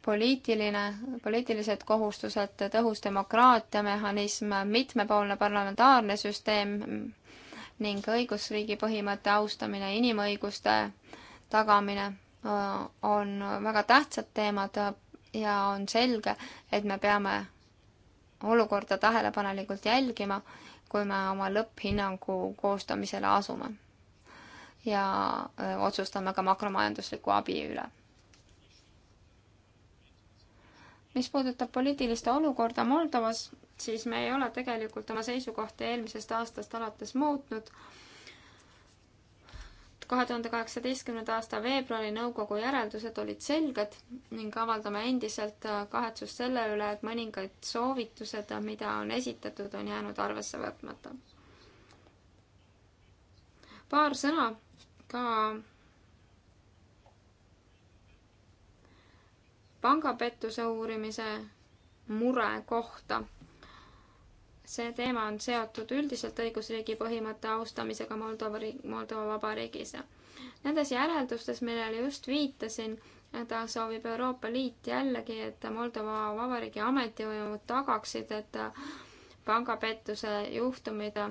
poliitiline, poliitilised kohustused, tõhus demokraatia mehhanism, mitmepoolne parlamentaarne süsteem ning õigusriigi põhimõtte austamine, inimõiguste tagamine on väga tähtsad teemad ja on selge, et me peame olukorda tähelepanelikult jälgima, kui me oma lõpphinnangu koostamisele asume. ja otsustame ka makromajandusliku abi üle mis puudutab poliitilist olukorda Moldovas, siis me ei ole tegelikult oma seisukohti eelmisest aastast alates muutnud. kahe tuhande kaheksateistkümnenda aasta veebruari nõukogu järeldused olid selged ning avaldame endiselt äh, kahetsust selle üle, et mõningaid soovitused, mida on esitatud, on jäänud arvesse võtmata. paar sõna ka pangapettuse uurimise mure kohta. see teema on seotud üldiselt õigusriigi põhimõtte austamisega Moldova riik, Moldova Vabariigis. Nendes järeldustes, millele just viitasin, ta soovib Euroopa Liit jällegi, et Moldova Vabariigi ametivõimud tagaksid, et pangapettuse juhtumid,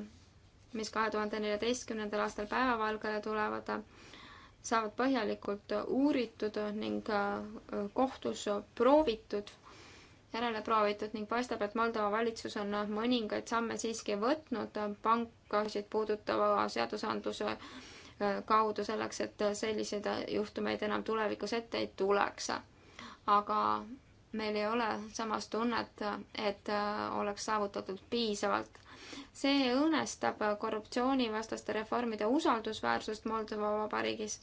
mis kahe tuhande neljateistkümnendal aastal päevavalgele tulevad, saavad põhjalikult uuritud ning äh, kohtus proovitud, järele proovitud ning paistab, et Moldova valitsus on mõningaid samme siiski võtnud pankasid puudutava seadusandluse äh, kaudu selleks, et selliseid juhtumeid enam tulevikus ette ei tuleks. aga meil ei ole samas tunnet, et äh, oleks saavutatud piisavalt. see õõnestab korruptsioonivastaste reformide usaldusväärsust Moldova Vabariigis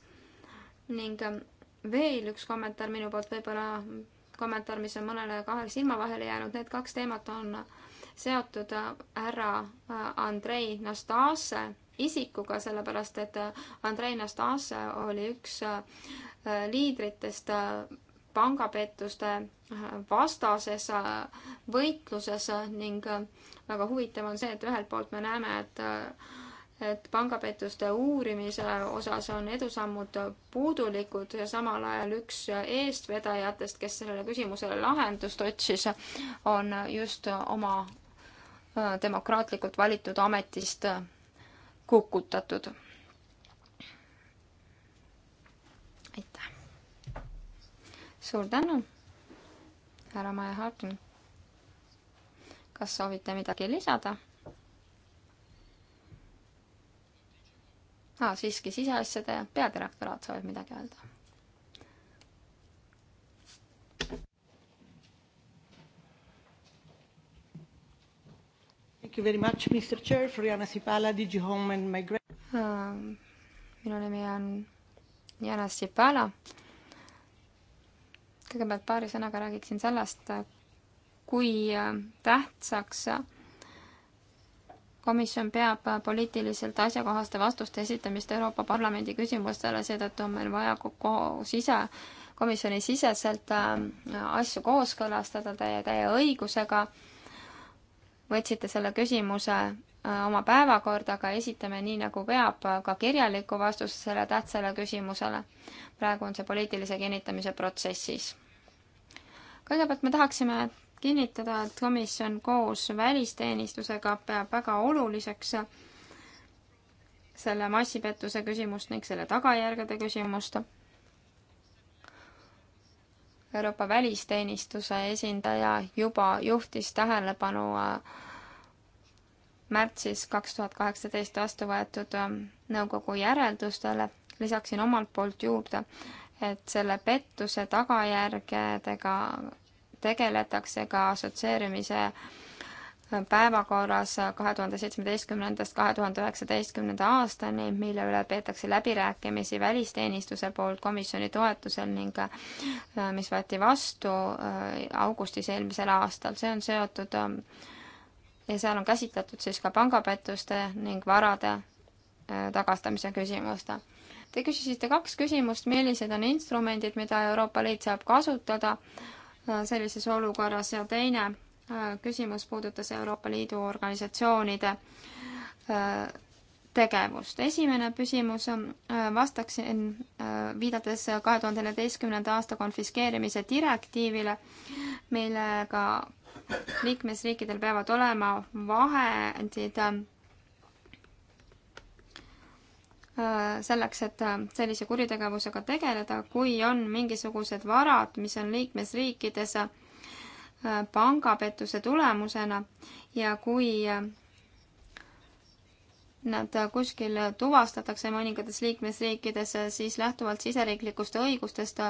ning ähm, veel üks kommentaar minu poolt, võib-olla kommentaar, mis on mõnele kahe silma vahele jäänud, need kaks teemat on seotud äh, härra äh, Andrei Nastase isikuga, sellepärast et äh, Andrei Nastase oli üks liidritest pangapettuste vastases võitluses ning väga huvitav on see, et ühelt poolt me näeme, et et pangapettuste uurimise osas on edusammud puudulikud ja samal ajal üks eestvedajatest, kes sellele küsimusele lahendust otsis, on just oma äh, demokraatlikult valitud ametist äh, kukutatud. aitäh. suur tänu, härra Maja Harkin. kas soovite midagi lisada? ah,. siiski siseasjade peadirektoraat soovib midagi öelda. Thank you very much, Mr Chair, Floriana Sipala, Digi Home and Migration. Ähm, minu nimi on Jana Sipala. kõigepealt paari sõnaga räägiksin sellest, kui äh, tähtsaks komisjon peab poliitiliselt asjakohaste vastuste esitamist Euroopa Parlamendi küsimustele, seetõttu on meil vaja kogu sise, komisjoni siseselt äh, asju kooskõlastada teie, teie õigusega. võtsite selle küsimuse äh, oma päevakorda, aga esitame nii, nagu peab, äh, ka kirjaliku vastuse sellele tähtsale küsimusele. praegu on see poliitilise kinnitamise protsessis. kõigepealt me tahaksime kinnitada, et komisjon koos välisteenistusega peab väga oluliseks selle massipettuse küsimust ning selle tagajärgede küsimust. Euroopa välisteenistuse esindaja juba juhtis tähelepanu äh, märtsis kaks tuhat kaheksateist vastu võetud äh, nõukogu järeldustele, lisaksin omalt poolt juurde, et selle pettuse tagajärgedega tegeletakse ka assotsieerimise päevakorras kahe tuhande seitsmeteistkümnendast kahe tuhande üheksateistkümnenda aastani, mille üle peetakse läbirääkimisi välisteenistuse poolt komisjoni toetusel ning äh, mis võeti vastu äh, augustis eelmisel aastal, see on seotud äh, ja seal on käsitletud siis ka pangapettuste ning varade tagastamise küsimust. Te küsisite kaks küsimust, millised on instrumendid, mida Euroopa Liit saab kasutada Äh, sellises olukorras ja teine äh, küsimus puudutas Euroopa Liidu organisatsioonide äh, tegevust. esimene küsimus, vastaksin viidates kahe tuhande neljateistkümnenda aasta konfiskeerimise direktiivile, millega liikmesriikidel peavad olema vahendid Äh, selleks, et äh, sellise kuritegevusega tegeleda, kui on mingisugused varad, mis on liikmesriikides äh, pangapettuse tulemusena ja kui nad kuskil tuvastatakse mõningates liikmesriikides, siis lähtuvalt siseriiklikust õigustest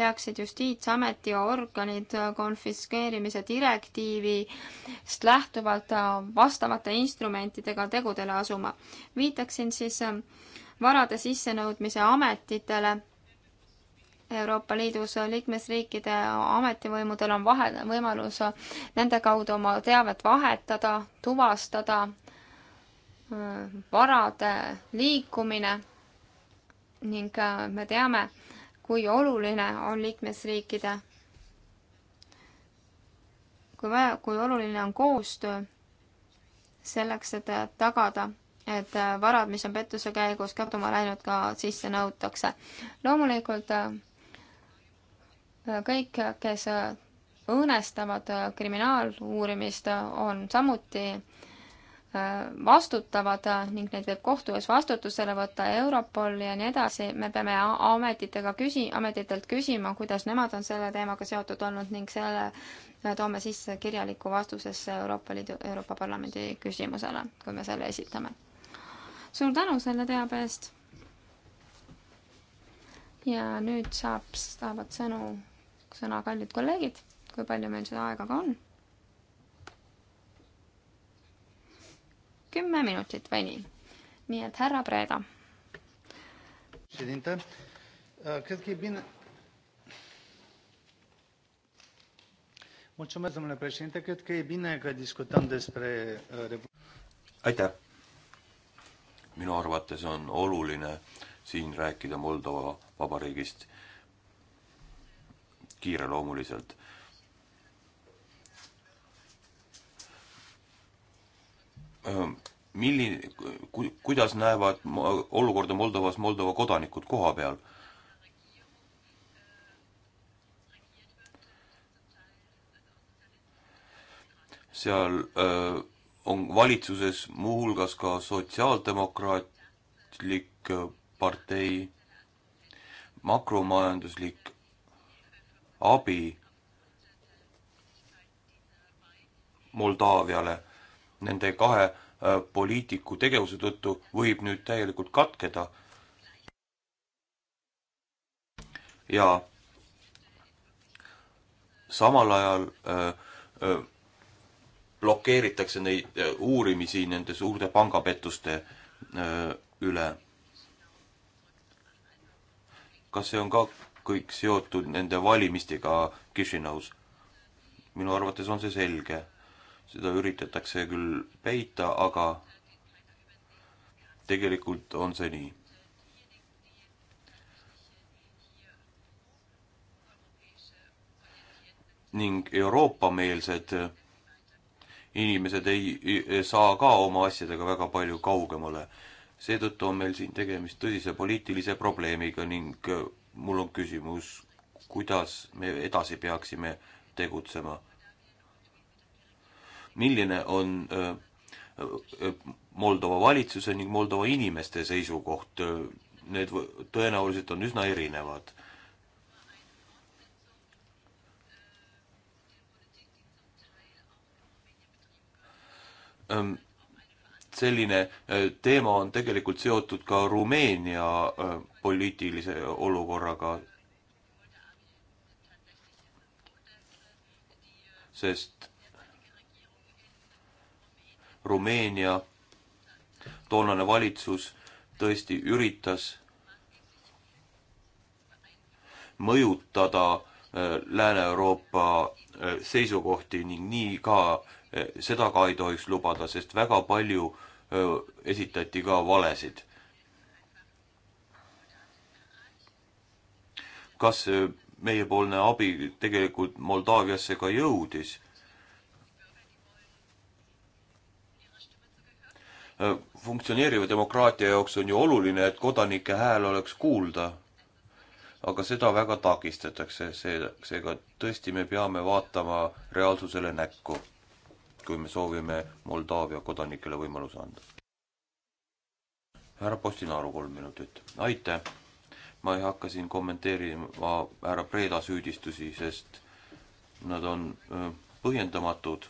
peaksid Justiitsameti organid konfiskeerimise direktiivist lähtuvalt vastavate instrumentidega tegudele asuma. viitaksin siis varade sissenõudmise ametitele Euroopa Liidus liikmesriikide ametivõimudel on vahe, võimalus nende kaudu oma teavet vahetada, tuvastada varade liikumine ning äh, me teame, kui oluline on liikmesriikide, kui vaja, kui oluline on koostöö selleks, et tagada et äh, varad, mis on pettuse käigus kaduma läinud, ka sisse nõutakse. loomulikult äh, kõik, kes äh, õõnestavad kriminaaluurimist, on samuti vastutavad ning neid võib kohtu ees vastutusele võtta, Europol ja nii edasi, me peame ametitega küsi-, ametitelt küsima, kuidas nemad on selle teemaga seotud olnud ning selle toome sisse kirjalikku vastusesse Euroopa Liidu, Euroopa Parlamendi küsimusele, kui me selle esitame suur tänu selle teabe eest. ja nüüd saab, saavad sõnu, sõna kallid kolleegid, kui palju meil seda aega ka on kümme minutit või nii. nii et härra Preeda. Eh, e eh, aitäh, minu arvates on oluline siin rääkida Moldova Vabariigist kiireloomuliselt. milline, ku-, kuidas näevad olukorda Moldovas Moldova kodanikud koha peal? seal öö, on valitsuses muuhulgas ka sotsiaaldemokraatlik äh, partei, makromajanduslik abi Moldaaviale nende kahe äh, poliitiku tegevuse tõttu võib nüüd täielikult katkeda. ja samal ajal öö, äh, öö, blokeeritakse neid äh, uurimisi nende suurte pangapettuste äh, üle. kas see on ka kõik seotud nende valimistega Kišinõus? minu arvates on see selge. seda üritatakse küll peita, aga tegelikult on see nii. ning Euroopa-meelsed inimesed ei, ei saa ka oma asjadega väga palju kaugemale. seetõttu on meil siin tegemist tõsise poliitilise probleemiga ning äh, mul on küsimus, kuidas me edasi peaksime tegutsema. milline on äh, äh, Moldova valitsuse ning Moldova inimeste seisukoht, need tõenäoliselt on üsna erinevad selline äh, teema on tegelikult seotud ka Rumeenia äh, poliitilise olukorraga. sest Rumeenia toonane valitsus tõesti üritas mõjutada äh, Lääne-Euroopa seisukohti ning nii ka Eh, seda ka ei tohiks lubada, sest väga palju eh, esitati ka valesid. kas eh, meiepoolne abi tegelikult Moldaaviasse ka jõudis? funktsioneeriva demokraatia jaoks on ju oluline, et kodanike hääl oleks kuulda. aga seda väga takistatakse, see, seega tõesti me peame vaatama reaalsusele näkku kui me soovime Moldaavia kodanikele võimaluse anda. härra Postinaaru kolm minutit. aitäh! ma ei hakka siin kommenteerima härra Preeda süüdistusi, sest nad on põhjendamatud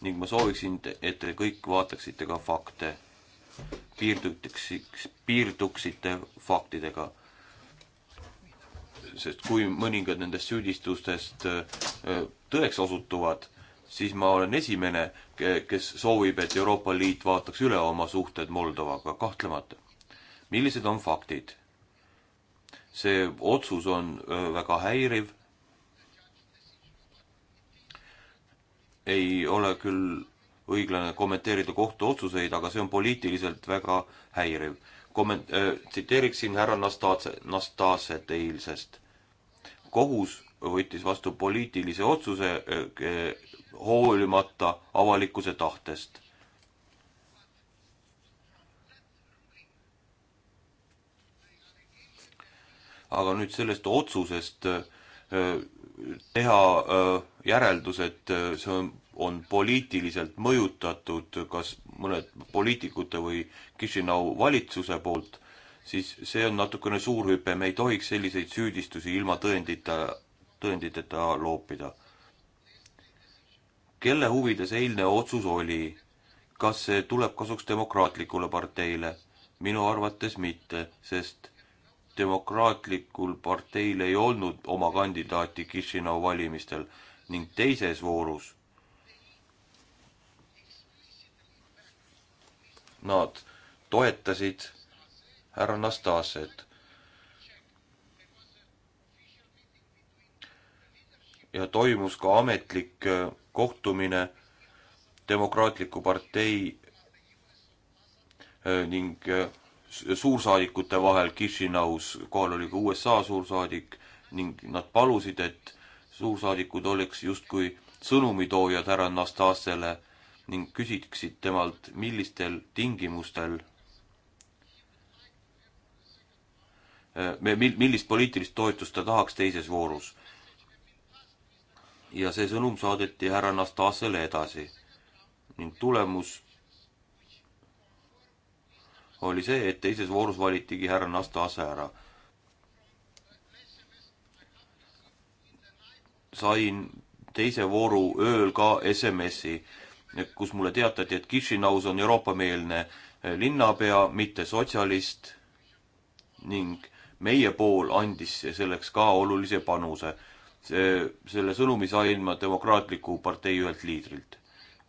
ning ma sooviksin, et te kõik vaataksite ka fakte, piirduks, piirduksite faktidega. sest kui mõningad nendest süüdistustest tõeks osutuvad, siis ma olen esimene, kes soovib, et Euroopa Liit vaataks üle oma suhted Moldovaga, kahtlemata. millised on faktid? see otsus on väga häiriv. ei ole küll õiglane kommenteerida kohtuotsuseid, aga see on poliitiliselt väga häiriv. Komment- äh,, tsiteeriksin härra Nastase, Nastaset eilsest. kohus võttis vastu poliitilise otsuse äh, hoolimata avalikkuse tahtest. aga nüüd sellest otsusest äh, teha äh, järeldus, et äh, see on, on poliitiliselt mõjutatud kas mõned poliitikute või Kišinõu valitsuse poolt, siis see on natukene suur hüpe, me ei tohiks selliseid süüdistusi ilma tõendita, tõenditeta loopida kelle huvides eilne otsus oli? kas see tuleb kasuks demokraatlikule parteile? minu arvates mitte, sest demokraatlikul parteil ei olnud oma kandidaati Kišinau valimistel ning teises voorus nad toetasid härra Nastaset. ja toimus ka ametlik äh, kohtumine Demokraatliku partei äh, ning äh, suursaadikute vahel Kishinaus, kohal oli ka USA suursaadik ning nad palusid, et suursaadikud oleks justkui sõnumitoojad härra Anastasele ning küsiksid temalt, millistel tingimustel äh, me, mil-, millist poliitilist toetust ta tahaks teises voorus ja see sõnum saadeti härra Anastasiale edasi. ning tulemus oli see, et teises voorus valitigi härra Anastase ära. sain teise vooru ööl ka SMS-i, kus mulle teatati, et Kišinaus on Euroopa-meelne linnapea, mitte sotsialist ning meie pool andis selleks ka olulise panuse see, selle sõnumi sain ma Demokraatliku partei ühelt liidrilt.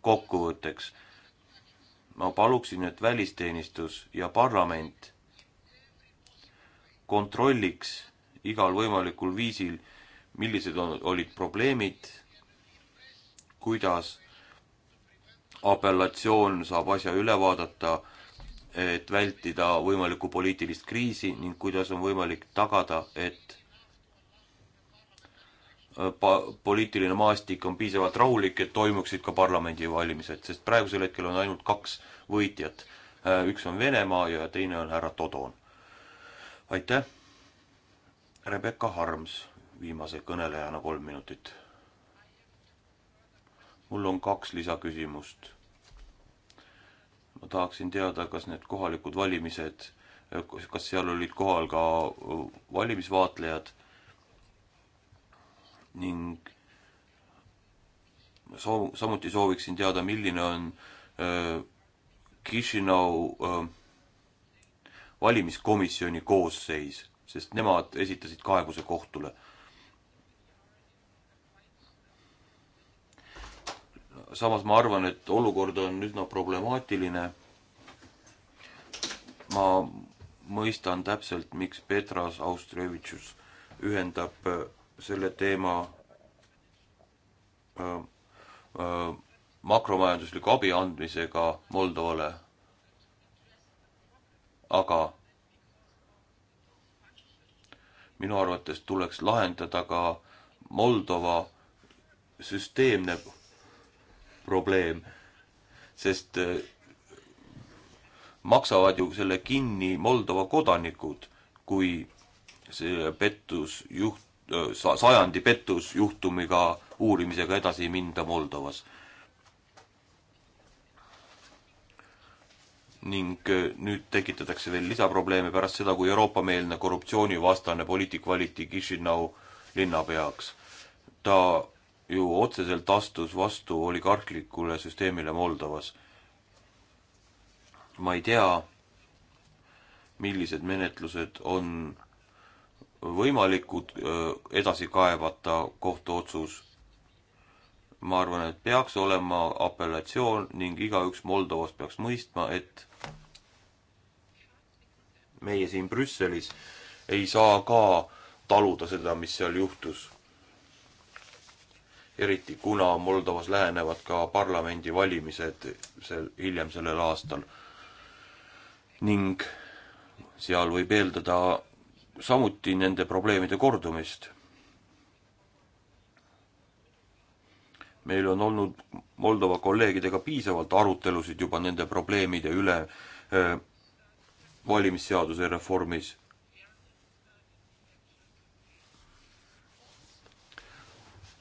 kokkuvõtteks ma paluksin, et välisteenistus ja parlament kontrolliks igal võimalikul viisil, millised on, olid probleemid, kuidas apellatsioon saab asja üle vaadata, et vältida võimalikku poliitilist kriisi ning kuidas on võimalik tagada, et Äh, pa-, poliitiline maastik on piisavalt rahulik, et toimuksid ka parlamendivalimised, sest praegusel hetkel on ainult kaks võitjat. Äh, üks on Venemaa ja teine on härra Dodon. aitäh! Rebecca Harms viimase kõnelejana kolm minutit. mul on kaks lisaküsimust. ma tahaksin teada, kas need kohalikud valimised, kas seal olid kohal ka valimisvaatlejad ning soov, samuti sooviksin teada, milline on öö, Kishinau öö, valimiskomisjoni koosseis, sest nemad esitasid kaebuse kohtule. samas ma arvan, et olukord on üsna problemaatiline. ma mõistan täpselt, miks Petras Austrevitšus ühendab selle teema äh, äh, makromajandusliku abi andmisega Moldovale. aga minu arvates tuleks lahendada ka Moldova süsteemne probleem, sest äh, maksavad ju selle kinni Moldova kodanikud, kui see pettus juht-, sajandi pettusjuhtumiga uurimisega edasi minda Moldovas. ning nüüd tekitatakse veel lisaprobleeme pärast seda, kui Euroopa-meelne korruptsioonivastane poliitik valiti Kišinõu linnapeaks. ta ju otseselt astus vastu oligarhlikule süsteemile Moldovas. ma ei tea, millised menetlused on võimalikud edasi kaevata kohtuotsus. ma arvan, et peaks olema apellatsioon ning igaüks Moldovas peaks mõistma, et meie siin Brüsselis ei saa ka taluda seda, mis seal juhtus. eriti kuna Moldovas lähenevad ka parlamendivalimised sel, hiljem sellel aastal. ning seal võib eeldada samuti nende probleemide kordumist. meil on olnud Moldova kolleegidega piisavalt arutelusid juba nende probleemide üle äh, valimisseaduse reformis.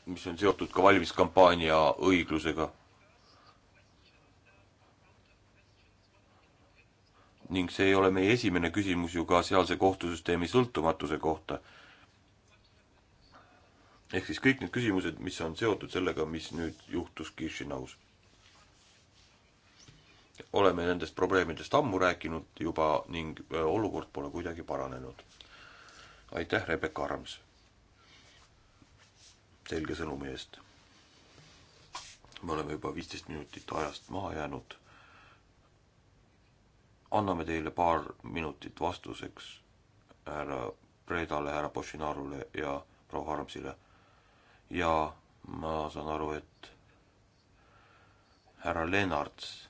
mis on seotud ka valimiskampaania õiglusega ning see ei ole meie esimene küsimus ju ka sealse kohtusüsteemi sõltumatuse kohta. ehk siis kõik need küsimused, mis on seotud sellega, mis nüüd juhtus Kišinaus. oleme nendest probleemidest ammu rääkinud juba ning olukord pole kuidagi paranenud. aitäh, Rebecca Arms! selge sõnumi eest. me oleme juba viisteist minutit ajast maha jäänud anname teile paar minutit vastuseks härra Predale, härra Pošinarule ja proua Harmsile. ja ma saan aru, et härra Lennarts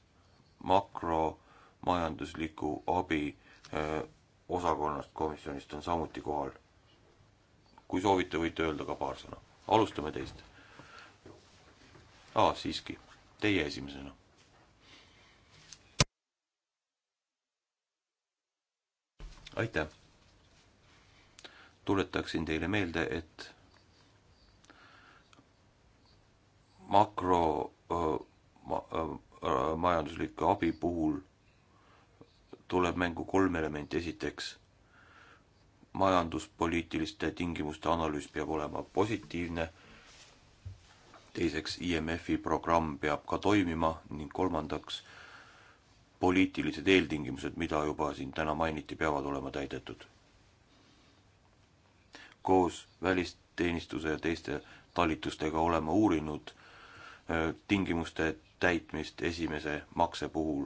makromajandusliku abi öö, äh, osakonnast komisjonist on samuti kohal. kui soovite, võite öelda ka paar sõna. alustame teist. aa, siiski, teie esimesena. aitäh! tuletaksin teile meelde, et makro öö, ma, öö, majandusliku abi puhul tuleb mängu kolm elementi, esiteks majanduspoliitiliste tingimuste analüüs peab olema positiivne, teiseks IMF-i programm peab ka toimima ning kolmandaks poliitilised eeltingimused, mida juba siin täna mainiti, peavad olema täidetud. koos välisteenistuse ja teiste talitustega oleme uurinud äh, tingimuste täitmist esimese makse puhul.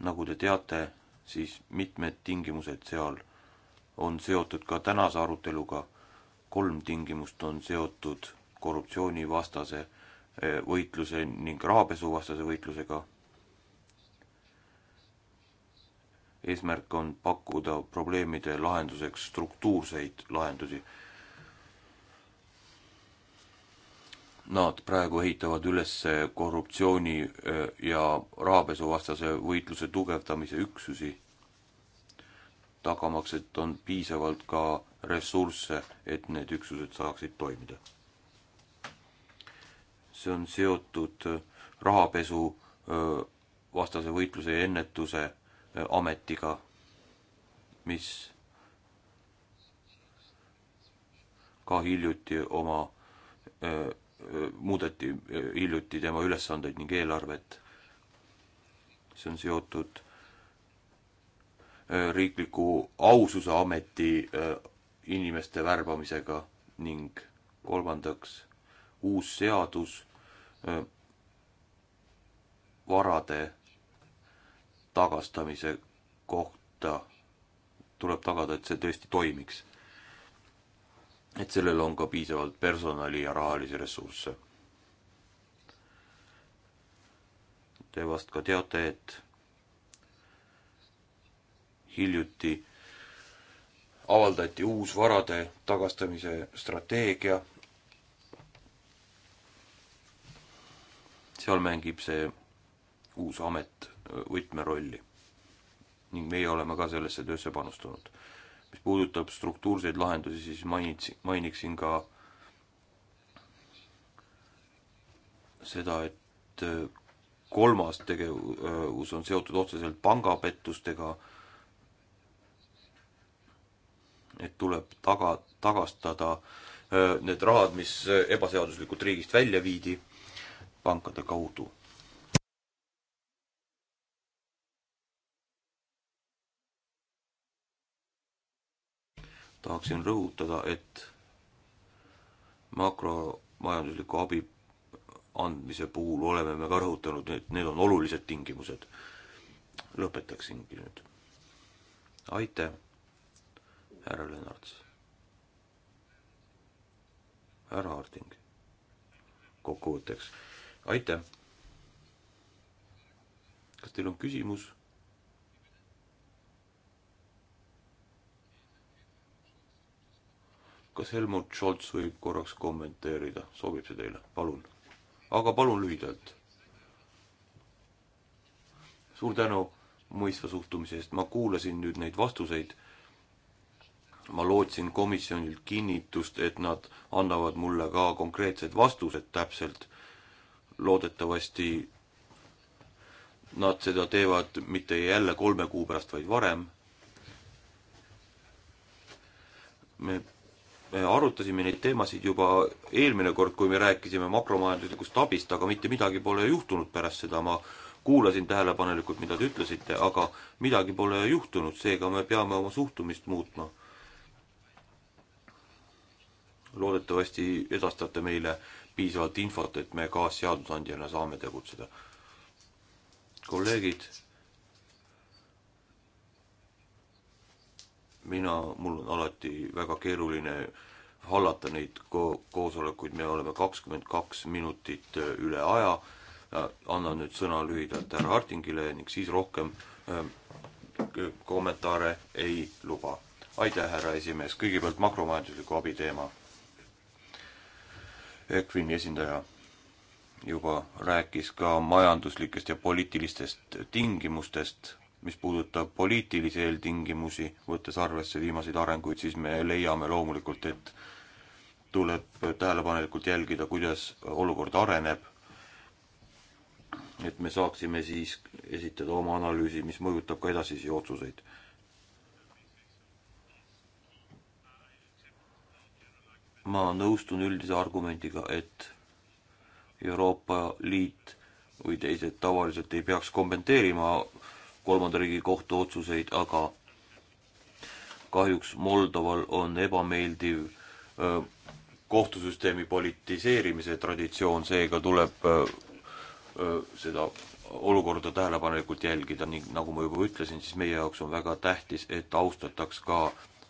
nagu te teate, siis mitmed tingimused seal on seotud ka tänase aruteluga. kolm tingimust on seotud korruptsioonivastase äh, võitluse ning rahapesuvastase võitlusega eesmärk on pakkuda probleemide lahenduseks struktuurseid lahendusi. Nad praegu ehitavad üles korruptsiooni ja rahapesuvastase võitluse tugevdamise üksusi, tagamaks, et on piisavalt ka ressursse, et need üksused saaksid toimida. see on seotud rahapesu vastase võitluse ja ennetuse ametiga, mis ka hiljuti oma, muudeti hiljuti tema ülesandeid ning eelarvet. see on seotud riikliku aususe ameti inimeste värbamisega ning kolmandaks uus seadus varade tagastamise kohta tuleb tagada, et see tõesti toimiks. et sellel on ka piisavalt personali ja rahalisi ressursse. Te vast ka teate, et hiljuti avaldati uus varade tagastamise strateegia. seal mängib see uus amet võtmerolli. ning meie oleme ka sellesse töösse panustanud. mis puudutab struktuurseid lahendusi, siis mainitsin, mainiksin ka seda, et äh, kolmas tegevus äh, on seotud otseselt pangapettustega, et tuleb taga, tagastada äh, need rahad, mis ebaseaduslikult riigist välja viidi pankade kaudu tahaksin rõhutada, et makromajandusliku abi andmise puhul oleme me ka rõhutanud, et need on olulised tingimused. lõpetaksingi nüüd. aitäh, härra Lennarts. härra Harding, kokkuvõtteks, aitäh. kas teil on küsimus? kas Helmut Scholz võib korraks kommenteerida, sobib see teile, palun? aga palun lühidalt. suur tänu mõistva suhtumise eest, ma kuulasin nüüd neid vastuseid. ma lootsin komisjonilt kinnitust, et nad annavad mulle ka konkreetsed vastused täpselt. loodetavasti nad seda teevad mitte jälle kolme kuu pärast, vaid varem. me me arutasime neid teemasid juba eelmine kord, kui me rääkisime makromajanduslikust abist, aga mitte midagi pole juhtunud pärast seda, ma kuulasin tähelepanelikult, mida te ütlesite, aga midagi pole juhtunud, seega me peame oma suhtumist muutma. loodetavasti edastate meile piisavalt infot, et me ka seadusandjana saame tegutseda. kolleegid mina, mul on alati väga keeruline hallata neid ko-, koosolekuid, me oleme kakskümmend kaks minutit äh, üle aja, annan nüüd sõna lühidalt härra Hartingile ning siis rohkem ähm, kommentaare ei luba. aitäh, härra esimees, kõigepealt makromajandusliku abi teema. ECFIN-i esindaja juba rääkis ka majanduslikest ja poliitilistest tingimustest mis puudutab poliitilisi eeltingimusi, võttes arvesse viimaseid arenguid, siis me leiame loomulikult, et tuleb tähelepanelikult jälgida, kuidas olukord areneb, et me saaksime siis esitada oma analüüsi, mis mõjutab ka edasisi otsuseid. ma nõustun üldise argumendiga, et Euroopa Liit või teised tavaliselt ei peaks kommenteerima äh, kolmanda riigi kohtu otsuseid, aga kahjuks Moldoval on ebameeldiv kohtusüsteemi politiseerimise traditsioon, seega tuleb seda olukorda tähelepanelikult jälgida ning nagu ma juba ütlesin, siis meie jaoks on väga tähtis, et austataks ka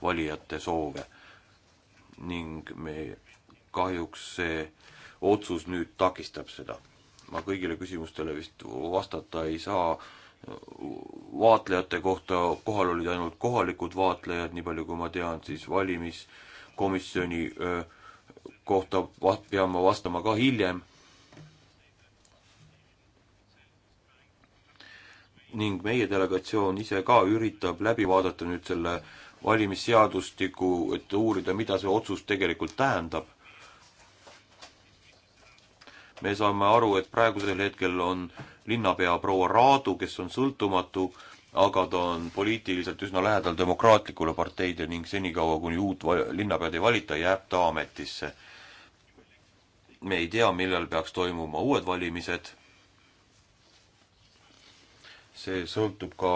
valijate soove. ning me, kahjuks see otsus nüüd takistab seda. ma kõigile küsimustele vist vastata ei saa vaatlejate kohta kohal olid ainult kohalikud vaatlejad, nii palju kui ma tean, siis valimiskomisjoni kohta va-, pean ma vastama ka hiljem. ning meie delegatsioon ise ka üritab läbi vaadata nüüd selle valimisseadustiku, et uurida, mida see otsus tegelikult tähendab me saame aru, et praegusel hetkel on linnapea proua Raadu, kes on sõltumatu, aga ta on poliitiliselt üsna lähedal demokraatlikule parteide ning senikaua, kuni uut linnapead ei valita, jääb ta ametisse. me ei tea, millal peaks toimuma uued valimised. see sõltub ka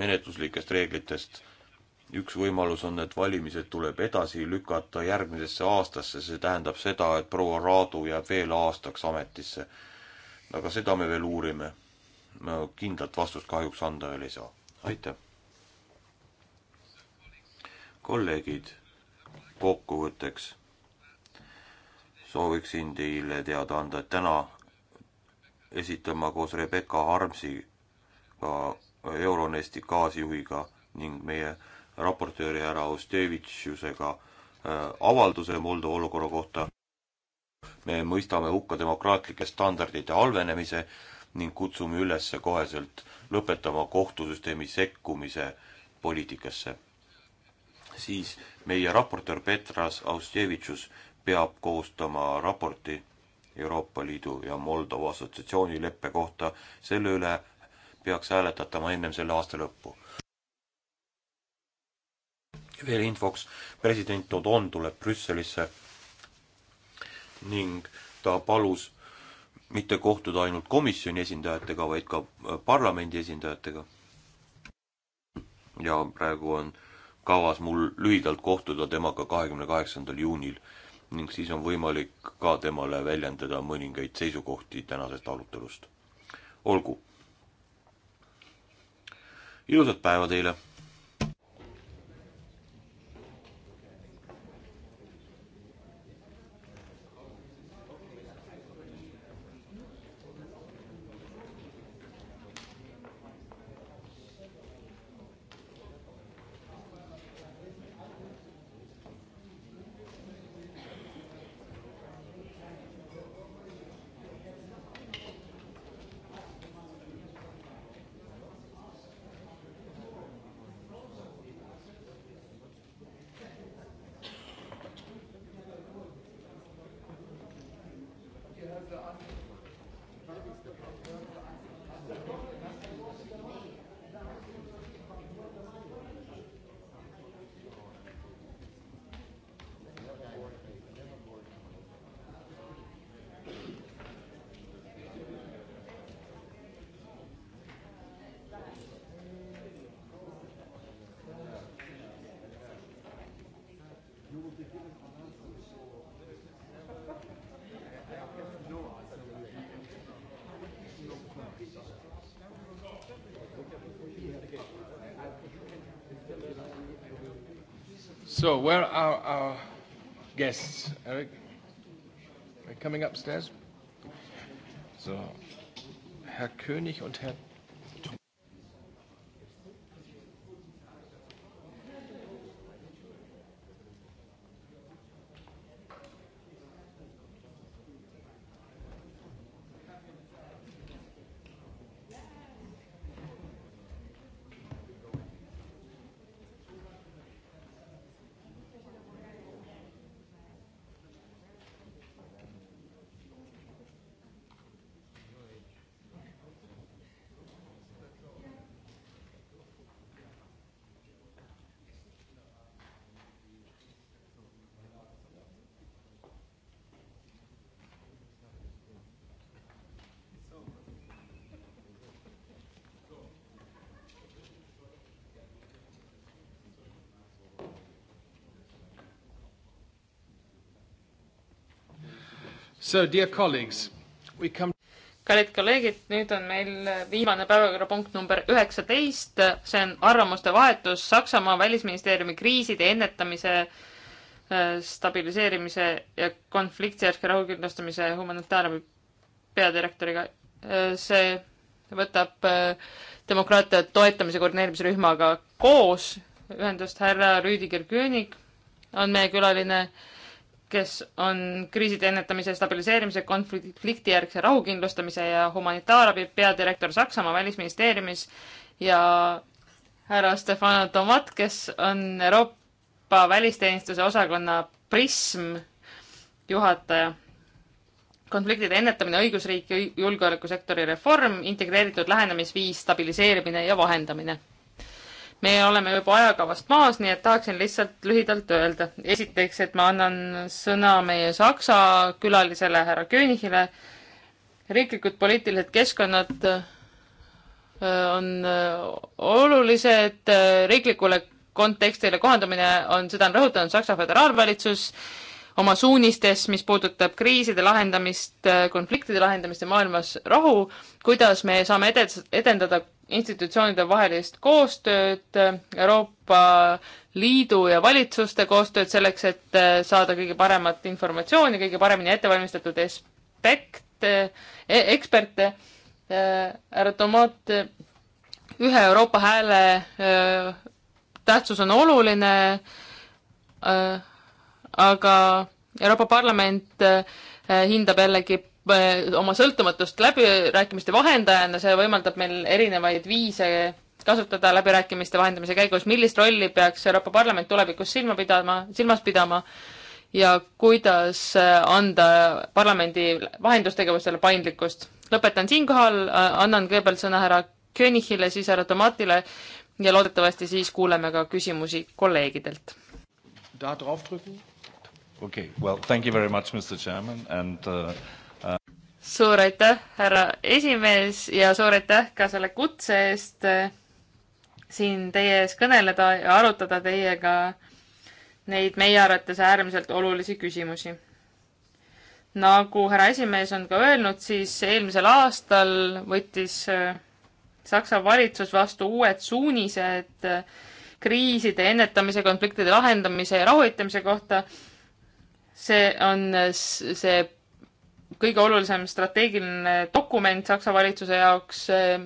menetluslikest reeglitest üks võimalus on, et valimised tuleb edasi lükata järgmisesse aastasse, see tähendab seda, et proua Raadu jääb veel aastaks ametisse. aga seda me veel uurime. ma kindlat vastust kahjuks anda veel ei saa. aitäh. kolleegid, kokkuvõtteks sooviksin teile teada anda, et täna esitama koos Rebecca Harmsiga, Euronesti kaasjuhiga ning meie raportööri härra Ostevitšusega äh, avalduse Moldova olukorra kohta. me mõistame hukka demokraatlike standardite halvenemise ning kutsume üles koheselt lõpetama kohtusüsteemi sekkumise poliitikasse. siis meie raportöör Petras Austjevitšus peab koostama raporti Euroopa Liidu ja Moldova assotsiatsioonileppe kohta, selle üle peaks hääletatama ennem selle aasta lõppu veel infoks, president Dodon tuleb Brüsselisse ning ta palus mitte kohtuda ainult komisjoni esindajatega, vaid ka äh, parlamendi esindajatega. ja praegu on kavas mul lühidalt kohtuda temaga kahekümne kaheksandal juunil ning siis on võimalik ka temale väljendada mõningaid seisukohti tänasest arutelust. olgu. ilusat päeva teile! So, where are our guests? Eric, are coming upstairs? So, Herr König und Herr So dear colleagues, we come kallid kolleegid, nüüd on meil viimane päevakorrapunkt number üheksateist, see on arvamuste vahetus Saksamaa välisministeeriumi kriiside ennetamise, äh, stabiliseerimise ja konfliktijärgse rahukindlustamise humanitaarabi peadirektoriga. Äh, see võtab äh, demokraatia toetamise koordineerimisrühmaga koos ühendust härra Rüüdiger Küünik on meie külaline kes on kriiside ennetamise, stabiliseerimise, konfliktijärgse rahu kindlustamise ja humanitaarabi peadirektor Saksamaa välisministeeriumis ja härra Stefano Tomat, kes on Euroopa välisteenistuse osakonna Prism juhataja. konfliktide ennetamine, õigusriik ja julgeolekusektori reform, integreeritud lähenemisviis, stabiliseerimine ja vahendamine me oleme juba ajakavast maas, nii et tahaksin lihtsalt lühidalt öelda. esiteks, et ma annan sõna meie Saksa külalisele härra Köönihile. riiklikud poliitilised keskkonnad äh, on äh, olulised, riiklikule kontekstile kohandumine on, seda on rõhutanud Saksa föderaalvalitsus oma suunistes, mis puudutab kriiside lahendamist, äh, konfliktide lahendamist ja maailmas rahu, kuidas me saame edendada institutsioonide vahelist koostööd, Euroopa Liidu ja valitsuste koostööd selleks, et äh, saada kõige paremat informatsiooni, kõige paremini ettevalmistatud aspekt, äh, e-, eksperte. Äh, härra Tomat, ühe Euroopa hääle tähtsus on oluline, aga Euroopa Parlament hindab jällegi oma sõltumatust läbirääkimiste vahendajana, see võimaldab meil erinevaid viise kasutada läbirääkimiste vahendamise käigus, millist rolli peaks Euroopa Parlament tulevikus silma pidama, silmas pidama ja kuidas anda parlamendi vahendustegevusele paindlikkust. lõpetan siinkohal, annan kõigepealt sõna härra Könichile, siis härra Tomatile ja loodetavasti siis kuuleme ka küsimusi kolleegidelt. okei okay,, well thank you very much, Mr Chairman and uh suur aitäh, härra esimees ja suur aitäh ka selle kutse eest äh, siin teie ees kõneleda ja arutada teiega neid meie arvates äärmiselt olulisi küsimusi. nagu härra esimees on ka öelnud, siis eelmisel aastal võttis äh, Saksa valitsus vastu uued suunised äh, kriiside ennetamise, konfliktide lahendamise ja rahutamise kohta. see on see kõige olulisem strateegiline dokument Saksa valitsuse jaoks, eh,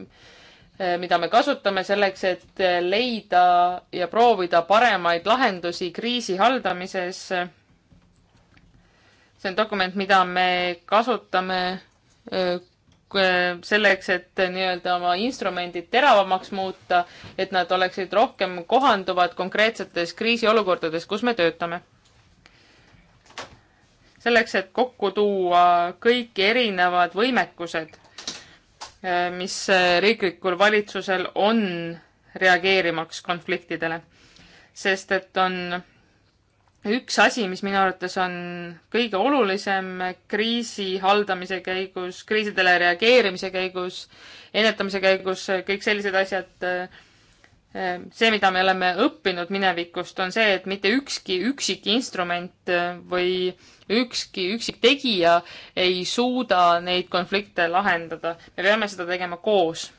eh, mida me kasutame selleks, et eh, leida ja proovida paremaid lahendusi kriisi haldamises. see on dokument, mida me kasutame selleks, et nii-öelda oma instrumendid teravamaks muuta, et nad oleksid rohkem kohanduvad konkreetsetes kriisiolukordades, kus me töötame selleks, et kokku tuua kõik erinevad võimekused, eh, mis eh, riiklikul valitsusel on reageerimaks konfliktidele. sest et on üks asi, mis minu arvates on kõige olulisem kriisi haldamise käigus, kriisidele reageerimise käigus, ennetamise käigus, kõik sellised asjad, eh, Ehm, see, mida me oleme õppinud minevikust, on see, et mitte ükski üksik instrument ehm, või ükski üksik tegija ei suuda neid konflikte lahendada. me peame seda tegema koos.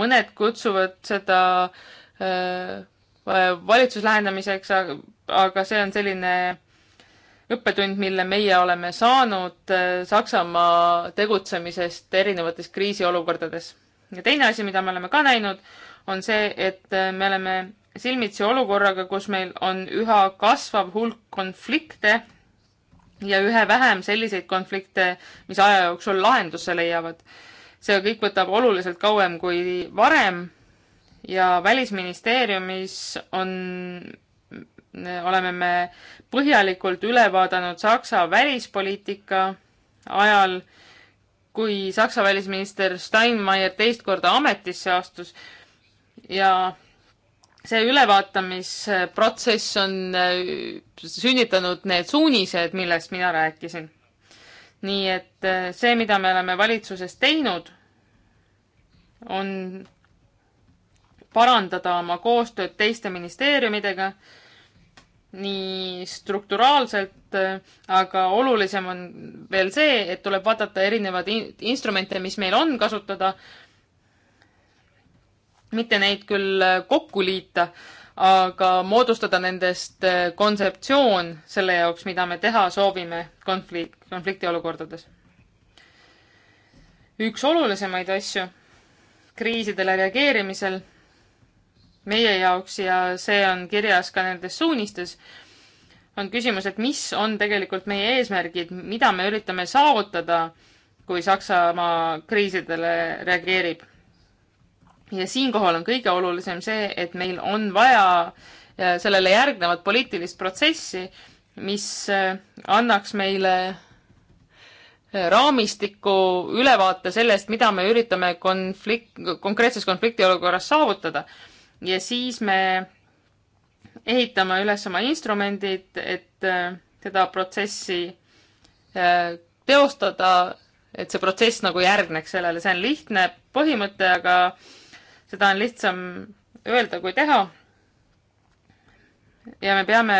mõned kutsuvad seda ehm, valitsuslähendamiseks, aga see on selline õppetund, mille meie oleme saanud Saksamaa tegutsemisest erinevates kriisiolukordades. ja teine asi, mida me oleme ka näinud, on see, et äh, me oleme silmitsi olukorraga, kus meil on üha kasvav hulk konflikte ja ühe vähem selliseid konflikte, mis aja jooksul lahenduse leiavad. see kõik võtab oluliselt kauem kui varem ja Välisministeeriumis on, oleme me põhjalikult üle vaadanud Saksa välispoliitika ajal, kui Saksa välisminister Steinmeier teist korda ametisse astus ja see ülevaatamisprotsess on äh, sünnitanud need suunised, millest mina rääkisin. nii et äh, see, mida me oleme valitsuses teinud, on parandada oma koostööd teiste ministeeriumidega, nii strukturaalselt, äh, aga olulisem on veel see, et tuleb vaadata erinevaid instrumente, mis meil on kasutada mitte neid küll äh, kokku liita, aga moodustada nendest äh, kontseptsioon selle jaoks, mida me teha soovime konflikt, konfliktiolukordades. üks olulisemaid asju kriisidele reageerimisel meie jaoks ja see on kirjas ka nendes suunistes, on küsimus, et mis on tegelikult meie eesmärgid, mida me üritame saavutada, kui Saksamaa kriisidele reageerib ja siinkohal on kõige olulisem see, et meil on vaja äh, sellele järgnevat poliitilist protsessi, mis äh, annaks meile äh, raamistiku ülevaate sellest, mida me üritame konflikt, konkreetses konfliktiolukorras saavutada. ja siis me ehitame üles oma instrumendid, et seda protsessi teostada, et see protsess nagu järgneks sellele, see on lihtne põhimõte, aga seda on lihtsam öelda kui teha. ja me peame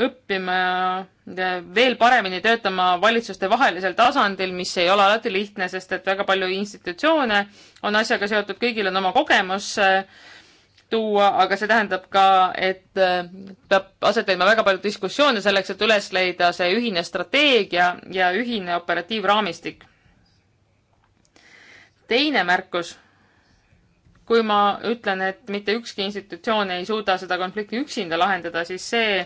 õppima veel paremini töötama valitsuste vahelisel tasandil, mis ei ole alati lihtne, sest et väga palju institutsioone on asjaga seotud, kõigil on oma kogemus äh, tuua, aga see tähendab ka, et äh, peab aset leidma väga palju diskussioone selleks, et üles leida see ühine strateegia ja ühine operatiivraamistik. teine märkus kui ma ütlen, et mitte ükski institutsioon ei suuda seda konflikti üksinda lahendada, siis see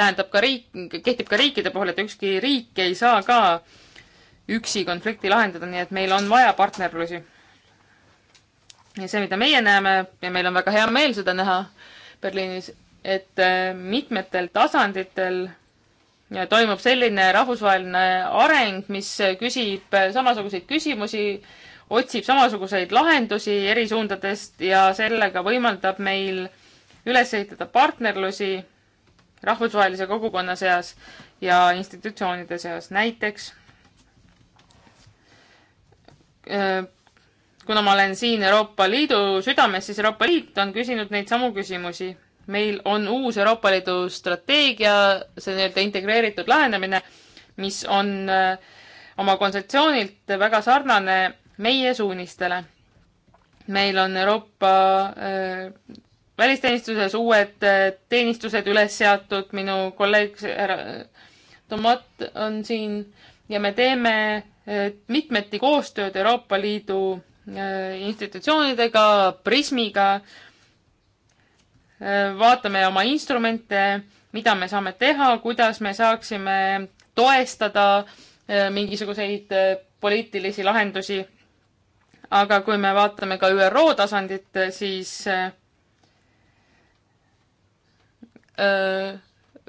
tähendab ka riik, kehtib ka riikide puhul, et ükski riik ei saa ka üksi konflikti lahendada, nii et meil on vaja partnerlusi. ja see, mida meie näeme ja meil on väga hea meel seda näha Berliinis, et äh, mitmetel tasanditel ja toimub selline rahvusvaheline areng, mis küsib äh, samasuguseid küsimusi otsib samasuguseid lahendusi eri suundadest ja sellega võimaldab meil üles ehitada partnerlusi rahvusvahelise kogukonna seas ja institutsioonide seas. näiteks äh, kuna ma olen siin Euroopa Liidu südames, siis Euroopa Liit on küsinud neid samu küsimusi. meil on uus Euroopa Liidu strateegia, see nii-öelda integreeritud lähenemine, mis on äh, oma kontseptsioonilt väga sarnane meie suunistele. meil on Euroopa äh, välisteenistuses uued äh, teenistused üles seatud, minu kolleeg härra äh, Tomat on siin ja me teeme äh, mitmeti koostööd Euroopa Liidu äh, institutsioonidega, Prismiga. Äh, vaatame oma instrumente, mida me saame teha, kuidas me saaksime toestada mingisuguseid poliitilisi lahendusi aga kui me vaatame ka ÜRO tasandit, siis äh, äh,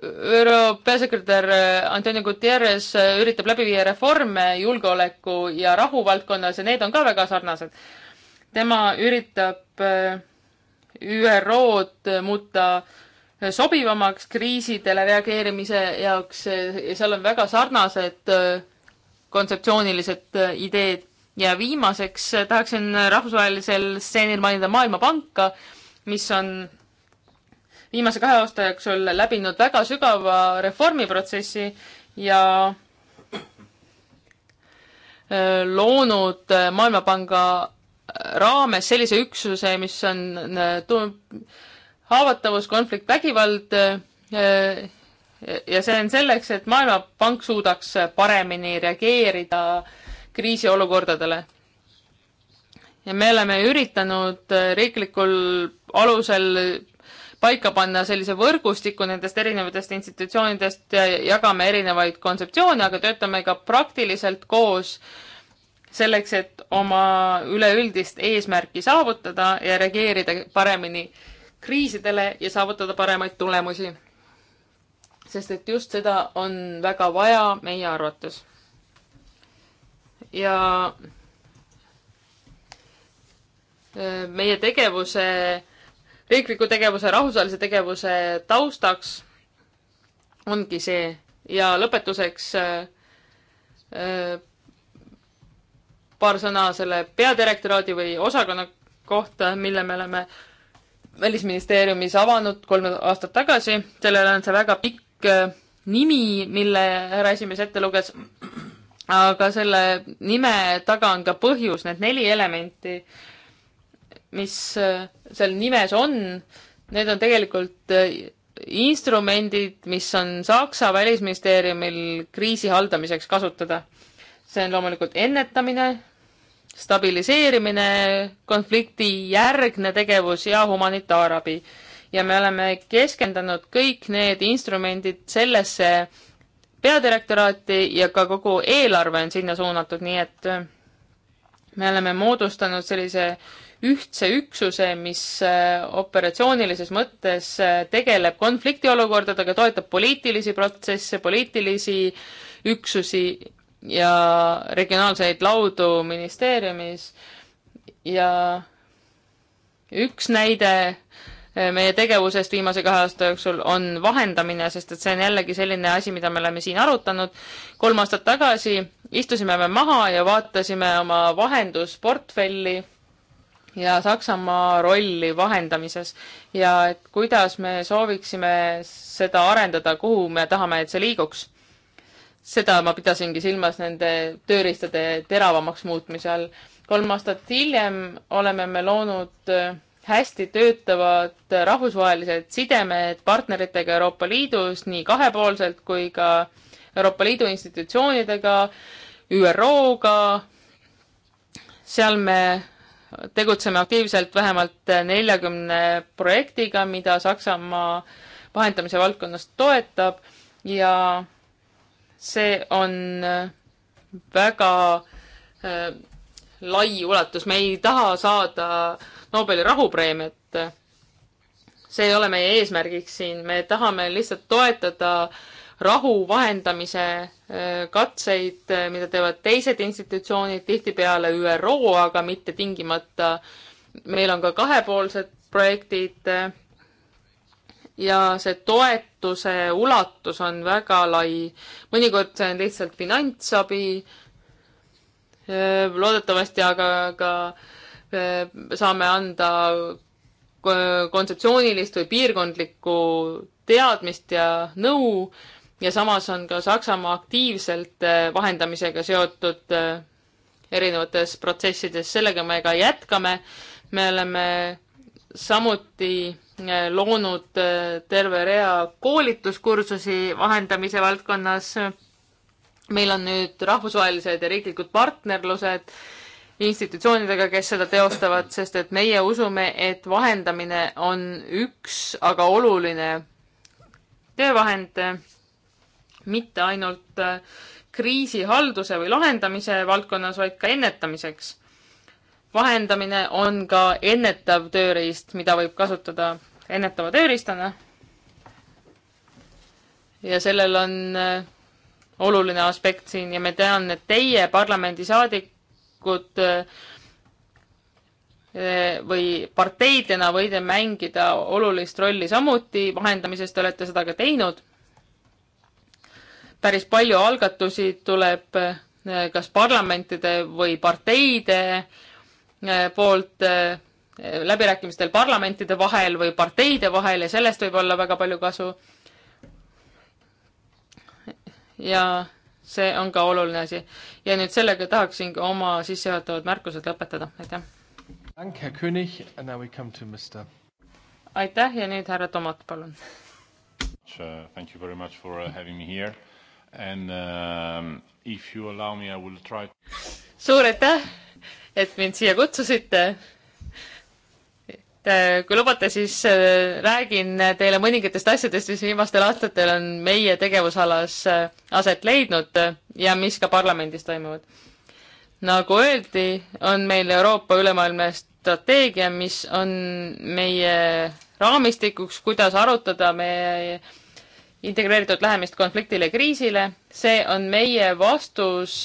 ÜRO peasekretär äh, Antonio Guterres üritab läbi viia reforme julgeoleku ja rahu valdkonnas ja need on ka väga sarnased. tema üritab ÜRO-d muuta sobivamaks kriisidele reageerimise jaoks ja seal on väga sarnased kontseptsioonilised ideed ja viimaseks äh, tahaksin rahvusvahelisel stseenil mainida Maailmapanka, mis on viimase kahe aasta jooksul läbinud väga sügava reformiprotsessi ja äh, loonud äh, Maailmapanga raames sellise üksuse, mis on haavatavus, konflikt, vägivald. ja see on selleks, et Maailmapank suudaks paremini reageerida äh, kriisiolukordadele. ja me oleme üritanud äh, riiklikul alusel paika panna sellise võrgustiku nendest erinevatest institutsioonidest ja jagame erinevaid kontseptsioone, aga töötame ka praktiliselt koos selleks, et oma üleüldist eesmärki saavutada ja reageerida paremini kriisidele ja saavutada paremaid tulemusi. sest et just seda on väga vaja meie arvates ja äh, meie tegevuse, riikliku tegevuse, rahvusvahelise tegevuse taustaks ongi see ja lõpetuseks äh, äh, paar sõna selle peadirektoraadi või osakonna kohta, mille me oleme Välisministeeriumis avanud kolm aastat tagasi. sellel on see väga pikk nimi, mille härra esimees ette luges aga selle nime taga on ka põhjus, need neli elementi, mis äh, seal nimes on, need on tegelikult äh, instrumendid, mis on Saksa välisministeeriumil kriisi haldamiseks kasutada. see on loomulikult ennetamine, stabiliseerimine, konflikti järgne tegevus ja humanitaarabi. ja me oleme keskendunud kõik need instrumendid sellesse, peadirektoraati ja ka kogu eelarve on sinna suunatud, nii et äh, me oleme moodustanud sellise ühtse üksuse, mis äh, operatsioonilises mõttes äh, tegeleb konfliktiolukordadega, toetab poliitilisi protsesse, poliitilisi üksusi ja regionaalseid laudu ministeeriumis ja üks näide Äh, meie tegevusest viimase kahe aasta jooksul on vahendamine, sest et see on jällegi selline asi, mida me oleme siin arutanud. kolm aastat tagasi istusime me maha ja vaatasime oma vahendusportfelli ja Saksamaa rolli vahendamises ja et kuidas me sooviksime seda arendada, kuhu me tahame, et see liiguks. seda ma pidasingi silmas nende tööriistade teravamaks muutmise all. kolm aastat hiljem oleme me loonud äh, hästi töötavad rahvusvahelised sidemed partneritega Euroopa Liidus nii kahepoolselt kui ka Euroopa Liidu institutsioonidega, ÜRO-ga. seal me tegutseme aktiivselt vähemalt neljakümne projektiga, mida Saksamaa vahendamise valdkonnas toetab ja see on väga äh, lai ulatus, me ei taha saada äh, Nobeli rahupreemiat. see ei ole meie eesmärgiks siin, me tahame lihtsalt toetada rahu vahendamise äh, katseid, äh, mida teevad teised institutsioonid, tihtipeale ÜRO, aga mitte tingimata. meil on ka kahepoolsed projektid äh, ja see toetuse ulatus on väga lai. mõnikord see on lihtsalt finantsabi, loodetavasti aga ka Eh, saame anda eh, kontseptsioonilist või piirkondlikku teadmist ja nõu ja samas on ka Saksamaa aktiivselt eh, vahendamisega seotud erinevates protsessides, sellega me ka jätkame. me oleme samuti loonud terve rea koolituskursusi vahendamise valdkonnas. meil on nüüd rahvusvahelised ja riiklikud partnerlused institutsioonidega, kes seda teostavad, sest et meie usume, et vahendamine on üks, aga oluline töövahend mitte ainult äh, kriisihalduse või lahendamise valdkonnas, vaid ka ennetamiseks. vahendamine on ka ennetav tööriist, mida võib kasutada ennetava tööriistana. ja sellel on äh, oluline aspekt siin ja ma tean, et teie parlamendisaadik poliitikud eh, eh, või parteidena võite mängida olulist rolli samuti, vahendamises te olete seda ka teinud. päris palju algatusi tuleb eh, kas parlamentide või parteide poolt läbirääkimistel parlamentide vahel või parteide vahel ja sellest võib olla väga palju kasu. ja see on ka oluline asi. ja nüüd sellega tahaksin oma sissejuhatavad märkused lõpetada, aitäh. aitäh ja nüüd härra Tomat, palun. Uh, thank you very much for uh, having me here and um, if you allow me, I will try. suur aitäh, et mind siia kutsusite Äh, kui lubate, siis äh, räägin teile mõningatest asjadest, mis viimastel aastatel on meie tegevusalas äh, aset leidnud ja mis ka parlamendis toimuvad. nagu öeldi, on meil Euroopa ülemaailmne strateegia, mis on meie raamistikuks, kuidas arutada meie integreeritud lähemist konfliktile ja kriisile. see on meie vastus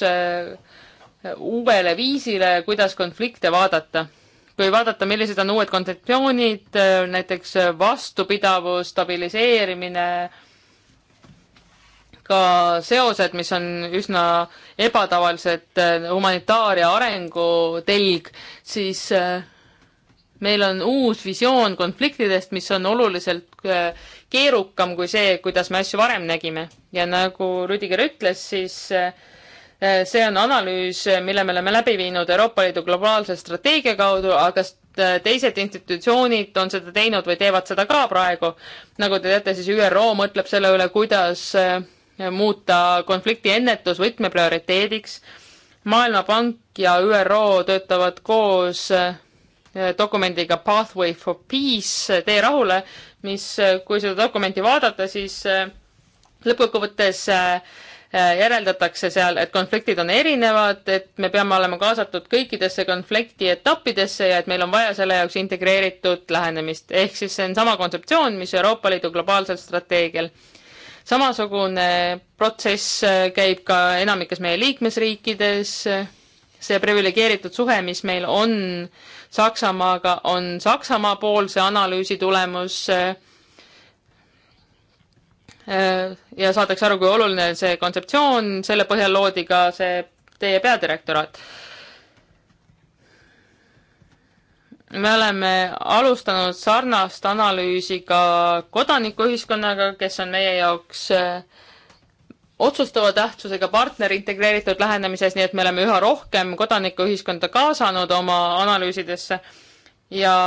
uuele viisile, kuidas konflikte vaadata kui vaadata, millised on uued kontseptsioonid, äh, näiteks äh, vastupidavus, stabiliseerimine, ka seosed, mis on üsna ebatavalised äh, humanitaar- ja arengutelg, siis meil on uus visioon konfliktidest, mis on oluliselt keerukam kui see, kuidas me asju varem nägime. ja nagu Rüdiger ütles, siis Eh, see on analüüs, eh, mille me oleme läbi viinud Euroopa Liidu globaalse strateegia kaudu, aga eh, teised institutsioonid on seda teinud või teevad seda ka praegu. nagu te teate, siis ÜRO mõtleb selle üle, kuidas muuta konflikti ennetus võtmeprioriteediks. maailmapank ja ÜRO töötavad koos dokumendiga Pathway for Peace, tee rahule, mis, kui seda dokumenti vaadata, siis lõppkokkuvõttes äh, Äh, järeldatakse seal, et konfliktid on erinevad, et me peame olema kaasatud kõikidesse konflikti etappidesse ja et meil on vaja selle jaoks integreeritud lähenemist. ehk siis see on sama kontseptsioon, mis Euroopa Liidu globaalsel strateegial. samasugune protsess äh, käib ka enamikes meie liikmesriikides, see priviligeeritud suhe, mis meil on Saksamaaga, on Saksamaa poolse analüüsi tulemus äh, Äh, ja saadakse aru, kui oluline see kontseptsioon, selle põhjal loodi ka see teie peadirektoraat. me oleme alustanud sarnast analüüsi ka kodanikuühiskonnaga, kes on meie jaoks äh, otsustava tähtsusega partner integreeritud lähenemises, nii et me oleme üha rohkem kodanikuühiskonda kaasanud oma analüüsidesse ja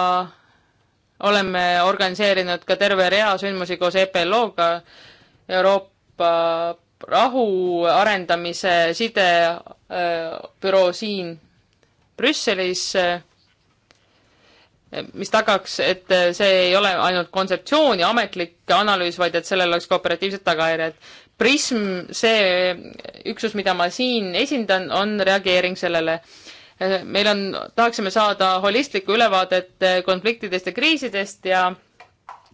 oleme organiseerinud ka terve rea sündmusi koos EPLO-ga Euroopa rahu arendamise sidebüroo äh, siin Brüsselis, äh, mis tagaks, et äh, see ei ole ainult kontseptsioon ja ametlik analüüs, vaid et sellel oleks ka operatiivsed tagajärjed. Prism, see üksus, mida ma siin esindan, on reageering sellele meil on, tahaksime saada holistlikku ülevaadet konfliktidest ja kriisidest ja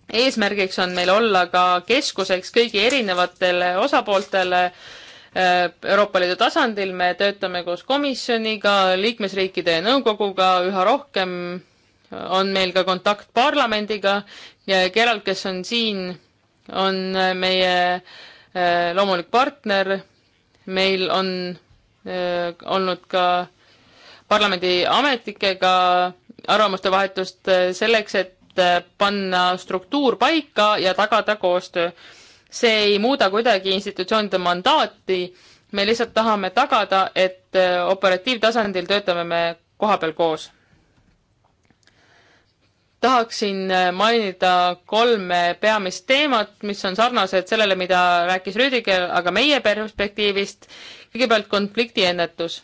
eesmärgiks on meil olla ka keskuseks kõigi erinevatele osapooltele äh, Euroopa Liidu tasandil, me töötame koos komisjoniga, liikmesriikide ja nõukoguga üha rohkem on meil ka kontakt parlamendiga ja Gerald, kes on siin, on meie äh, loomulik partner. meil on äh, olnud ka parlamendi ametnikega arvamuste vahetust selleks, et Äh, panna struktuur paika ja tagada koostöö. see ei muuda kuidagi institutsioonide mandaati, me lihtsalt tahame tagada, et äh, operatiivtasandil töötame me kohapeal koos. tahaksin äh, mainida kolme peamist teemat, mis on sarnased sellele, mida rääkis Rüdiger, aga meie perspektiivist. kõigepealt konfliktiennetus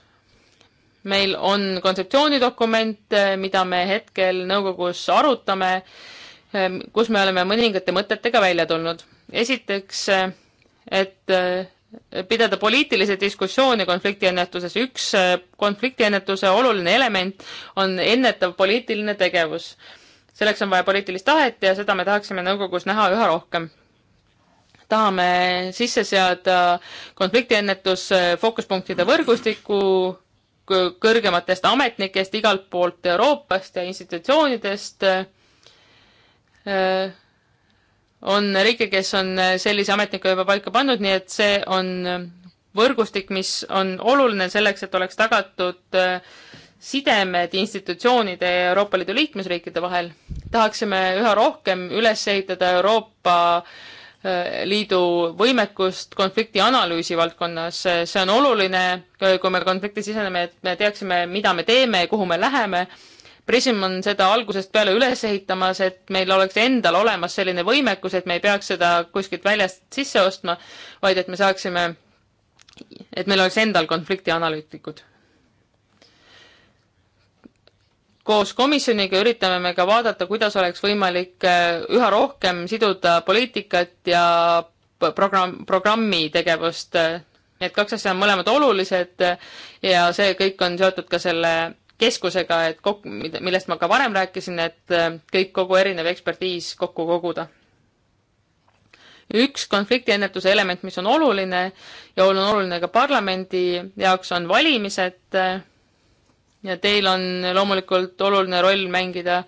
meil on kontseptsioonidokument, eh, mida me hetkel nõukogus arutame, eh, kus me oleme mõningate mõtetega välja tulnud. esiteks, eh, et pidada poliitilisi diskussioone konfliktiennetuses. üks konfliktiennetuse oluline element on ennetav poliitiline tegevus. selleks on vaja poliitilist tahet ja seda me tahaksime nõukogus näha üha rohkem. tahame sisse seada konfliktiennetus fookuspunktide võrgustiku, kõrgematest ametnikest igalt poolt Euroopast ja institutsioonidest äh, on riike, kes on sellise ametniku juba paika pannud, nii et see on võrgustik, mis on oluline selleks, et oleks tagatud äh, sidemed institutsioonide ja Euroopa Liidu liikmesriikide vahel. tahaksime üha rohkem üles ehitada Euroopa äh, liidu võimekust konflikti analüüsi valdkonnas. see on oluline, kui me konflikti siseneme, et me teaksime, mida me teeme ja kuhu me läheme. Prism on seda algusest peale üles ehitamas, et meil oleks endal olemas selline võimekus, et me ei peaks seda kuskilt väljast sisse ostma, vaid et me saaksime, et meil oleks endal konflikti analüütikud koos komisjoniga üritame me ka vaadata, kuidas oleks võimalik äh, üha rohkem siduda poliitikat ja programm, programmi tegevust. Need kaks asja on mõlemad olulised äh, ja see kõik on seotud ka selle keskusega, et kok-, millest ma ka varem rääkisin, et äh, kõik, kogu erinev ekspertiis kokku koguda. üks konfliktiennetuse element, mis on oluline ja on oluline ka parlamendi jaoks, on valimised ja teil on loomulikult oluline roll mängida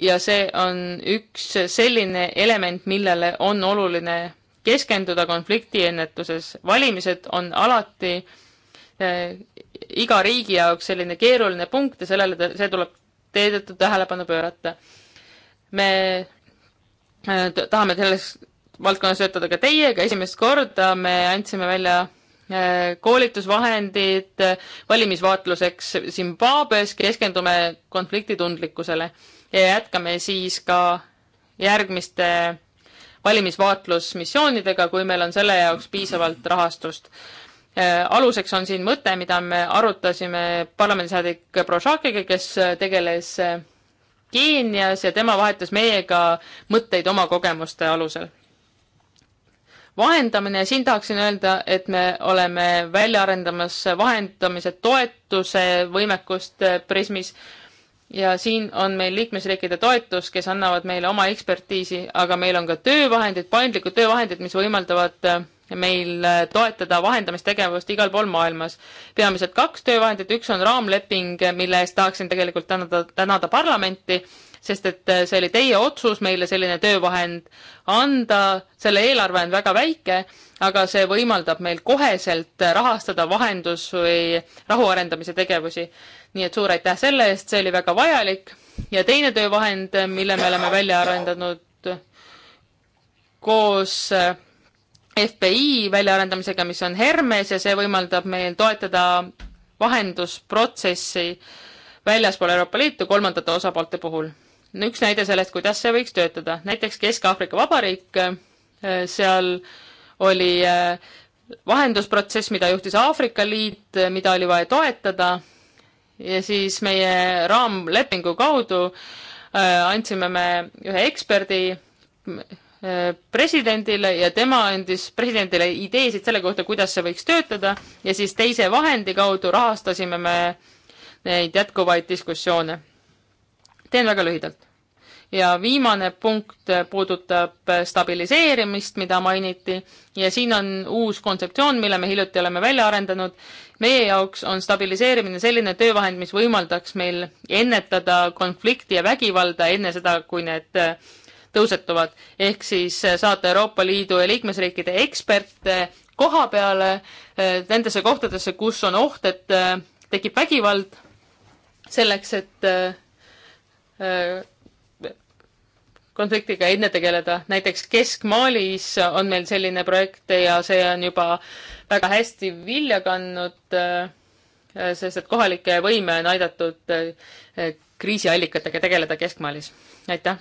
ja see on üks selline element, millele on oluline keskenduda konfliktiennetuses. valimised on alati äh, iga riigi jaoks selline keeruline punkt ja sellele, see tuleb teedetud tähelepanu pöörata. me äh, tahame selles valdkonnas töötada ka teiega, esimest korda me andsime välja koolitusvahendid valimisvaatluseks Zimbabwes, keskendume konfliktitundlikkusele ja jätkame siis ka järgmiste valimisvaatlusmissioonidega, kui meil on selle jaoks piisavalt rahastust. aluseks on siin mõte, mida me arutasime parlamendisaadik Prošakiga, kes tegeles Keenias ja tema vahetas meiega mõtteid oma kogemuste alusel vahendamine ja siin tahaksin öelda, et me oleme välja arendamas vahendamise toetuse võimekust Prismis ja siin on meil liikmesriikide toetus, kes annavad meile oma ekspertiisi, aga meil on ka töövahendid, paindlikud töövahendid, mis võimaldavad meil toetada vahendamistegevust igal pool maailmas. peamiselt kaks töövahendit, üks on raamleping, mille eest tahaksin tegelikult tänada, tänada parlamenti sest et äh, see oli teie otsus meile selline töövahend anda, selle eelarve on väga väike, aga see võimaldab meil koheselt rahastada vahendus- või rahu arendamise tegevusi. nii et suur aitäh selle eest, see oli väga vajalik ja teine töövahend, mille me oleme välja arendanud koos äh, FBI väljaarendamisega, mis on Hermes ja see võimaldab meil toetada vahendusprotsessi väljaspool Euroopa Liitu kolmandate osapoolte puhul üks näide sellest, kuidas see võiks töötada, näiteks Kesk-Aafrika Vabariik, äh, seal oli äh, vahendusprotsess, mida juhtis Aafrika Liit, äh, mida oli vaja toetada ja siis meie raamlepingu kaudu andsime me ühe eksperdi presidendile ja tema andis presidendile ideesid selle kohta, kuidas see võiks töötada ja siis teise vahendi kaudu rahastasime me neid jätkuvaid diskussioone teen väga lühidalt. ja viimane punkt puudutab stabiliseerimist, mida mainiti ja siin on uus kontseptsioon, mille me hiljuti oleme välja arendanud. meie jaoks on stabiliseerimine selline töövahend, mis võimaldaks meil ennetada konflikti ja vägivalda enne seda, kui need tõusetuvad, ehk siis saata Euroopa Liidu ja liikmesriikide eksperte koha peale eh, nendesse kohtadesse, kus on oht, et eh, tekib vägivald, selleks et eh, Äh, konfliktiga enne tegeleda. näiteks Kesk-Malis on meil selline projekt ja see on juba väga hästi vilja kandnud, äh, sest et kohalikke võime on aidatud äh, kriisiallikatega tegeleda Kesk-Malis. aitäh!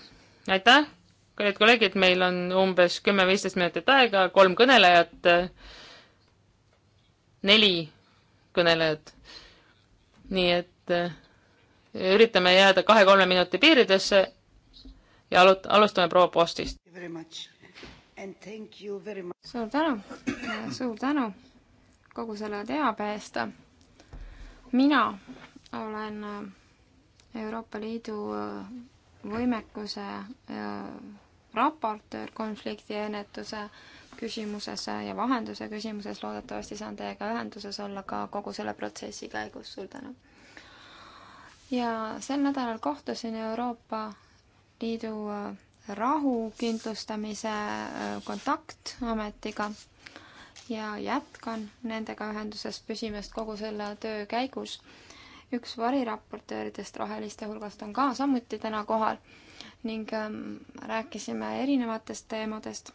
aitäh! kallid kolleegid, meil on umbes kümme-viisteist minutit aega, kolm kõnelejat, neli kõnelejat. nii et üritame jääda kahe-kolme minuti piiridesse ja alut-, alustame proua Postist. suur tänu, suur tänu kogu selle teabe eest. mina olen äh, Euroopa Liidu äh, võimekuse äh, raportöör konfliktiennetuse küsimuses ja vahenduse küsimuses, loodetavasti saan teiega ühenduses olla ka kogu selle protsessi käigus, suur tänu ja sel nädalal kohtusin Euroopa Liidu äh, rahu kindlustamise äh, kontaktametiga ja jätkan nendega ühenduses püsimist kogu selle töö käigus. üks variraportööridest roheliste hulgast on ka samuti täna kohal ning ähm, rääkisime erinevatest teemadest.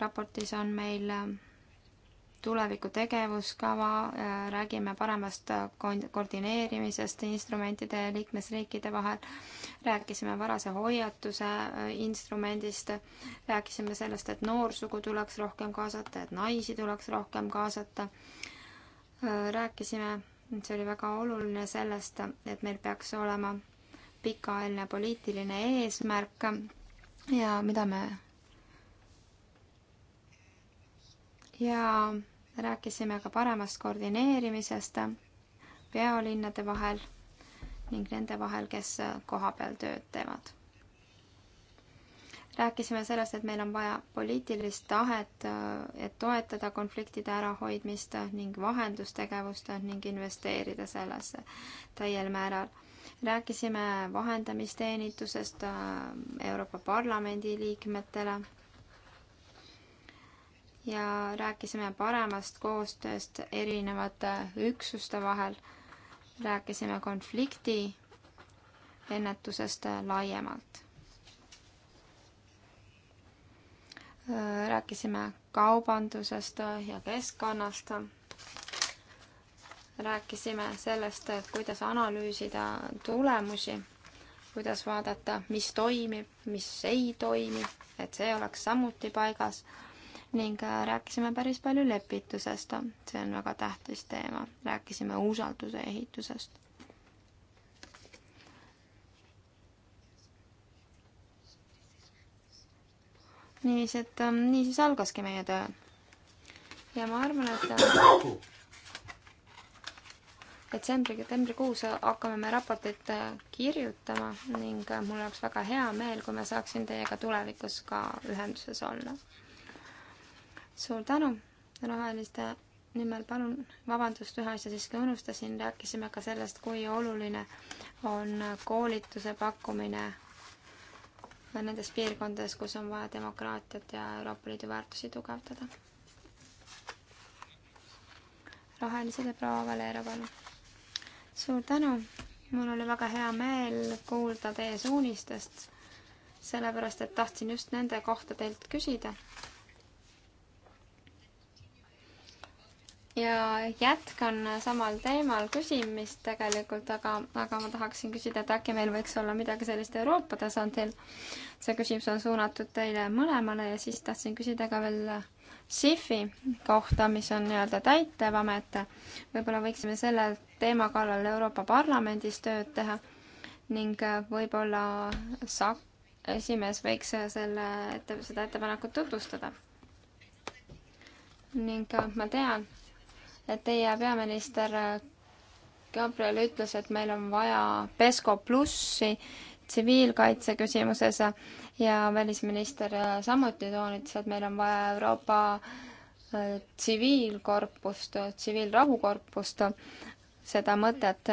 raportis on meil ähm, tuleviku tegevuskava, äh, räägime paremast koordineerimisest instrumentide ja liikmesriikide vahel, rääkisime varase hoiatuse äh, instrumendist, rääkisime sellest, et noorsugu tuleks rohkem kaasata, et naisi tuleks rohkem kaasata, äh, rääkisime, see oli väga oluline, sellest, et meil peaks olema pikaajaline poliitiline eesmärk ja mida me ja rääkisime ka paremast koordineerimisest pealinnade vahel ning nende vahel, kes kohapeal tööd teevad. rääkisime sellest, et meil on vaja poliitilist tahet, et toetada konfliktide ärahoidmist ning vahendustegevust ning investeerida sellesse täiel määral. rääkisime vahendamisteenitusest Euroopa Parlamendi liikmetele ja rääkisime paremast koostööst erinevate üksuste vahel, rääkisime konflikti ennetusest laiemalt. rääkisime kaubandusest ja keskkonnast. rääkisime sellest, kuidas analüüsida tulemusi, kuidas vaadata, mis toimib, mis ei toimi, et see oleks samuti paigas ning äh, rääkisime päris palju lepitusest, see on väga tähtis teema, rääkisime usalduse ehitusest. niiviisi, et ähm, niisiis algaski meie töö. ja ma arvan, et äh, detsembri, detsembrikuus hakkame me raportit äh, kirjutama ning mul oleks väga hea meel, kui ma saaksin teiega tulevikus ka ühenduses olla suur tänu, roheliste nimel palun vabandust, ühe asja siiski unustasin, rääkisime ka sellest, kui oluline on koolituse pakkumine nendes piirkondades, kus on vaja demokraatiat ja Euroopa Liidu väärtusi tugevdada. rohelised ja proua Valero, palun. suur tänu, mul oli väga hea meel kuulda teie suunistest, sellepärast et tahtsin just nende kohta teilt küsida ja jätkan samal teemal küsimist tegelikult, aga, aga ma tahaksin küsida, et äkki meil võiks olla midagi sellist Euroopa tasandil. see küsimus on suunatud teile mõlemale ja siis tahtsin küsida ka veel SIFi kohta, mis on nii-öelda täitevamet. võib-olla võiksime selle teema kallal Euroopa Parlamendis tööd teha ning võib-olla sak-, esimees võiks selle ette, seda ettepanekut tutvustada. ning ma tean, teie peaminister äh, Gabriel ütles, et meil on vaja PESCO plussi tsiviilkaitse küsimuses ja välisminister äh, samuti toonitas, et meil on vaja Euroopa äh, tsiviilkorpust, tsiviilrahukorpust, seda mõtet,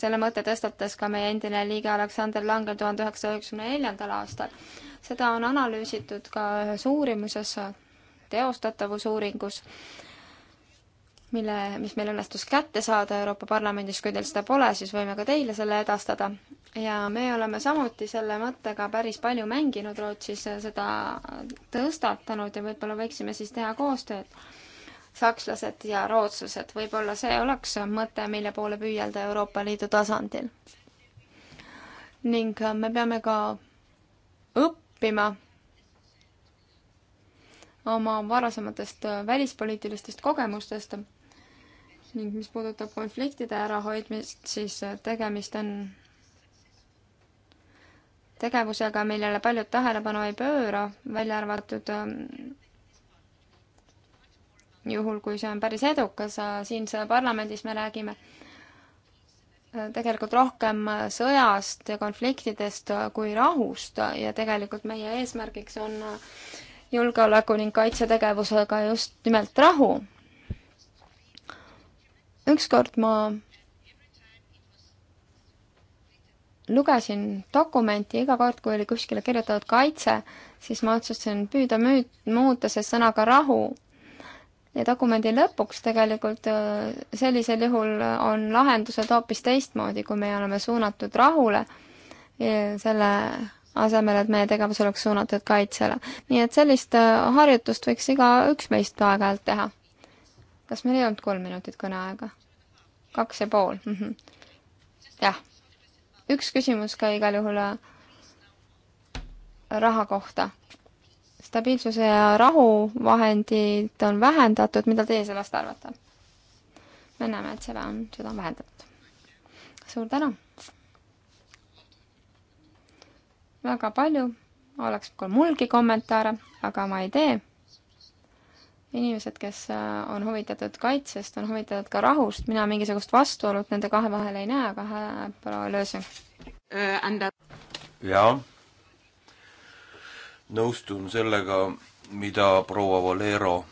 selle mõtte tõstatas ka meie endine liige Aleksander Langel tuhande üheksasaja üheksakümne neljandal aastal. seda on analüüsitud ka ühes uurimuses teostatavusuuringus, mille, mis meil õnnestus kätte saada Euroopa Parlamendis, kui teil seda pole, siis võime ka teile selle edastada. ja me oleme samuti selle mõttega päris palju mänginud Rootsis, seda tõstatanud ja võib-olla võiksime siis teha koostööd sakslased ja rootslased. võib-olla see oleks mõte, mille poole püüelda Euroopa Liidu tasandil. ning me peame ka õppima oma varasematest äh, välispoliitilistest kogemustest ning mis puudutab konfliktide ärahoidmist, siis äh, tegemist on tegevusega, millele paljud tähelepanu ei pööra, välja arvatud ähm, juhul, kui see on päris edukas, äh, siin parlamendis me räägime tegelikult rohkem sõjast ja konfliktidest kui rahust ja tegelikult meie eesmärgiks on julgeoleku ning kaitsetegevusega just nimelt rahu. ükskord ma lugesin dokumenti, iga kord, kui oli kuskile kirjutatud kaitse, siis ma otsustasin püüda müü-, muuta see sõnaga rahu. ja dokumendi lõpuks tegelikult äh, sellisel juhul on lahendused hoopis teistmoodi, kui me oleme suunatud rahule, selle asemel, et meie tegevus oleks suunatud kaitsele. nii et sellist äh, harjutust võiks igaüks meist aeg-ajalt teha. kas meil ei olnud kolm minutit kõneaega? kaks ja pool mm. -hmm. jah. üks küsimus ka igal juhul äh, raha kohta. stabiilsuse ja rahu vahendid on vähendatud, mida teie sellest arvate? me näeme, et seda on, seda on vähendatud. suur tänu! väga palju, oleks mulgi kommentaare, aga ma ei tee. inimesed, kes äh, on huvitatud kaitsest, on huvitatud ka rahust, mina mingisugust vastuolut nende kahe vahel ei näe, aga äh, proua Lösing. Äh, jaa, nõustun sellega, mida proua Valero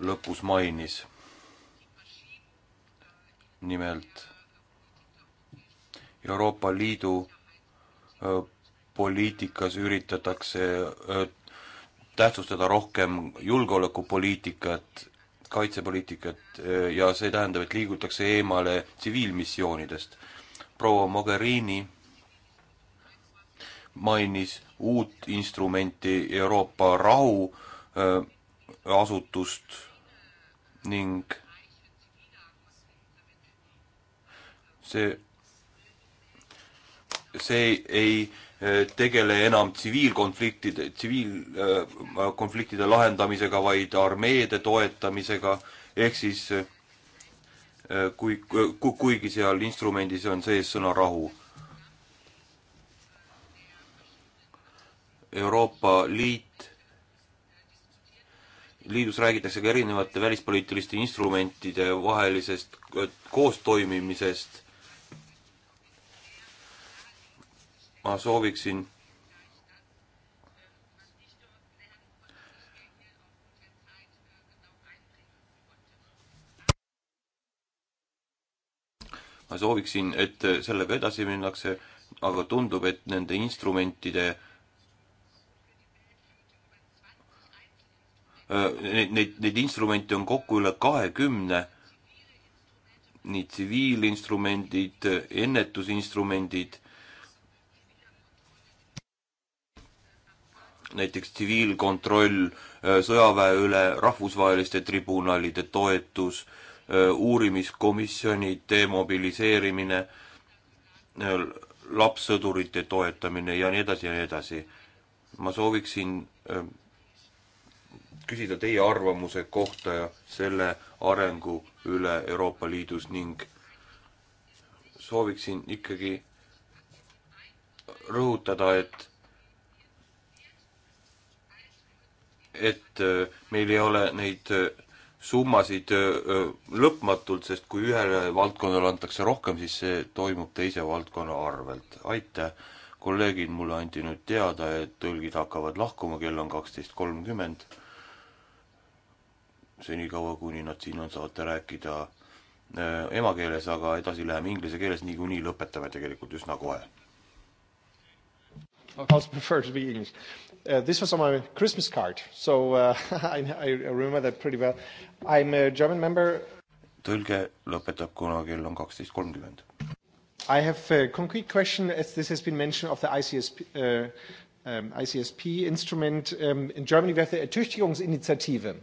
lõpus mainis. nimelt Euroopa Liidu poliitikas üritatakse tähtsustada rohkem julgeolekupoliitikat, kaitsepoliitikat ja see tähendab, et liigutakse eemale tsiviilmissioonidest. proua Mogherini mainis uut instrumenti Euroopa rahuasutust ning see, see ei tegele enam tsiviilkonfliktide, tsiviilkonfliktide äh, lahendamisega, vaid armeede toetamisega, ehk siis äh, kui, ku-, kuigi seal instrumendis on sees sõna rahu. Euroopa Liit, liidus räägitakse ka erinevate välispoliitiliste instrumentide vahelisest äh, koostoimimisest ma sooviksin ma sooviksin, et sellega edasi minnakse, aga tundub, et nende instrumentide Neid, neid, neid instrumente on kokku üle kahekümne, nii tsiviilinstrumendid, ennetusinstrumendid näiteks tsiviilkontroll äh, sõjaväe üle, rahvusvaheliste tribunalide toetus, äh, uurimiskomisjonid, demobiliseerimine, äh, lapssõdurite toetamine ja nii edasi ja nii edasi. ma sooviksin küsida teie arvamuse kohta ja selle arengu üle Euroopa Liidus ning sooviksin ikkagi rõhutada, et et äh, meil ei ole neid äh, summasid äh, lõpmatult, sest kui ühele valdkonnale antakse rohkem, siis see toimub teise valdkonna arvelt. aitäh, kolleegid, mulle anti nüüd teada, et tõlgid hakkavad lahkuma, kell on kaksteist kolmkümmend. senikaua, kuni nad siin on, saate rääkida emakeeles, aga edasi läheme inglise keeles, niikuinii lõpetame tegelikult üsna kohe I also prefer to be English. Uh, this was on my Christmas card, so uh, I, I remember that pretty well. I am a German member. tõlge lõpetab kuna kell on kaksteist kolmkümmend. I have a concrete question as this has been mentioned of the ICSP, uh, um, ICSP instrument. Um, in Germany we have the Ertüchtigungsinitiative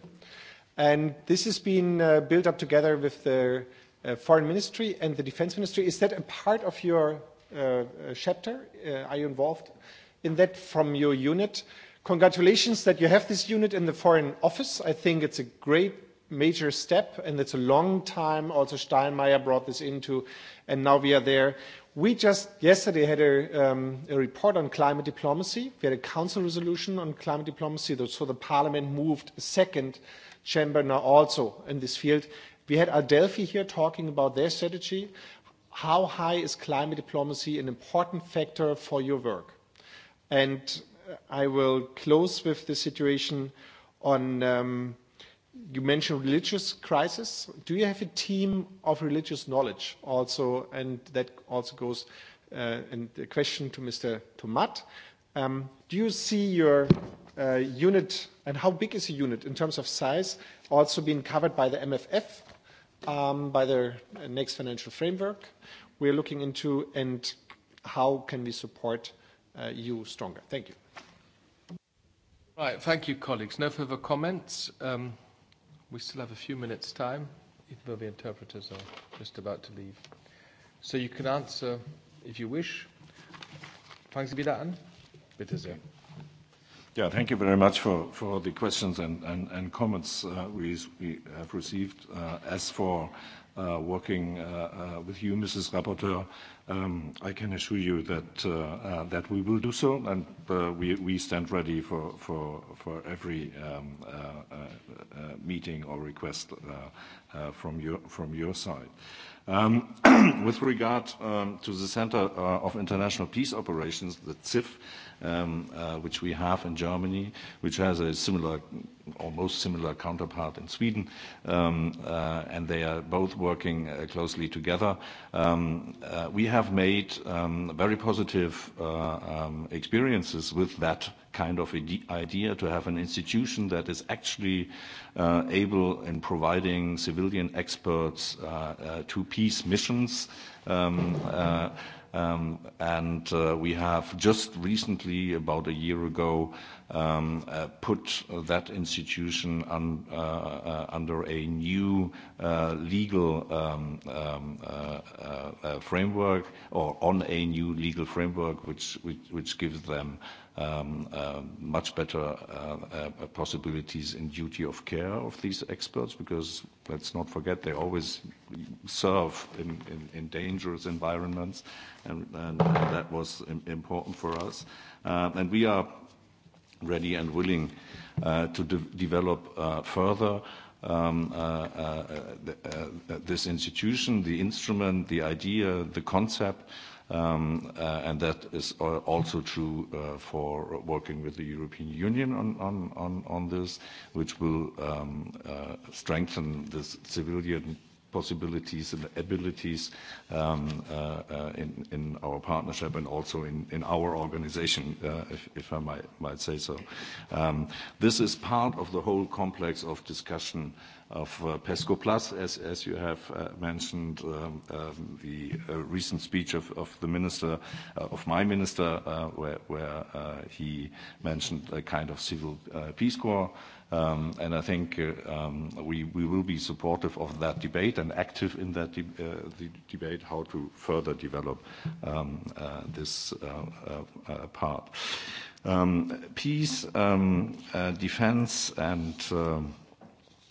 and this has been uh, built up together with the uh, Foreign Ministry and the Defense Ministry. Is that a part of your uh, uh chapter? Uh, are you involved? Uh, in that from your unit. Congratulations that you have this unit in the Foreign Office. I think it's a great major step, and it's a long time. Also, Steinmeier brought this into, and now we are there. We just yesterday had a, um, a report on climate diplomacy. We had a council resolution on climate diplomacy, so the parliament moved a second chamber now also in this field. We had Adelphi here talking about their strategy. How high is climate diplomacy an important factor for your work? And I will close with the situation on, um, you mentioned religious crisis. Do you have a team of religious knowledge also? And that also goes, uh, and the question to Mr. Tomat. Um, do you see your uh, unit, and how big is the unit in terms of size, also being covered by the MFF, um, by the next financial framework we're looking into, and how can we support EU uh, stronger. Thank you. Right. Thank you, colleagues. No further comments. Um, we still have a few minutes' time, even though the interpreters are just about to leave. So you can answer if you wish. Fangen Sie wieder an. Bitte sehr. Yeah, thank you very much for, for the questions and, and, and comments uh, we, we have received. Uh, as for uh, working uh, uh, with you, Mrs. Rapporteur, Um, I can assure you that, uh, uh, that we will do so, and uh, we, we stand ready for, for, for every um, uh, uh, uh, meeting or request from your, from your side. Um, with regard um, to the Center of International Peace Operations, the CIF, um, uh, which we have in Germany, which has a similar, almost similar counterpart in Sweden, um, uh, and they are both working uh, closely together. Um, uh, we have made um, very positive uh, um, experiences with that kind of idea to have an institution that is actually uh, able in providing civilian experts uh, uh, to peace missions. Um, uh, Um, and uh, we have just recently, about a year ago, um, uh, put that institution un, uh, uh, under a new uh, legal um, um, uh, uh, uh framework or on a new legal framework which, which, which gives them uh, um, uh, much better uh, uh, possibilities in duty of care of these experts, because let's not forget they always serve in, in, in dangerous environments, and, and, and that was im- important for us. Uh, and we are ready and willing uh, to de- develop uh, further. Um, uh, uh, uh, th- uh, this institution, the instrument, the idea, the concept, uh, Um, uh, and that is uh, also true uh, for working with the European Union on, on, on, on this, which will um, uh, strengthen the civilian possibilities and abilities um, uh, uh, in, in our partnership and also in, in our organization, uh, if, if I might, might say so. Um, this is part of the whole complex of discussion uh, of uh, PESCO Plus, as, as you have uh, mentioned, um, um, the uh, recent speech of, of the minister, uh, of my minister, uh, where, where uh, he mentioned a kind of civil uh, peace corps. Um, and I think uh, um, we, we will be supportive of that debate and active in that de uh, the debate how to further develop um, uh, this uh, uh, uh, part. Um, peace, um, uh, defense, and um,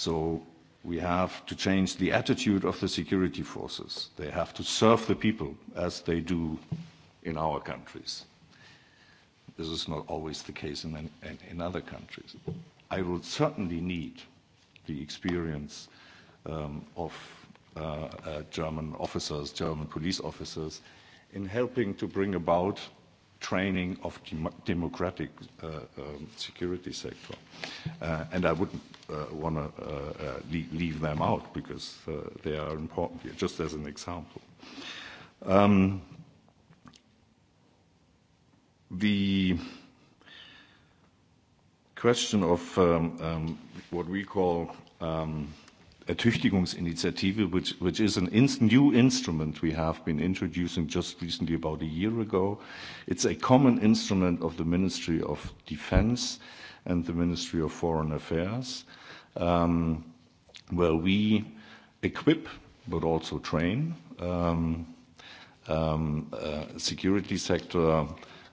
So we have to change the attitude of the security forces. They have to serve the people as they do in our countries. This is not always the case in, in, in other countries. I would certainly need the experience um, of uh, uh, German officers, German police officers, in helping to bring about training of dem democratic uh, um, security sector. Uh, and I wouldn't uh, want to uh, uh, leave, leave them out because uh, they are important here, just as an example. Um, the question of um, um, what we call um, Ertüchtigungsinitiative, which, which is an inst new instrument we have been introducing just recently, about a year ago. It's a common instrument of the Ministry of Defense and the Ministry of Foreign Affairs, um, where we equip but also train um, um, uh, security sector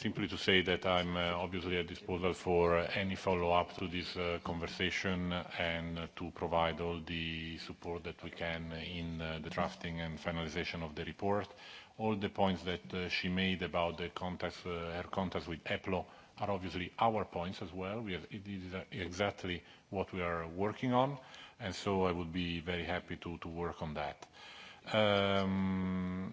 simply to say that I'm uh, obviously at disposal for uh, any follow-up to this uh, conversation and to provide all the support that we can in the drafting and finalization of the report. All the points that she made about the contacts, her contacts with EPLO are obviously our points as well. We have, it is exactly what we are working on, and so I would be very happy to, to work on that. Um,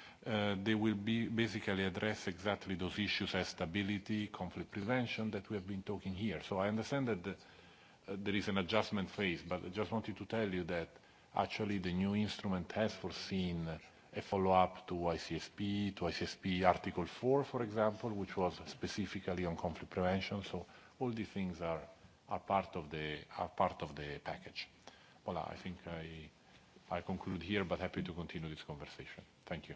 Uh, they will be basically address exactly those issues as stability, conflict prevention that we have been talking here. So I understand that the, uh, there is an adjustment phase, but I just wanted to tell you that actually the new instrument has foreseen a follow-up to ICSP, to ICSP Article 4, for example, which was specifically on conflict prevention. So all these things are, are, part, of the, are part of the package. Voilà, I think I, I conclude here, but happy to continue this conversation. Thank you.